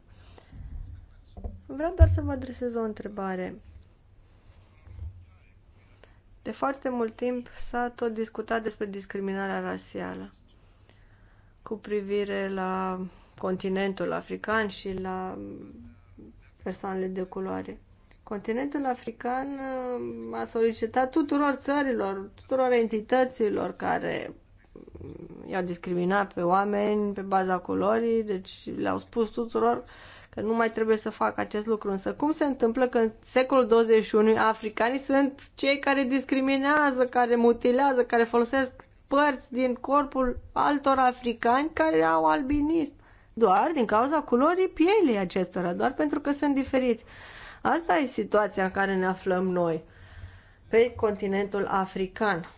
Vreau doar să vă adresez o întrebare. De foarte mult timp s-a tot discutat despre discriminarea rasială cu privire la continentul african și la persoanele de culoare. Continentul african uh, a solicitat tuturor țărilor, tuturor entităților care mm, i-au discriminat pe oameni pe baza culorii, deci le-au spus tuturor că nu mai trebuie să facă acest lucru. Însă cum se întâmplă că în secolul 21 africanii sunt cei care discriminează, care mutilează, care folosesc părți din corpul altor africani care au albinism? Doar din cauza culorii pielei acestora, doar pentru că sunt diferiți. Asta e situația în care ne aflăm noi pe continentul african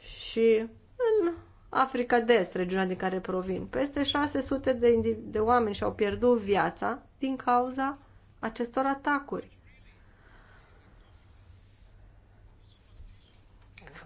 și în Africa de Est, regiunea din care provin. Peste 600 de, de oameni și-au pierdut viața din cauza acestor atacuri.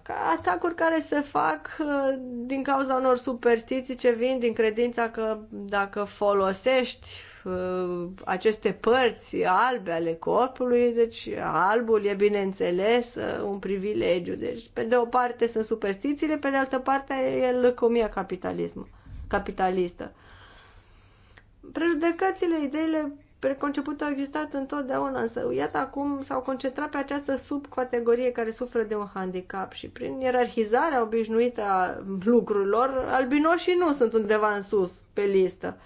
Ca atacuri care se fac uh, din cauza unor superstiții ce vin din credința că dacă folosești Uh, aceste părți albe ale corpului, deci albul e bineînțeles uh, un privilegiu. Deci, pe de o parte sunt superstițiile, pe de altă parte e lăcomia capitalismă, capitalistă. Prejudecățile, ideile preconcepute au existat întotdeauna, însă iată acum s-au concentrat pe această subcategorie care suferă de un handicap și prin ierarhizarea obișnuită a lucrurilor, albinoșii nu sunt undeva în sus pe listă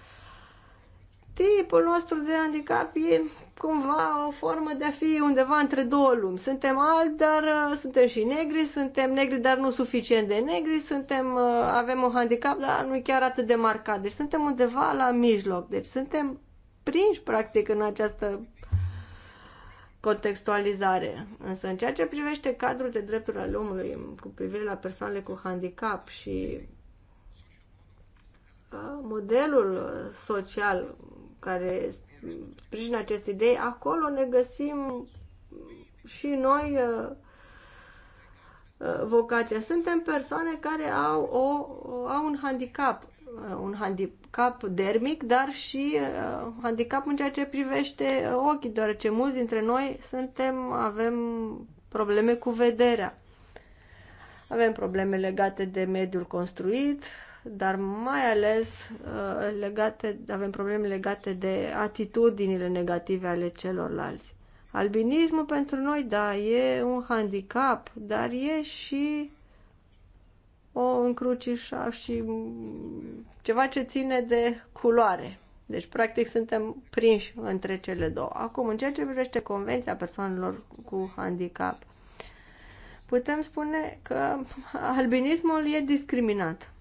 tipul nostru de handicap e cumva o formă de a fi undeva între două lumi. Suntem albi, dar uh, suntem și negri, suntem negri, dar nu suficient de negri, suntem, uh, avem un handicap, dar nu chiar atât de marcat. Deci suntem undeva la mijloc. Deci suntem prinși, practic, în această contextualizare. Însă, în ceea ce privește cadrul de drepturi ale omului cu privire la persoanele cu handicap și uh, modelul social care sprijină aceste idei, acolo ne găsim și noi uh, uh, vocația. Suntem persoane care au, o, au un handicap, uh, un handicap dermic, dar și handicap în ceea ce privește ochii, deoarece mulți dintre noi suntem, avem probleme cu vederea. Avem probleme legate de mediul construit, dar mai ales uh, legate, avem probleme legate de atitudinile negative ale celorlalți. Albinismul pentru noi, da, e un handicap, dar e și o încrucișa și ceva ce ține de culoare. Deci, practic, suntem prinși între cele două. Acum, în ceea ce privește Convenția persoanelor cu handicap, putem spune că albinismul e discriminat.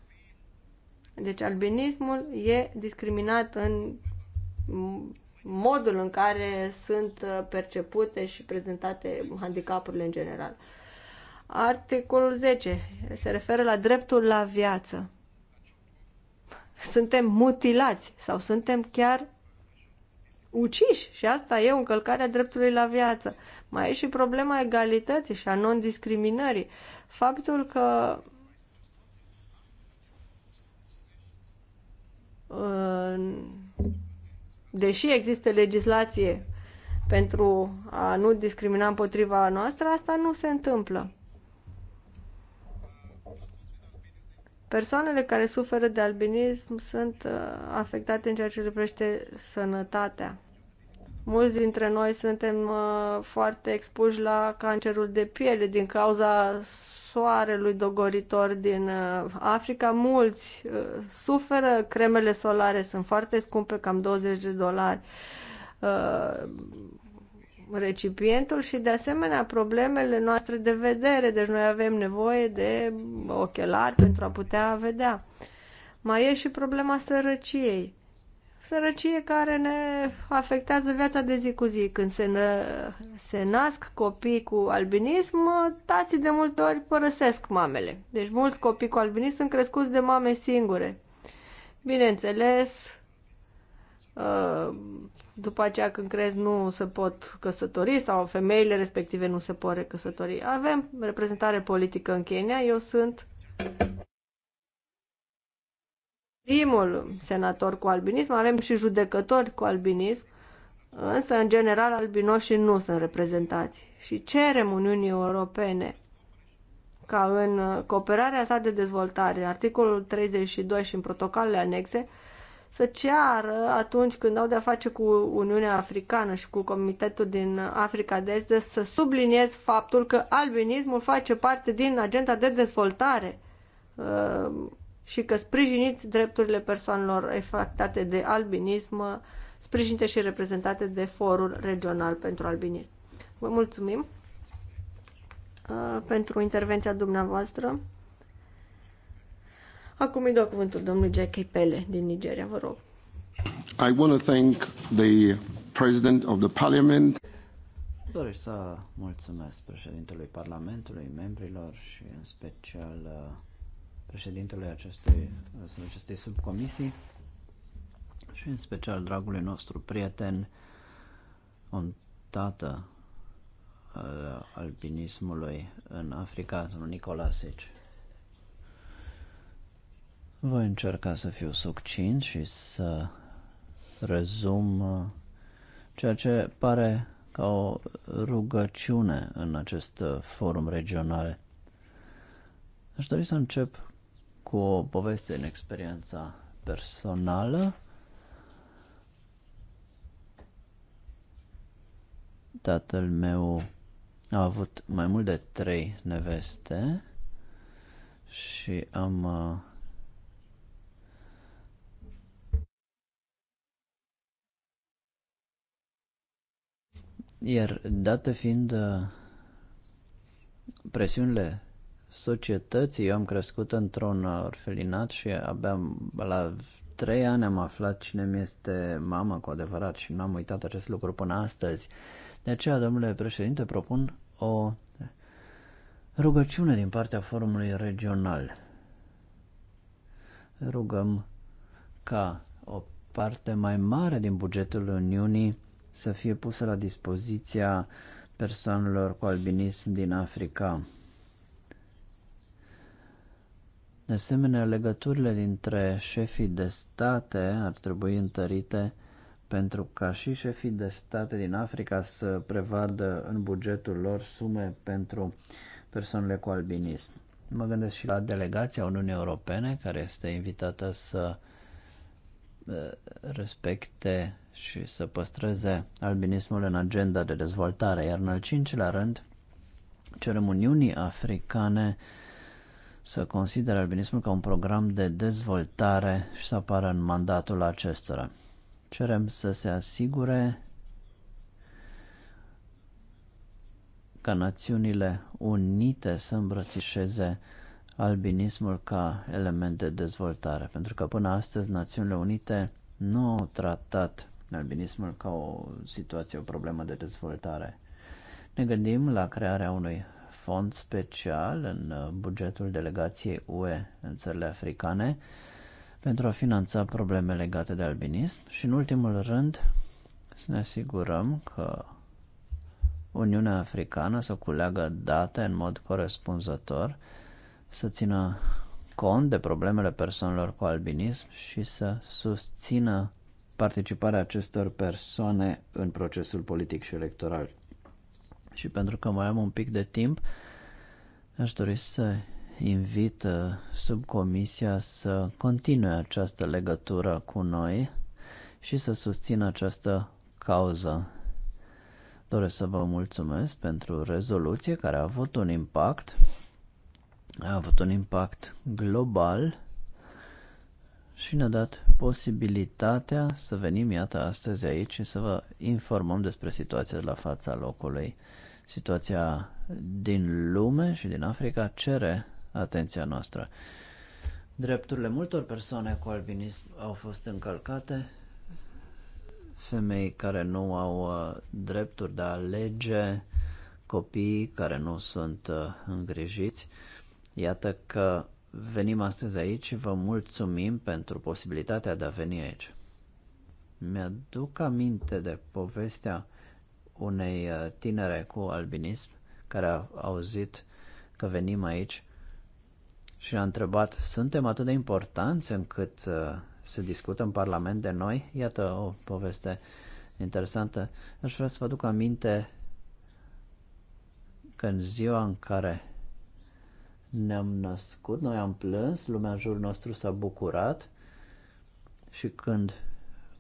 Deci albinismul e discriminat în modul în care sunt uh, percepute și prezentate handicapurile în general. Articolul 10 se referă la dreptul la viață. Suntem mutilați sau suntem chiar uciși și asta e o încălcare a dreptului la viață. Mai e și problema egalității și a non-discriminării. Faptul că deși există legislație pentru a nu discrimina împotriva noastră, asta nu se întâmplă. Persoanele care suferă de albinism sunt uh, afectate în ceea ce privește sănătatea. Mulți dintre noi suntem uh, foarte expuși la cancerul de piele din cauza soarelui dogoritor din uh, Africa. Mulți uh, suferă, cremele solare sunt foarte scumpe, cam 20 de dolari uh, recipientul și de asemenea problemele noastre de vedere, deci noi avem nevoie de ochelari pentru a putea vedea. Mai e și problema sărăciei sărăcie care ne afectează viața de zi cu zi. Când se, nă, se nasc copii cu albinism, tații de multe ori părăsesc mamele. Deci mulți copii cu albinism sunt crescuți de mame singure. Bineînțeles, uh, după aceea când crezi nu se pot căsători sau femeile respective nu se pot recăsători. Avem reprezentare politică în Kenya, eu sunt primul senator cu albinism, avem și judecători cu albinism, însă, în general, albinoșii nu sunt reprezentați. Și cerem Uniunii Europene ca în cooperarea sa de dezvoltare, articolul 32 și în protocolele anexe, să ceară atunci când au de-a face cu Uniunea Africană și cu Comitetul din Africa de Est să subliniez faptul că albinismul face parte din agenda de dezvoltare uh, și că sprijiniți drepturile persoanelor afectate de albinism, sprijinite și reprezentate de Forul Regional pentru Albinism. Vă mulțumim uh, pentru intervenția dumneavoastră. Acum îi dau cuvântul domnului J.K. Pele din Nigeria, vă rog. I want to thank the President of the Parliament. Doresc să mulțumesc președintelui Parlamentului, membrilor și în special uh, președintelui acestei, acestei subcomisii și în special dragului nostru prieten, un tată al uh, alpinismului în Africa, domnul Nicolasic. Voi încerca să fiu succint și să rezum uh, ceea ce pare ca o rugăciune în acest uh, forum regional. Aș dori să încep cu o poveste în experiența personală. Tatăl meu a avut mai mult de trei neveste și am uh, Iar dată fiind uh, presiunile societății. Eu am crescut într-un orfelinat și abia la trei ani am aflat cine mi este mama cu adevărat și nu am uitat acest lucru până astăzi. De aceea, domnule președinte, propun o rugăciune din partea forumului regional. Rugăm ca o parte mai mare din bugetul Uniunii să fie pusă la dispoziția persoanelor cu albinism din Africa. De asemenea, legăturile dintre șefii de state ar trebui întărite pentru ca și șefii de state din Africa să prevadă în bugetul lor sume pentru persoanele cu albinism. Mă gândesc și la delegația Uniunii Europene care este invitată să uh, respecte și să păstreze albinismul în agenda de dezvoltare, iar în al cincilea rând cerem Uniunii Africane să considere albinismul ca un program de dezvoltare și să apară în mandatul acestora. Cerem să se asigure ca Națiunile Unite să îmbrățișeze albinismul ca element de dezvoltare, pentru că până astăzi Națiunile Unite nu au tratat albinismul ca o situație, o problemă de dezvoltare. Ne gândim la crearea unui fond special în uh, bugetul delegației UE în țările africane pentru a finanța probleme legate de albinism și, în ultimul rând, să ne asigurăm că Uniunea Africană să culeagă date în mod corespunzător, să țină cont de problemele persoanelor cu albinism și să susțină participarea acestor persoane în procesul politic și electoral. Și pentru că mai am un pic de timp, aș dori să invit uh, subcomisia să continue această legătură cu noi și să susțină această cauză. Doresc să vă mulțumesc pentru rezoluție care a avut un impact, a avut un impact global și ne-a dat posibilitatea să venim, iată, astăzi aici și să vă informăm despre situația de la fața locului. Situația din lume și din Africa cere atenția noastră. Drepturile multor persoane cu albinism au fost încălcate. Femei care nu au uh, drepturi de a alege, copii care nu sunt uh, îngrijiți. Iată că venim astăzi aici și vă mulțumim pentru posibilitatea de a veni aici. Mi-aduc aminte de povestea unei uh, tinere cu albinism care a auzit că venim aici și a întrebat, suntem atât de importanți încât uh, se discută în Parlament de noi? Iată o poveste interesantă. Aș vrea să vă aduc aminte că în ziua în care ne-am născut, noi am plâns, lumea în jurul nostru s-a bucurat și când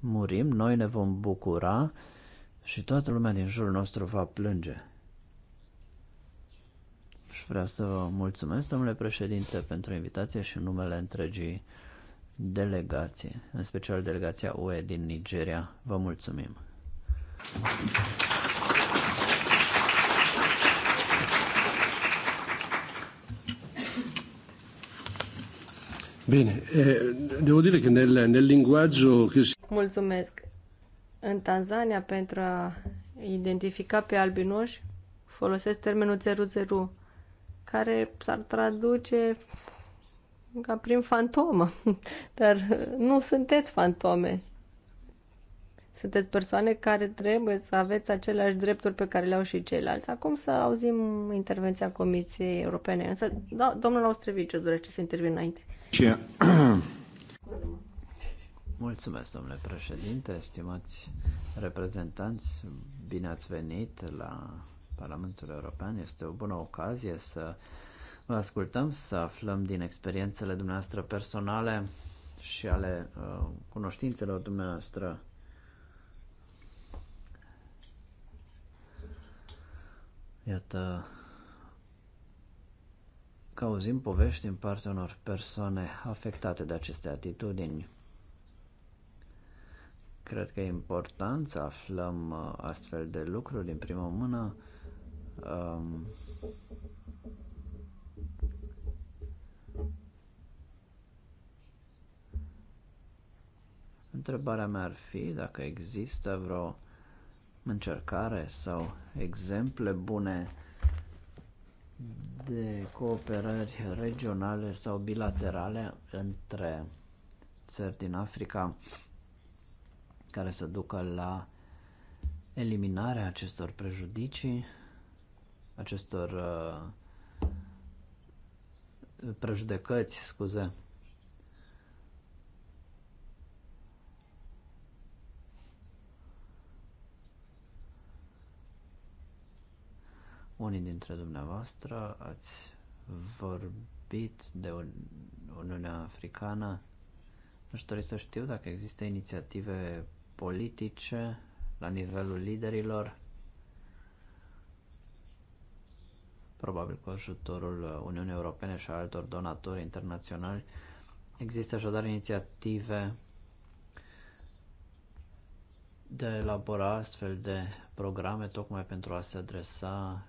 murim, noi ne vom bucura și toată lumea din jurul nostru va plânge. Și vreau să vă mulțumesc, domnule președinte, pentru invitație și numele întregii delegații, în special delegația UE din Nigeria. Vă mulțumim! Bine, devo dire che nel, nel linguaggio che si... Mulțumesc în Tanzania pentru a identifica pe albinoși folosesc termenul 00 care s-ar traduce ca prin fantomă, dar nu sunteți fantome. Sunteți persoane care trebuie să aveți aceleași drepturi pe care le-au și ceilalți. Acum să auzim intervenția Comisiei Europene. Însă, do- domnul Austreviciu dorește să intervină înainte. Ce? Mulțumesc, domnule președinte, estimați reprezentanți, bine ați venit la Parlamentul European. Este o bună ocazie să vă ascultăm, să aflăm din experiențele dumneavoastră personale și ale uh, cunoștințelor dumneavoastră. Iată că auzim povești din partea unor persoane afectate de aceste atitudini. Cred că e important să aflăm uh, astfel de lucruri din prima mână. Um, Întrebarea mea ar fi dacă există vreo încercare sau exemple bune de cooperări regionale sau bilaterale între țări din Africa care să ducă la eliminarea acestor prejudicii, acestor uh, prejudecăți, scuze. Unii dintre dumneavoastră ați vorbit de Uniunea Africană. Aș dori să știu dacă există inițiative politice, la nivelul liderilor, probabil cu ajutorul Uniunii Europene și a altor donatori internaționali. Există așadar inițiative de a elabora astfel de programe tocmai pentru a se adresa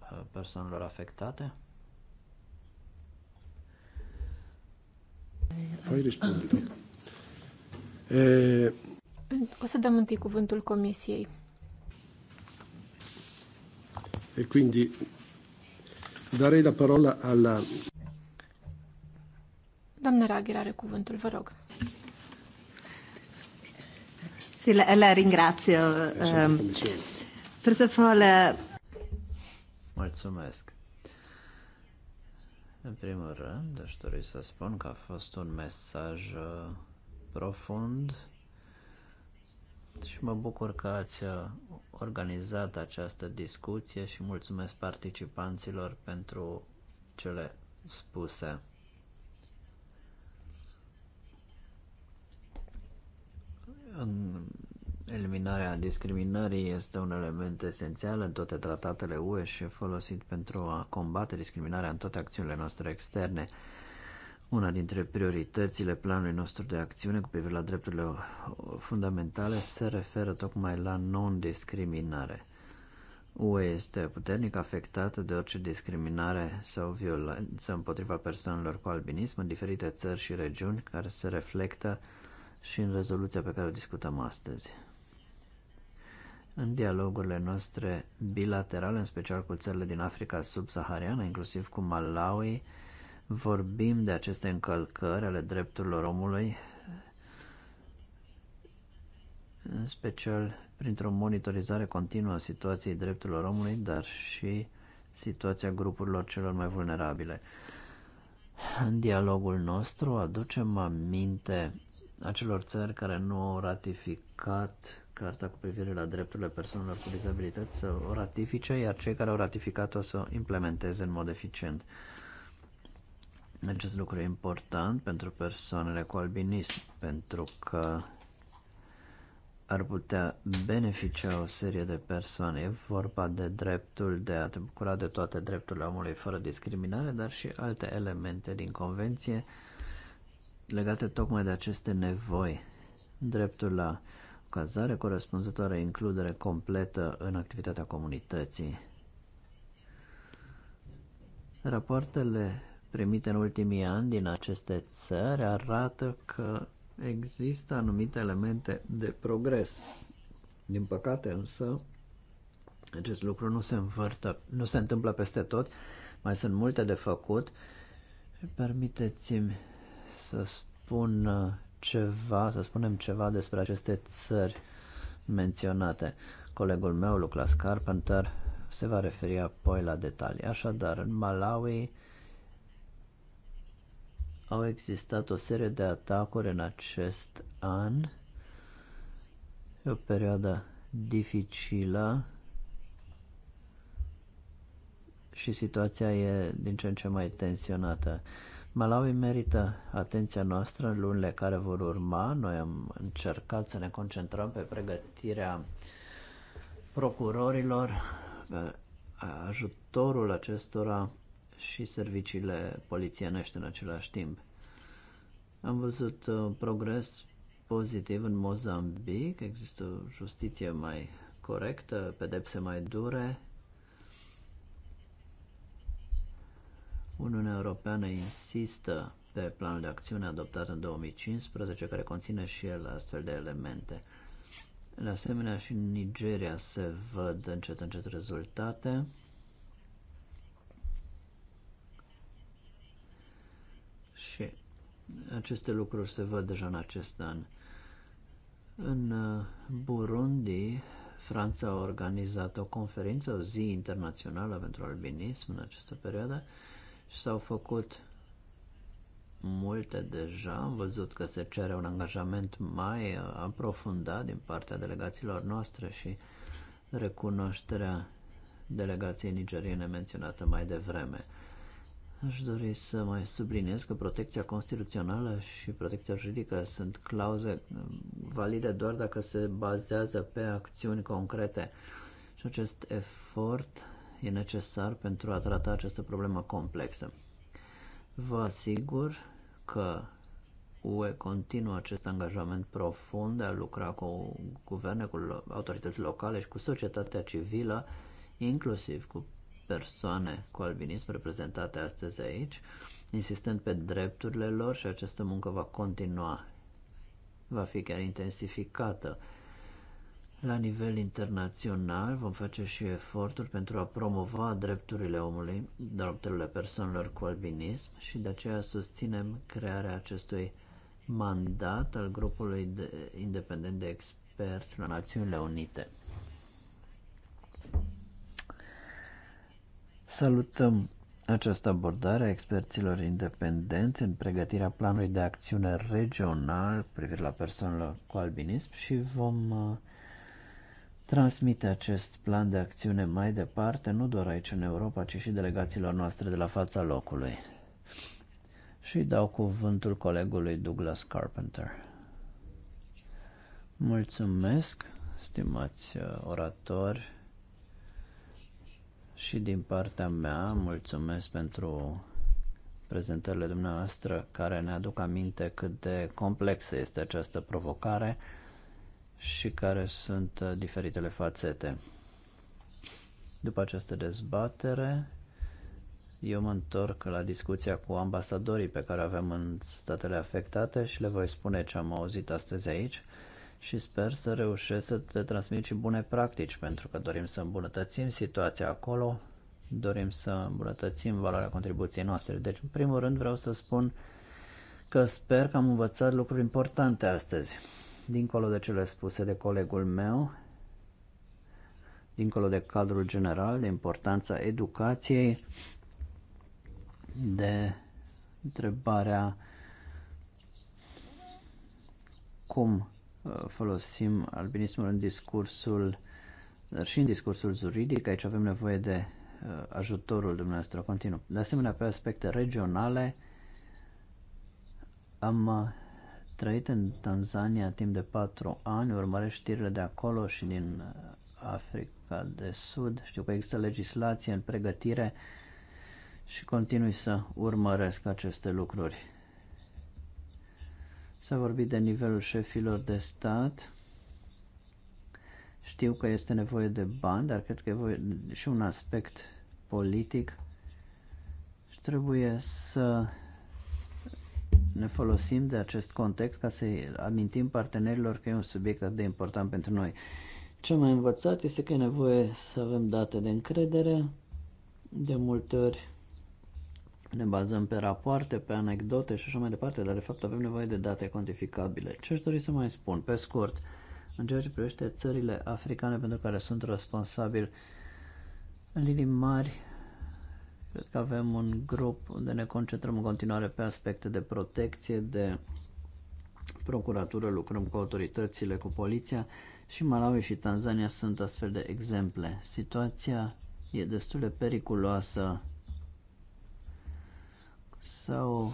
uh, persoanelor afectate? Poi rispondi Eh, o să dăm întâi cuvântul Comisiei. E quindi darei la parola alla... Doamna Raghir are cuvântul, vă rog. Sì, la, la ringrazio. Um, first of all, uh... Mulțumesc. În primul rând, aș dori să spun că a fost un mesaj eh, profund și mă bucur că ați uh, organizat această discuție și mulțumesc participanților pentru cele spuse. În eliminarea discriminării este un element esențial în toate tratatele UE și folosit pentru a combate discriminarea în toate acțiunile noastre externe. Una dintre prioritățile planului nostru de acțiune cu privire la drepturile fundamentale se referă tocmai la non-discriminare. UE este puternic afectată de orice discriminare sau violență împotriva persoanelor cu albinism în diferite țări și regiuni care se reflectă și în rezoluția pe care o discutăm astăzi. În dialogurile noastre bilaterale, în special cu țările din Africa subsahariană, inclusiv cu Malawi, vorbim de aceste încălcări ale drepturilor omului, în special printr-o monitorizare continuă a situației drepturilor omului, dar și situația grupurilor celor mai vulnerabile. În dialogul nostru aducem aminte acelor țări care nu au ratificat Carta cu privire la drepturile persoanelor cu dizabilități să o ratifice, iar cei care au ratificat-o să o implementeze în mod eficient. Acest lucru e important pentru persoanele cu albinism, pentru că ar putea beneficia o serie de persoane. E vorba de dreptul de a te bucura de toate drepturile omului fără discriminare, dar și alte elemente din convenție legate tocmai de aceste nevoi. Dreptul la cazare corespunzătoare, includere completă în activitatea comunității. Rapoartele primite în ultimii ani din aceste țări arată că există anumite elemente de progres. Din păcate însă, acest lucru nu se învârtă, nu se întâmplă peste tot, mai sunt multe de făcut. Permiteți-mi să spun uh, ceva, să spunem ceva despre aceste țări menționate. Colegul meu, Lucas Carpenter, se va referi apoi la detalii. Așadar, în Malawi au existat o serie de atacuri în acest an. E o perioadă dificilă și situația e din ce în ce mai tensionată. Malawi merită atenția noastră în lunile care vor urma. Noi am încercat să ne concentrăm pe pregătirea procurorilor, ajutorul acestora și serviciile polițienești în același timp. Am văzut uh, progres pozitiv în Mozambic, există justiție mai corectă, pedepse mai dure. Uniunea Europeană insistă pe planul de acțiune adoptat în 2015, care conține și el astfel de elemente. De asemenea, și în Nigeria se văd încet încet rezultate. Și aceste lucruri se văd deja în acest an. În uh, Burundi, Franța a organizat o conferință, o zi internațională pentru albinism în această perioadă și s-au făcut multe deja. Am văzut că se cere un angajament mai uh, aprofundat din partea delegațiilor noastre și recunoașterea delegației nigeriene menționată mai devreme. Aș dori să mai subliniez că protecția constituțională și protecția juridică sunt clauze um, valide doar dacă se bazează pe acțiuni concrete. Și acest efort e necesar pentru a trata această problemă complexă. Vă asigur că UE continuă acest angajament profund de a lucra cu guverne, cu autorități locale și cu societatea civilă, inclusiv cu persoane cu albinism reprezentate astăzi aici, insistând pe drepturile lor și această muncă va continua, va fi chiar intensificată. La nivel internațional vom face și eforturi pentru a promova drepturile omului, drepturile persoanelor cu albinism și de aceea susținem crearea acestui mandat al grupului de, independent de experți la Națiunile Unite. Salutăm această abordare a experților independenți în pregătirea planului de acțiune regional privind la persoanele cu albinism și vom uh, transmite acest plan de acțiune mai departe, nu doar aici în Europa, ci și delegațiilor noastre de la fața locului. Și dau cuvântul colegului Douglas Carpenter. Mulțumesc, stimați uh, oratori și din partea mea, mulțumesc pentru prezentările dumneavoastră care ne aduc aminte cât de complexă este această provocare și care sunt uh, diferitele fațete. După această dezbatere, eu mă întorc la discuția cu ambasadorii pe care avem în statele afectate și le voi spune ce am auzit astăzi aici și sper să reușesc să te transmit și bune practici, pentru că dorim să îmbunătățim situația acolo, dorim să îmbunătățim valoarea contribuției noastre. Deci, în primul rând, vreau să spun că sper că am învățat lucruri importante astăzi, dincolo de cele spuse de colegul meu, dincolo de cadrul general, de importanța educației, de întrebarea cum folosim albinismul în discursul, dar și în discursul juridic. Aici avem nevoie de uh, ajutorul dumneavoastră continuu. De asemenea, pe aspecte regionale, am uh, trăit în Tanzania timp de patru ani, urmăresc știrile de acolo și din uh, Africa de Sud. Știu că există legislație în pregătire și continui să urmăresc aceste lucruri. S-a vorbit de nivelul șefilor de stat. Știu că este nevoie de bani, dar cred că e voie și un aspect politic. Și trebuie să ne folosim de acest context ca să amintim partenerilor că e un subiect atât de important pentru noi. Ce am mai învățat este că e nevoie să avem date de încredere. De multe ori ne bazăm pe rapoarte, pe anecdote și așa mai departe, dar de fapt avem nevoie de date cuantificabile. Ce aș dori să mai spun, pe scurt, în ceea ce privește țările africane pentru care sunt responsabil în linii mari, cred că avem un grup unde ne concentrăm în continuare pe aspecte de protecție, de procuratură, lucrăm cu autoritățile, cu poliția și Malawi și Tanzania sunt astfel de exemple. Situația e destul de periculoasă S-au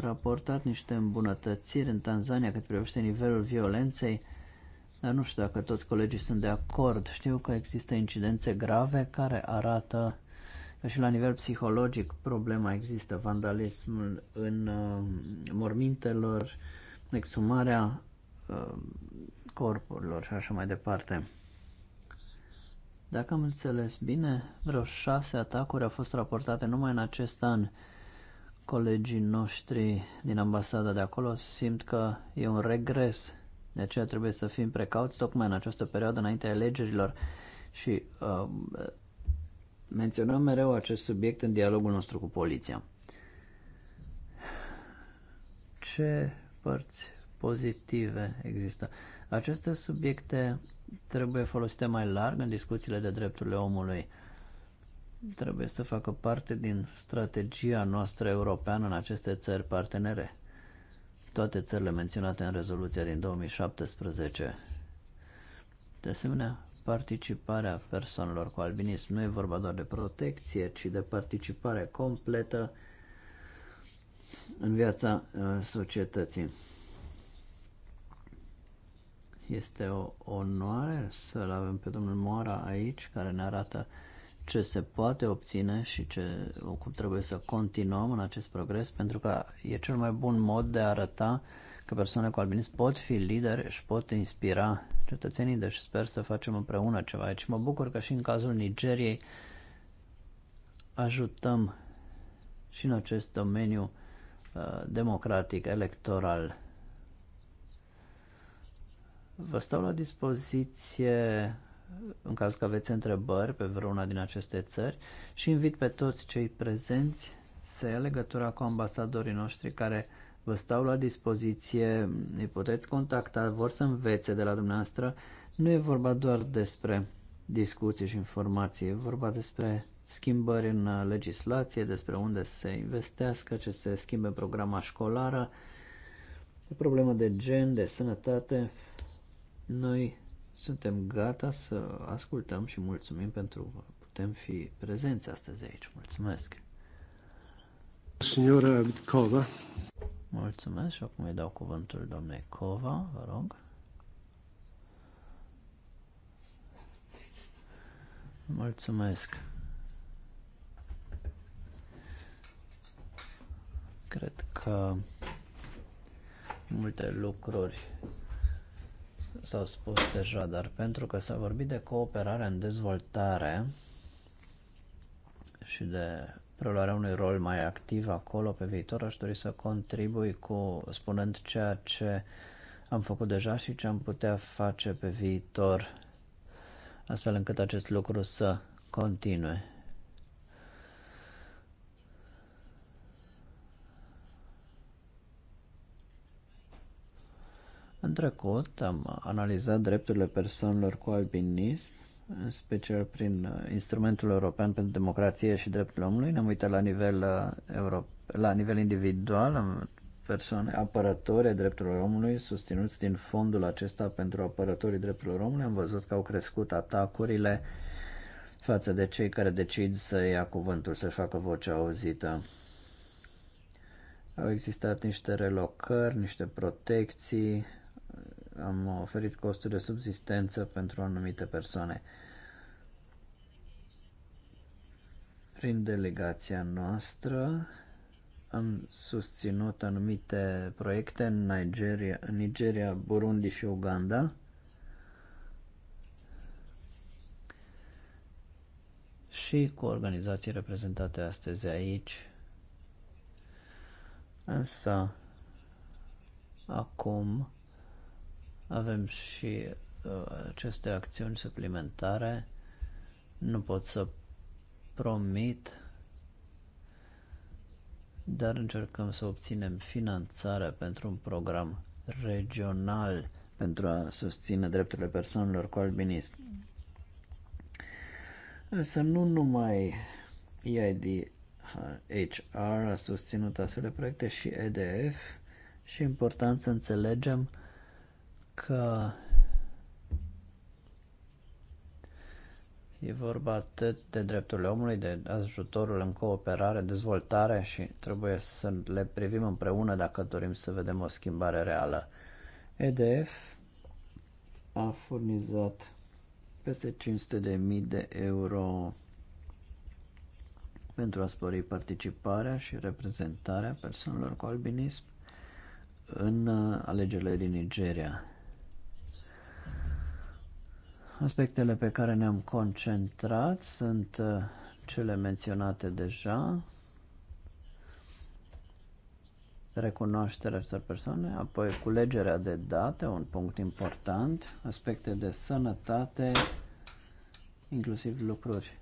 raportat niște îmbunătățiri în Tanzania cât privește nivelul violenței, dar nu știu dacă toți colegii sunt de acord. Știu că există incidențe grave care arată că și la nivel psihologic problema există, vandalismul în uh, mormintelor, exumarea uh, um, corpurilor și așa mai departe. Dacă am înțeles bine, vreo șase atacuri au fost raportate numai în acest an colegii noștri din ambasada de acolo simt că e un regres. De aceea trebuie să fim precauți tocmai în această perioadă înaintea alegerilor și uh, menționăm mereu acest subiect în dialogul nostru cu poliția. Ce părți pozitive există? Aceste subiecte trebuie folosite mai larg în discuțiile de drepturile omului. Uh, trebuie să facă parte din strategia noastră europeană în aceste țări partenere. Toate țările menționate în rezoluția din 2017. De asemenea, participarea persoanelor cu albinism nu e vorba doar de protecție, ci de participare completă în viața uh, societății. Este o onoare să-l avem pe domnul Moara aici, care ne arată uh, ce se poate obține și ce, cum trebuie să continuăm în acest progres, pentru că e cel mai bun mod de a arăta că persoane cu albinism pot fi lideri și pot inspira cetățenii, deci sper să facem împreună ceva aici. Deci mă bucur că și în cazul Nigeriei ajutăm și în acest domeniu uh, democratic, electoral. Vă stau la dispoziție în caz că aveți întrebări pe vreuna din aceste țări și invit pe toți cei prezenți să ia legătura cu ambasadorii noștri care vă stau la dispoziție, îi puteți contacta, vor să învețe de la dumneavoastră. Nu e vorba doar despre discuții și informații, e vorba despre schimbări în legislație, despre unde se investească, ce se schimbe programa școlară, de problemă de gen, de sănătate. Noi suntem gata să ascultăm și mulțumim pentru că putem fi prezenți astăzi aici. Mulțumesc! Signora Bitkova. Mulțumesc și acum îi dau cuvântul domnei Cova, vă rog. Mulțumesc. Cred că multe lucruri s-au spus deja, dar pentru că s-a vorbit de cooperare în dezvoltare și de preluarea unui rol mai activ acolo pe viitor, aș dori să contribui cu spunând ceea ce am făcut deja și ce am putea face pe viitor, astfel încât acest lucru să continue. În trecut am analizat drepturile persoanelor cu albinism, în special prin uh, instrumentul european pentru democrație și drepturile omului. Ne-am uitat la nivel, uh, euro, la nivel individual, am persoane apărători drepturilor omului, susținuți din fondul acesta pentru apărătorii drepturilor omului. Am văzut că au crescut atacurile față de cei care decid să ia cuvântul, să facă vocea auzită. Au existat niște relocări, niște protecții, am oferit costuri de subsistență pentru anumite persoane. Prin delegația noastră am susținut anumite proiecte în Nigeria, în Nigeria Burundi și Uganda. și cu organizații reprezentate astăzi aici. Însă, acum, avem și uh, aceste acțiuni suplimentare. Nu pot să promit, dar încercăm să obținem finanțare pentru un program regional pentru a susține drepturile persoanelor cu albinism. Însă nu numai EID HR a susținut astfel de proiecte și EDF și important să înțelegem că e vorba atât de drepturile omului, de ajutorul în cooperare, dezvoltare și trebuie să le privim împreună dacă dorim să vedem o schimbare reală. EDF a furnizat peste 500.000 de, de euro pentru a spori participarea și reprezentarea persoanelor cu albinism în uh, alegerile din Nigeria. Aspectele pe care ne-am concentrat sunt uh, cele menționate deja, recunoașterea acestor persoane, apoi culegerea de date, un punct important, aspecte de sănătate, inclusiv lucruri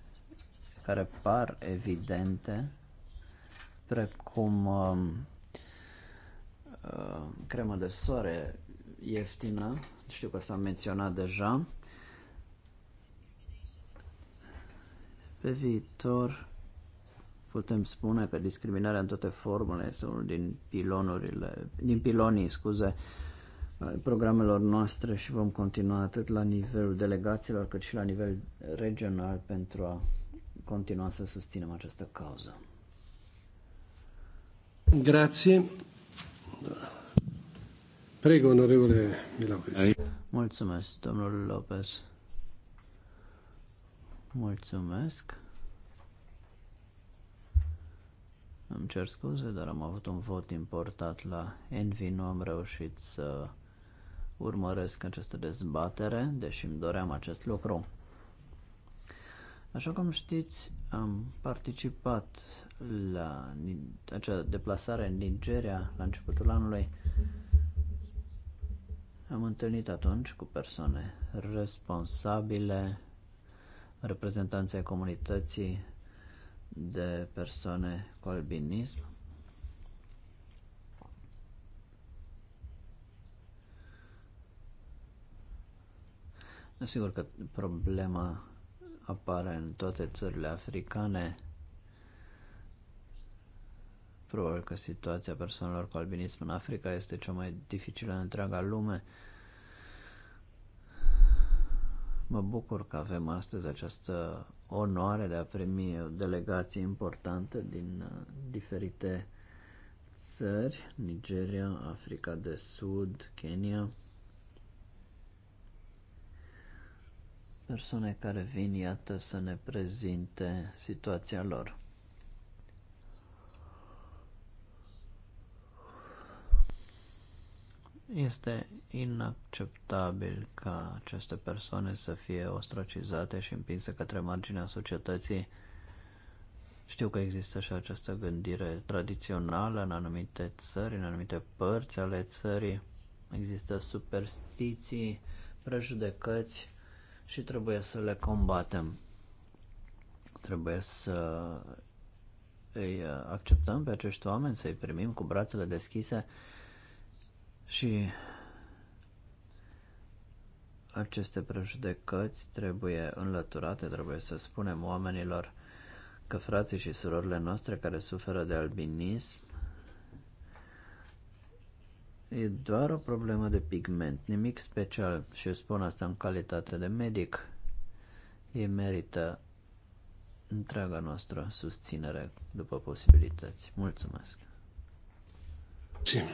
care par evidente, precum uh, uh, cremă de soare ieftină, știu că s-a menționat deja, Pe viitor putem spune că discriminarea în toate formele este unul din pilonurile, din pilonii, scuze, programelor noastre și vom continua atât la nivelul delegațiilor cât și la nivel regional pentru a continua să susținem această cauză. Grazie. Prego, onorevole Mulțumesc, domnul Lopez. Mulțumesc. Îmi cer scuze, dar am avut un vot importat la Envy, nu am reușit să urmăresc această dezbatere, deși îmi doream acest lucru. Așa cum știți, am participat la acea deplasare în Nigeria la începutul anului. Am întâlnit atunci cu persoane responsabile, reprezentanții comunității de persoane cu albinism. Sigur că problema apare în toate țările africane. Probabil că situația persoanelor cu albinism în Africa este cea mai dificilă în întreaga lume. Mă bucur că avem astăzi această onoare de a primi o delegație importantă din uh, diferite țări, Nigeria, Africa de Sud, Kenya. Persoane care vin, iată, să ne prezinte situația lor. Este inacceptabil ca aceste persoane să fie ostracizate și împinse către marginea societății. Știu că există și această gândire tradițională în anumite țări, în anumite părți ale țării. Există superstiții, prejudecăți și trebuie să le combatem. Trebuie să îi acceptăm pe acești oameni, să-i primim cu brațele deschise și aceste prejudecăți trebuie înlăturate, trebuie să spunem oamenilor că frații și surorile noastre care suferă de albinism e doar o problemă de pigment, nimic special și eu spun asta în calitate de medic. Ei merită întreaga noastră susținere după posibilități. Mulțumesc! Sim.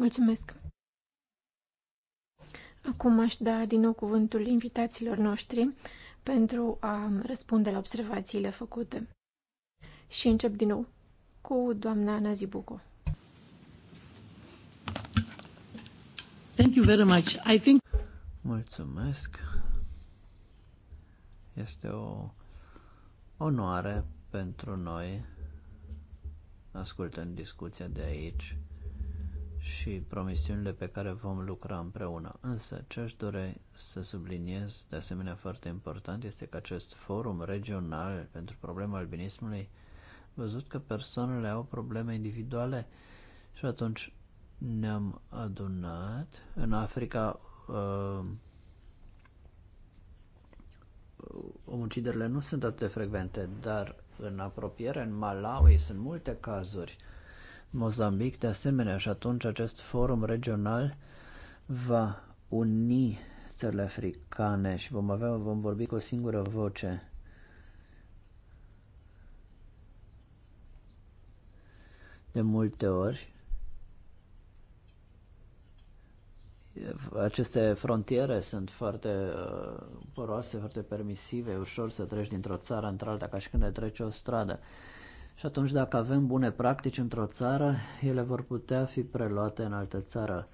Mulțumesc! Acum aș da din nou cuvântul invitațiilor noștri pentru a răspunde la observațiile făcute. Și încep din nou cu doamna Nazibuco. Thank you very much. I think... Mulțumesc. Este o onoare pentru noi ascultând discuția de aici și promisiunile pe care vom lucra împreună. Însă, ce aș dori să subliniez, de asemenea foarte important, este că acest forum regional pentru problema albinismului văzut că persoanele au probleme individuale și atunci ne-am adunat în Africa uh, omuciderile nu sunt atât de frecvente, dar în apropiere, în Malawi, sunt multe cazuri uh, Mozambic de asemenea și atunci acest forum regional va uni țările africane și vom avea, vom vorbi cu o singură voce. De multe ori aceste frontiere sunt foarte uh, poroase, foarte permisive, ușor să treci dintr-o țară într-alta, ca și când treci o stradă. Uh, și atunci dacă avem bune practici într-o țară, ele vor putea fi preluate în altă țară.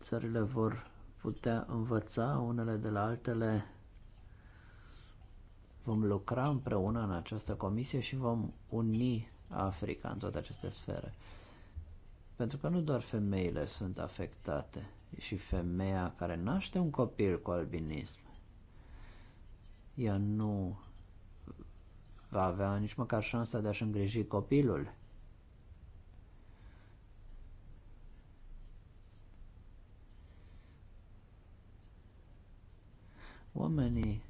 Țările vor putea învăța unele de la altele. Vom lucra împreună în această comisie și vom uni Africa în toate aceste sfere. Pentru că nu doar femeile sunt afectate, și femeia care naște un copil cu albinism. Ea nu va avea nici măcar șansa de a-și îngriji copilul. Oamenii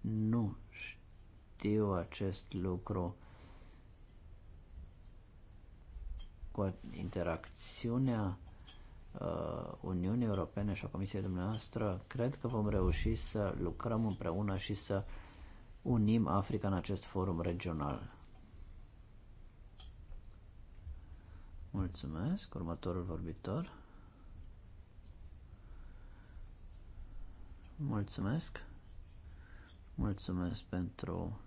nu știu acest lucru cu interacțiunea uh, Uniunii Europene și a Comisiei dumneavoastră, cred că vom reuși să lucrăm împreună și să uh, unim Africa în acest forum regional. Mulțumesc. Următorul vorbitor. Mulțumesc. Mulțumesc pentru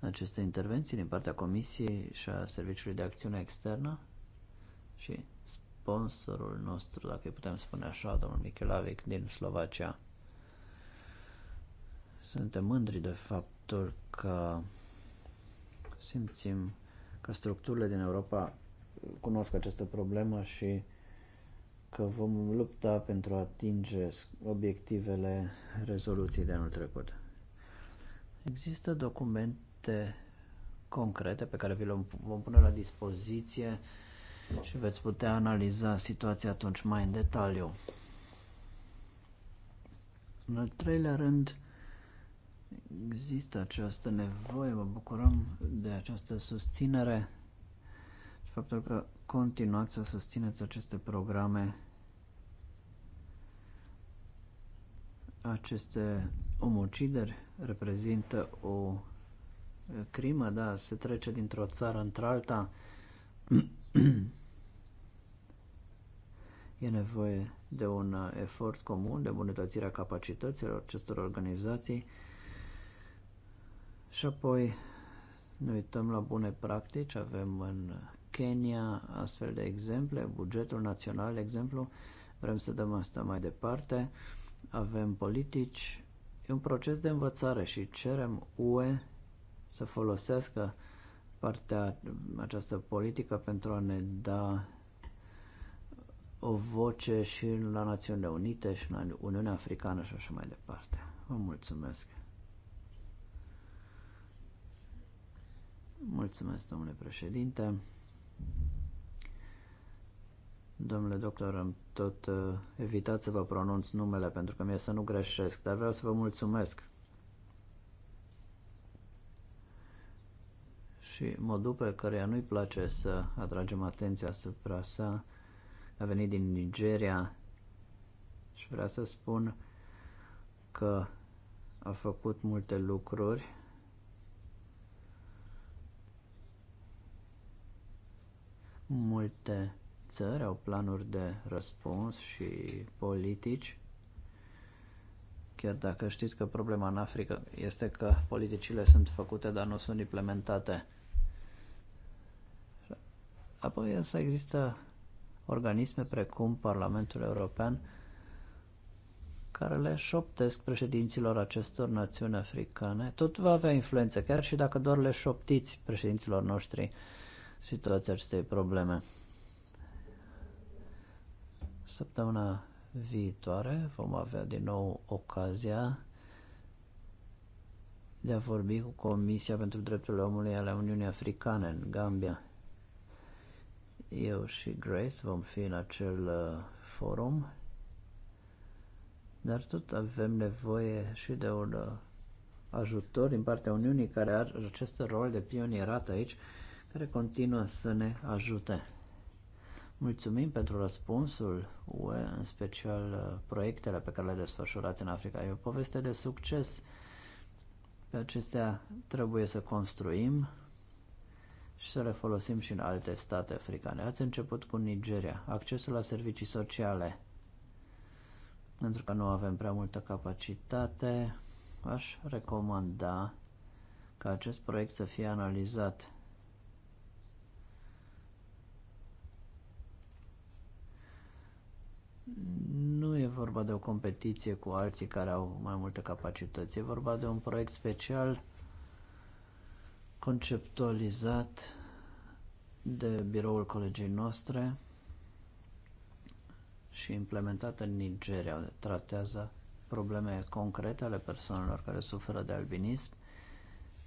aceste intervenții din partea Comisiei și a Serviciului de Acțiune Externă și sponsorul nostru, dacă îi putem spune așa, domnul Michelavic din Slovacia. Suntem mândri de fapt faptul că simțim că structurile din Europa cunosc această problemă și că vom lupta pentru a atinge obiectivele rezoluției de anul trecut. Există documente concrete pe care vi le vom pune la dispoziție și veți putea analiza situația atunci mai în detaliu. În al treilea rând, Există această nevoie, mă bucurăm de această susținere și faptul că continuați să susțineți aceste programe, aceste omucideri reprezintă o crimă, da, se trece dintr-o țară într-alta, e nevoie de un efort comun de îmbunătățirea capacităților acestor organizații și apoi ne uităm la bune practici, avem în Kenya astfel de exemple, bugetul național, de exemplu, vrem să dăm asta mai departe, avem politici, e un proces de învățare și cerem UE să folosească partea, această politică pentru a ne da o voce și la Națiunile Unite și la Uniunea Africană și așa mai departe. Vă mulțumesc! Mulțumesc, domnule președinte. Domnule doctor, am tot uh, evitat să vă pronunț numele pentru că mi-e să nu greșesc, dar vreau să vă mulțumesc. Și modul pe care nu-i place să atragem atenția asupra sa a venit din Nigeria și vrea să spun că a făcut multe lucruri Multe țări au planuri de răspuns și politici, chiar dacă știți că problema în Africa este că politicile sunt făcute, dar nu sunt implementate. Apoi însă există organisme precum Parlamentul European care le șoptesc președinților acestor națiuni africane. Tot va avea influență, chiar și dacă doar le șoptiți președinților noștri situația acestei probleme. Săptămâna viitoare vom avea din nou ocazia de a vorbi cu Comisia pentru Drepturile Omului ale Uniunii Africane în Gambia. Eu și Grace vom fi în acel uh, forum, dar tot avem nevoie și de un uh, ajutor din partea Uniunii care are acest rol de pionierat aici care continuă să ne ajute. Mulțumim pentru răspunsul UE, în special uh, proiectele pe care le desfășurați în Africa. E o poveste de succes. Pe acestea trebuie să construim și să le folosim și în alte state africane. Ați început cu Nigeria, accesul la servicii sociale. Pentru că nu avem prea multă capacitate, aș recomanda ca acest proiect să fie analizat nu e vorba de o competiție cu alții care au mai multe capacități, e vorba de un proiect special conceptualizat de biroul colegii noastre și implementat în Nigeria, unde tratează probleme concrete ale persoanelor care suferă de albinism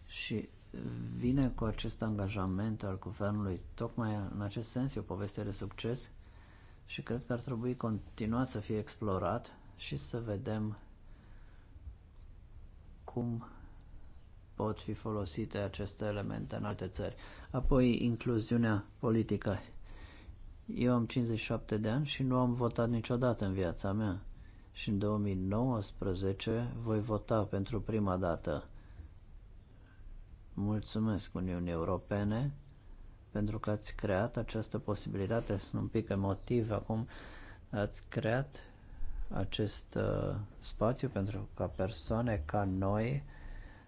și vine cu acest angajament al guvernului. Tocmai în acest sens e o poveste de succes și cred că ar trebui continuat să fie explorat și să vedem cum pot fi folosite aceste elemente în alte țări. Apoi, incluziunea politică. Eu am 57 de ani și nu am votat niciodată în viața mea. Și în 2019 voi vota pentru prima dată. Mulțumesc Uniunii Europene pentru că ați creat această posibilitate. Sunt un pic emotiv acum. Ați creat acest uh, spațiu pentru ca persoane ca noi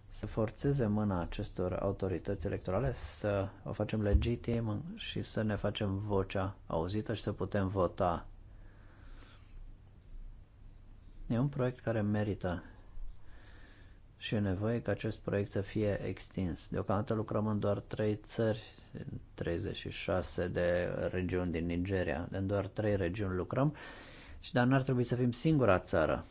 să forțeze mâna acestor autorități electorale, să o facem legitim și să ne facem vocea auzită și să putem vota. E un proiect care merită și e nevoie ca acest proiect să fie extins. Deocamdată lucrăm în doar 3 țări, 36 de regiuni din Nigeria, în doar 3 regiuni lucrăm, și dar n-ar trebui să fim singura țară.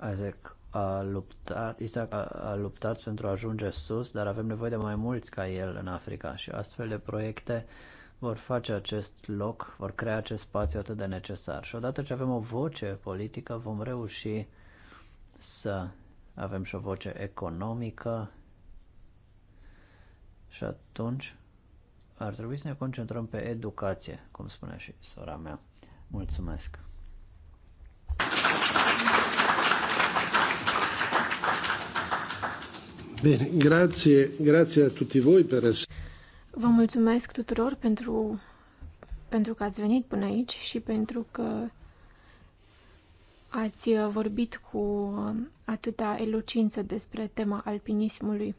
Isaac a luptat, Isaac a, a luptat pentru a ajunge sus, dar avem nevoie de mai mulți ca el în Africa și astfel de proiecte uh, vor face acest loc, vor crea acest spațiu atât de necesar. Și odată ce avem o voce politică, vom reuși să avem și o voce economică și atunci ar trebui să ne concentrăm pe educație, cum spune și sora mea. Mulțumesc! Bine, grazie, grazie a tutti voi per essere... Vă mulțumesc tuturor pentru, pentru că ați venit până aici și pentru că ați vorbit cu atâta elocință despre tema alpinismului.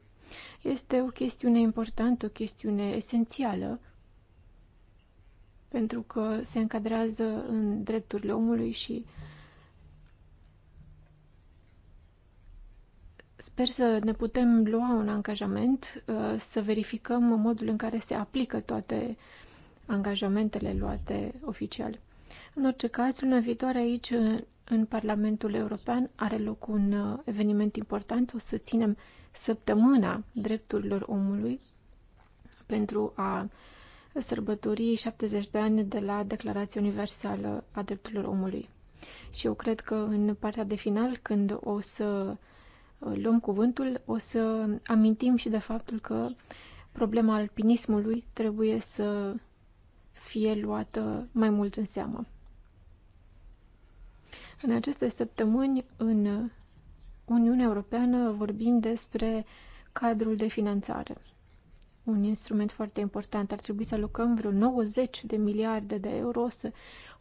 Este o chestiune importantă, o chestiune esențială, pentru că se încadrează în drepturile omului și uh, Sper să ne putem lua un angajament, uh, să verificăm modul în care se aplică toate angajamentele luate oficial. În orice caz, luna viitoare aici, în Parlamentul European, are loc un uh, eveniment important. O să ținem săptămâna drepturilor omului pentru a sărbători 70 de ani de la Declarația Universală a Drepturilor Omului. Și eu cred că în partea de final, când o să luăm cuvântul, o să amintim și de faptul că problema alpinismului trebuie să fie luată mai mult în seamă. În aceste săptămâni, în Uniunea Europeană, vorbim despre cadrul de finanțare. Un instrument foarte important. Ar trebui să alocăm vreo 90 de miliarde de euro să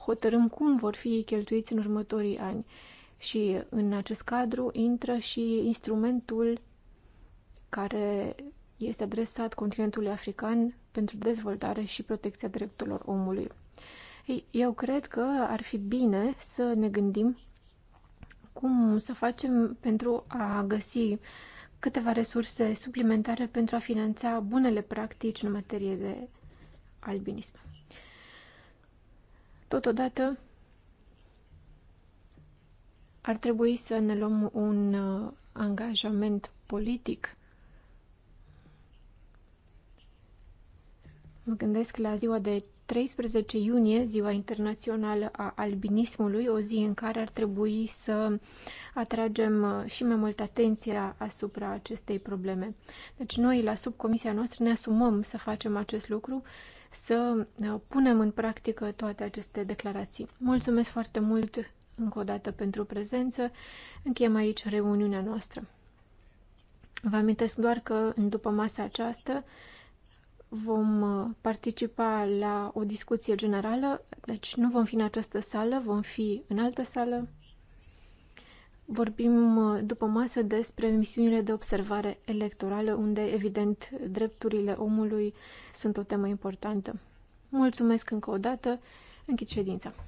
hotărâm cum vor fi cheltuiți în următorii ani. Și în acest cadru intră și instrumentul care este adresat continentului african pentru dezvoltare și protecția drepturilor omului. Eu cred că ar fi bine să ne gândim cum să facem pentru a găsi câteva resurse suplimentare pentru a finanța bunele practici în materie de albinism. Totodată, ar trebui să ne luăm un uh, angajament politic. Mă gândesc la ziua de 13 iunie, Ziua Internațională a Albinismului, o zi în care ar trebui să atragem uh, și mai mult atenția asupra acestei probleme. Deci noi, la subcomisia noastră, ne asumăm să facem acest lucru, să uh, punem în practică toate aceste declarații. Mulțumesc foarte mult încă o dată pentru prezență. Încheiem aici reuniunea noastră. Vă amintesc doar că după masa aceasta vom uh, participa la o discuție generală, deci nu vom fi în această sală, vom fi în altă sală. Vorbim uh, după masă despre misiunile de observare electorală, unde, evident, drepturile omului sunt o temă importantă. Mulțumesc încă o dată, închid ședința.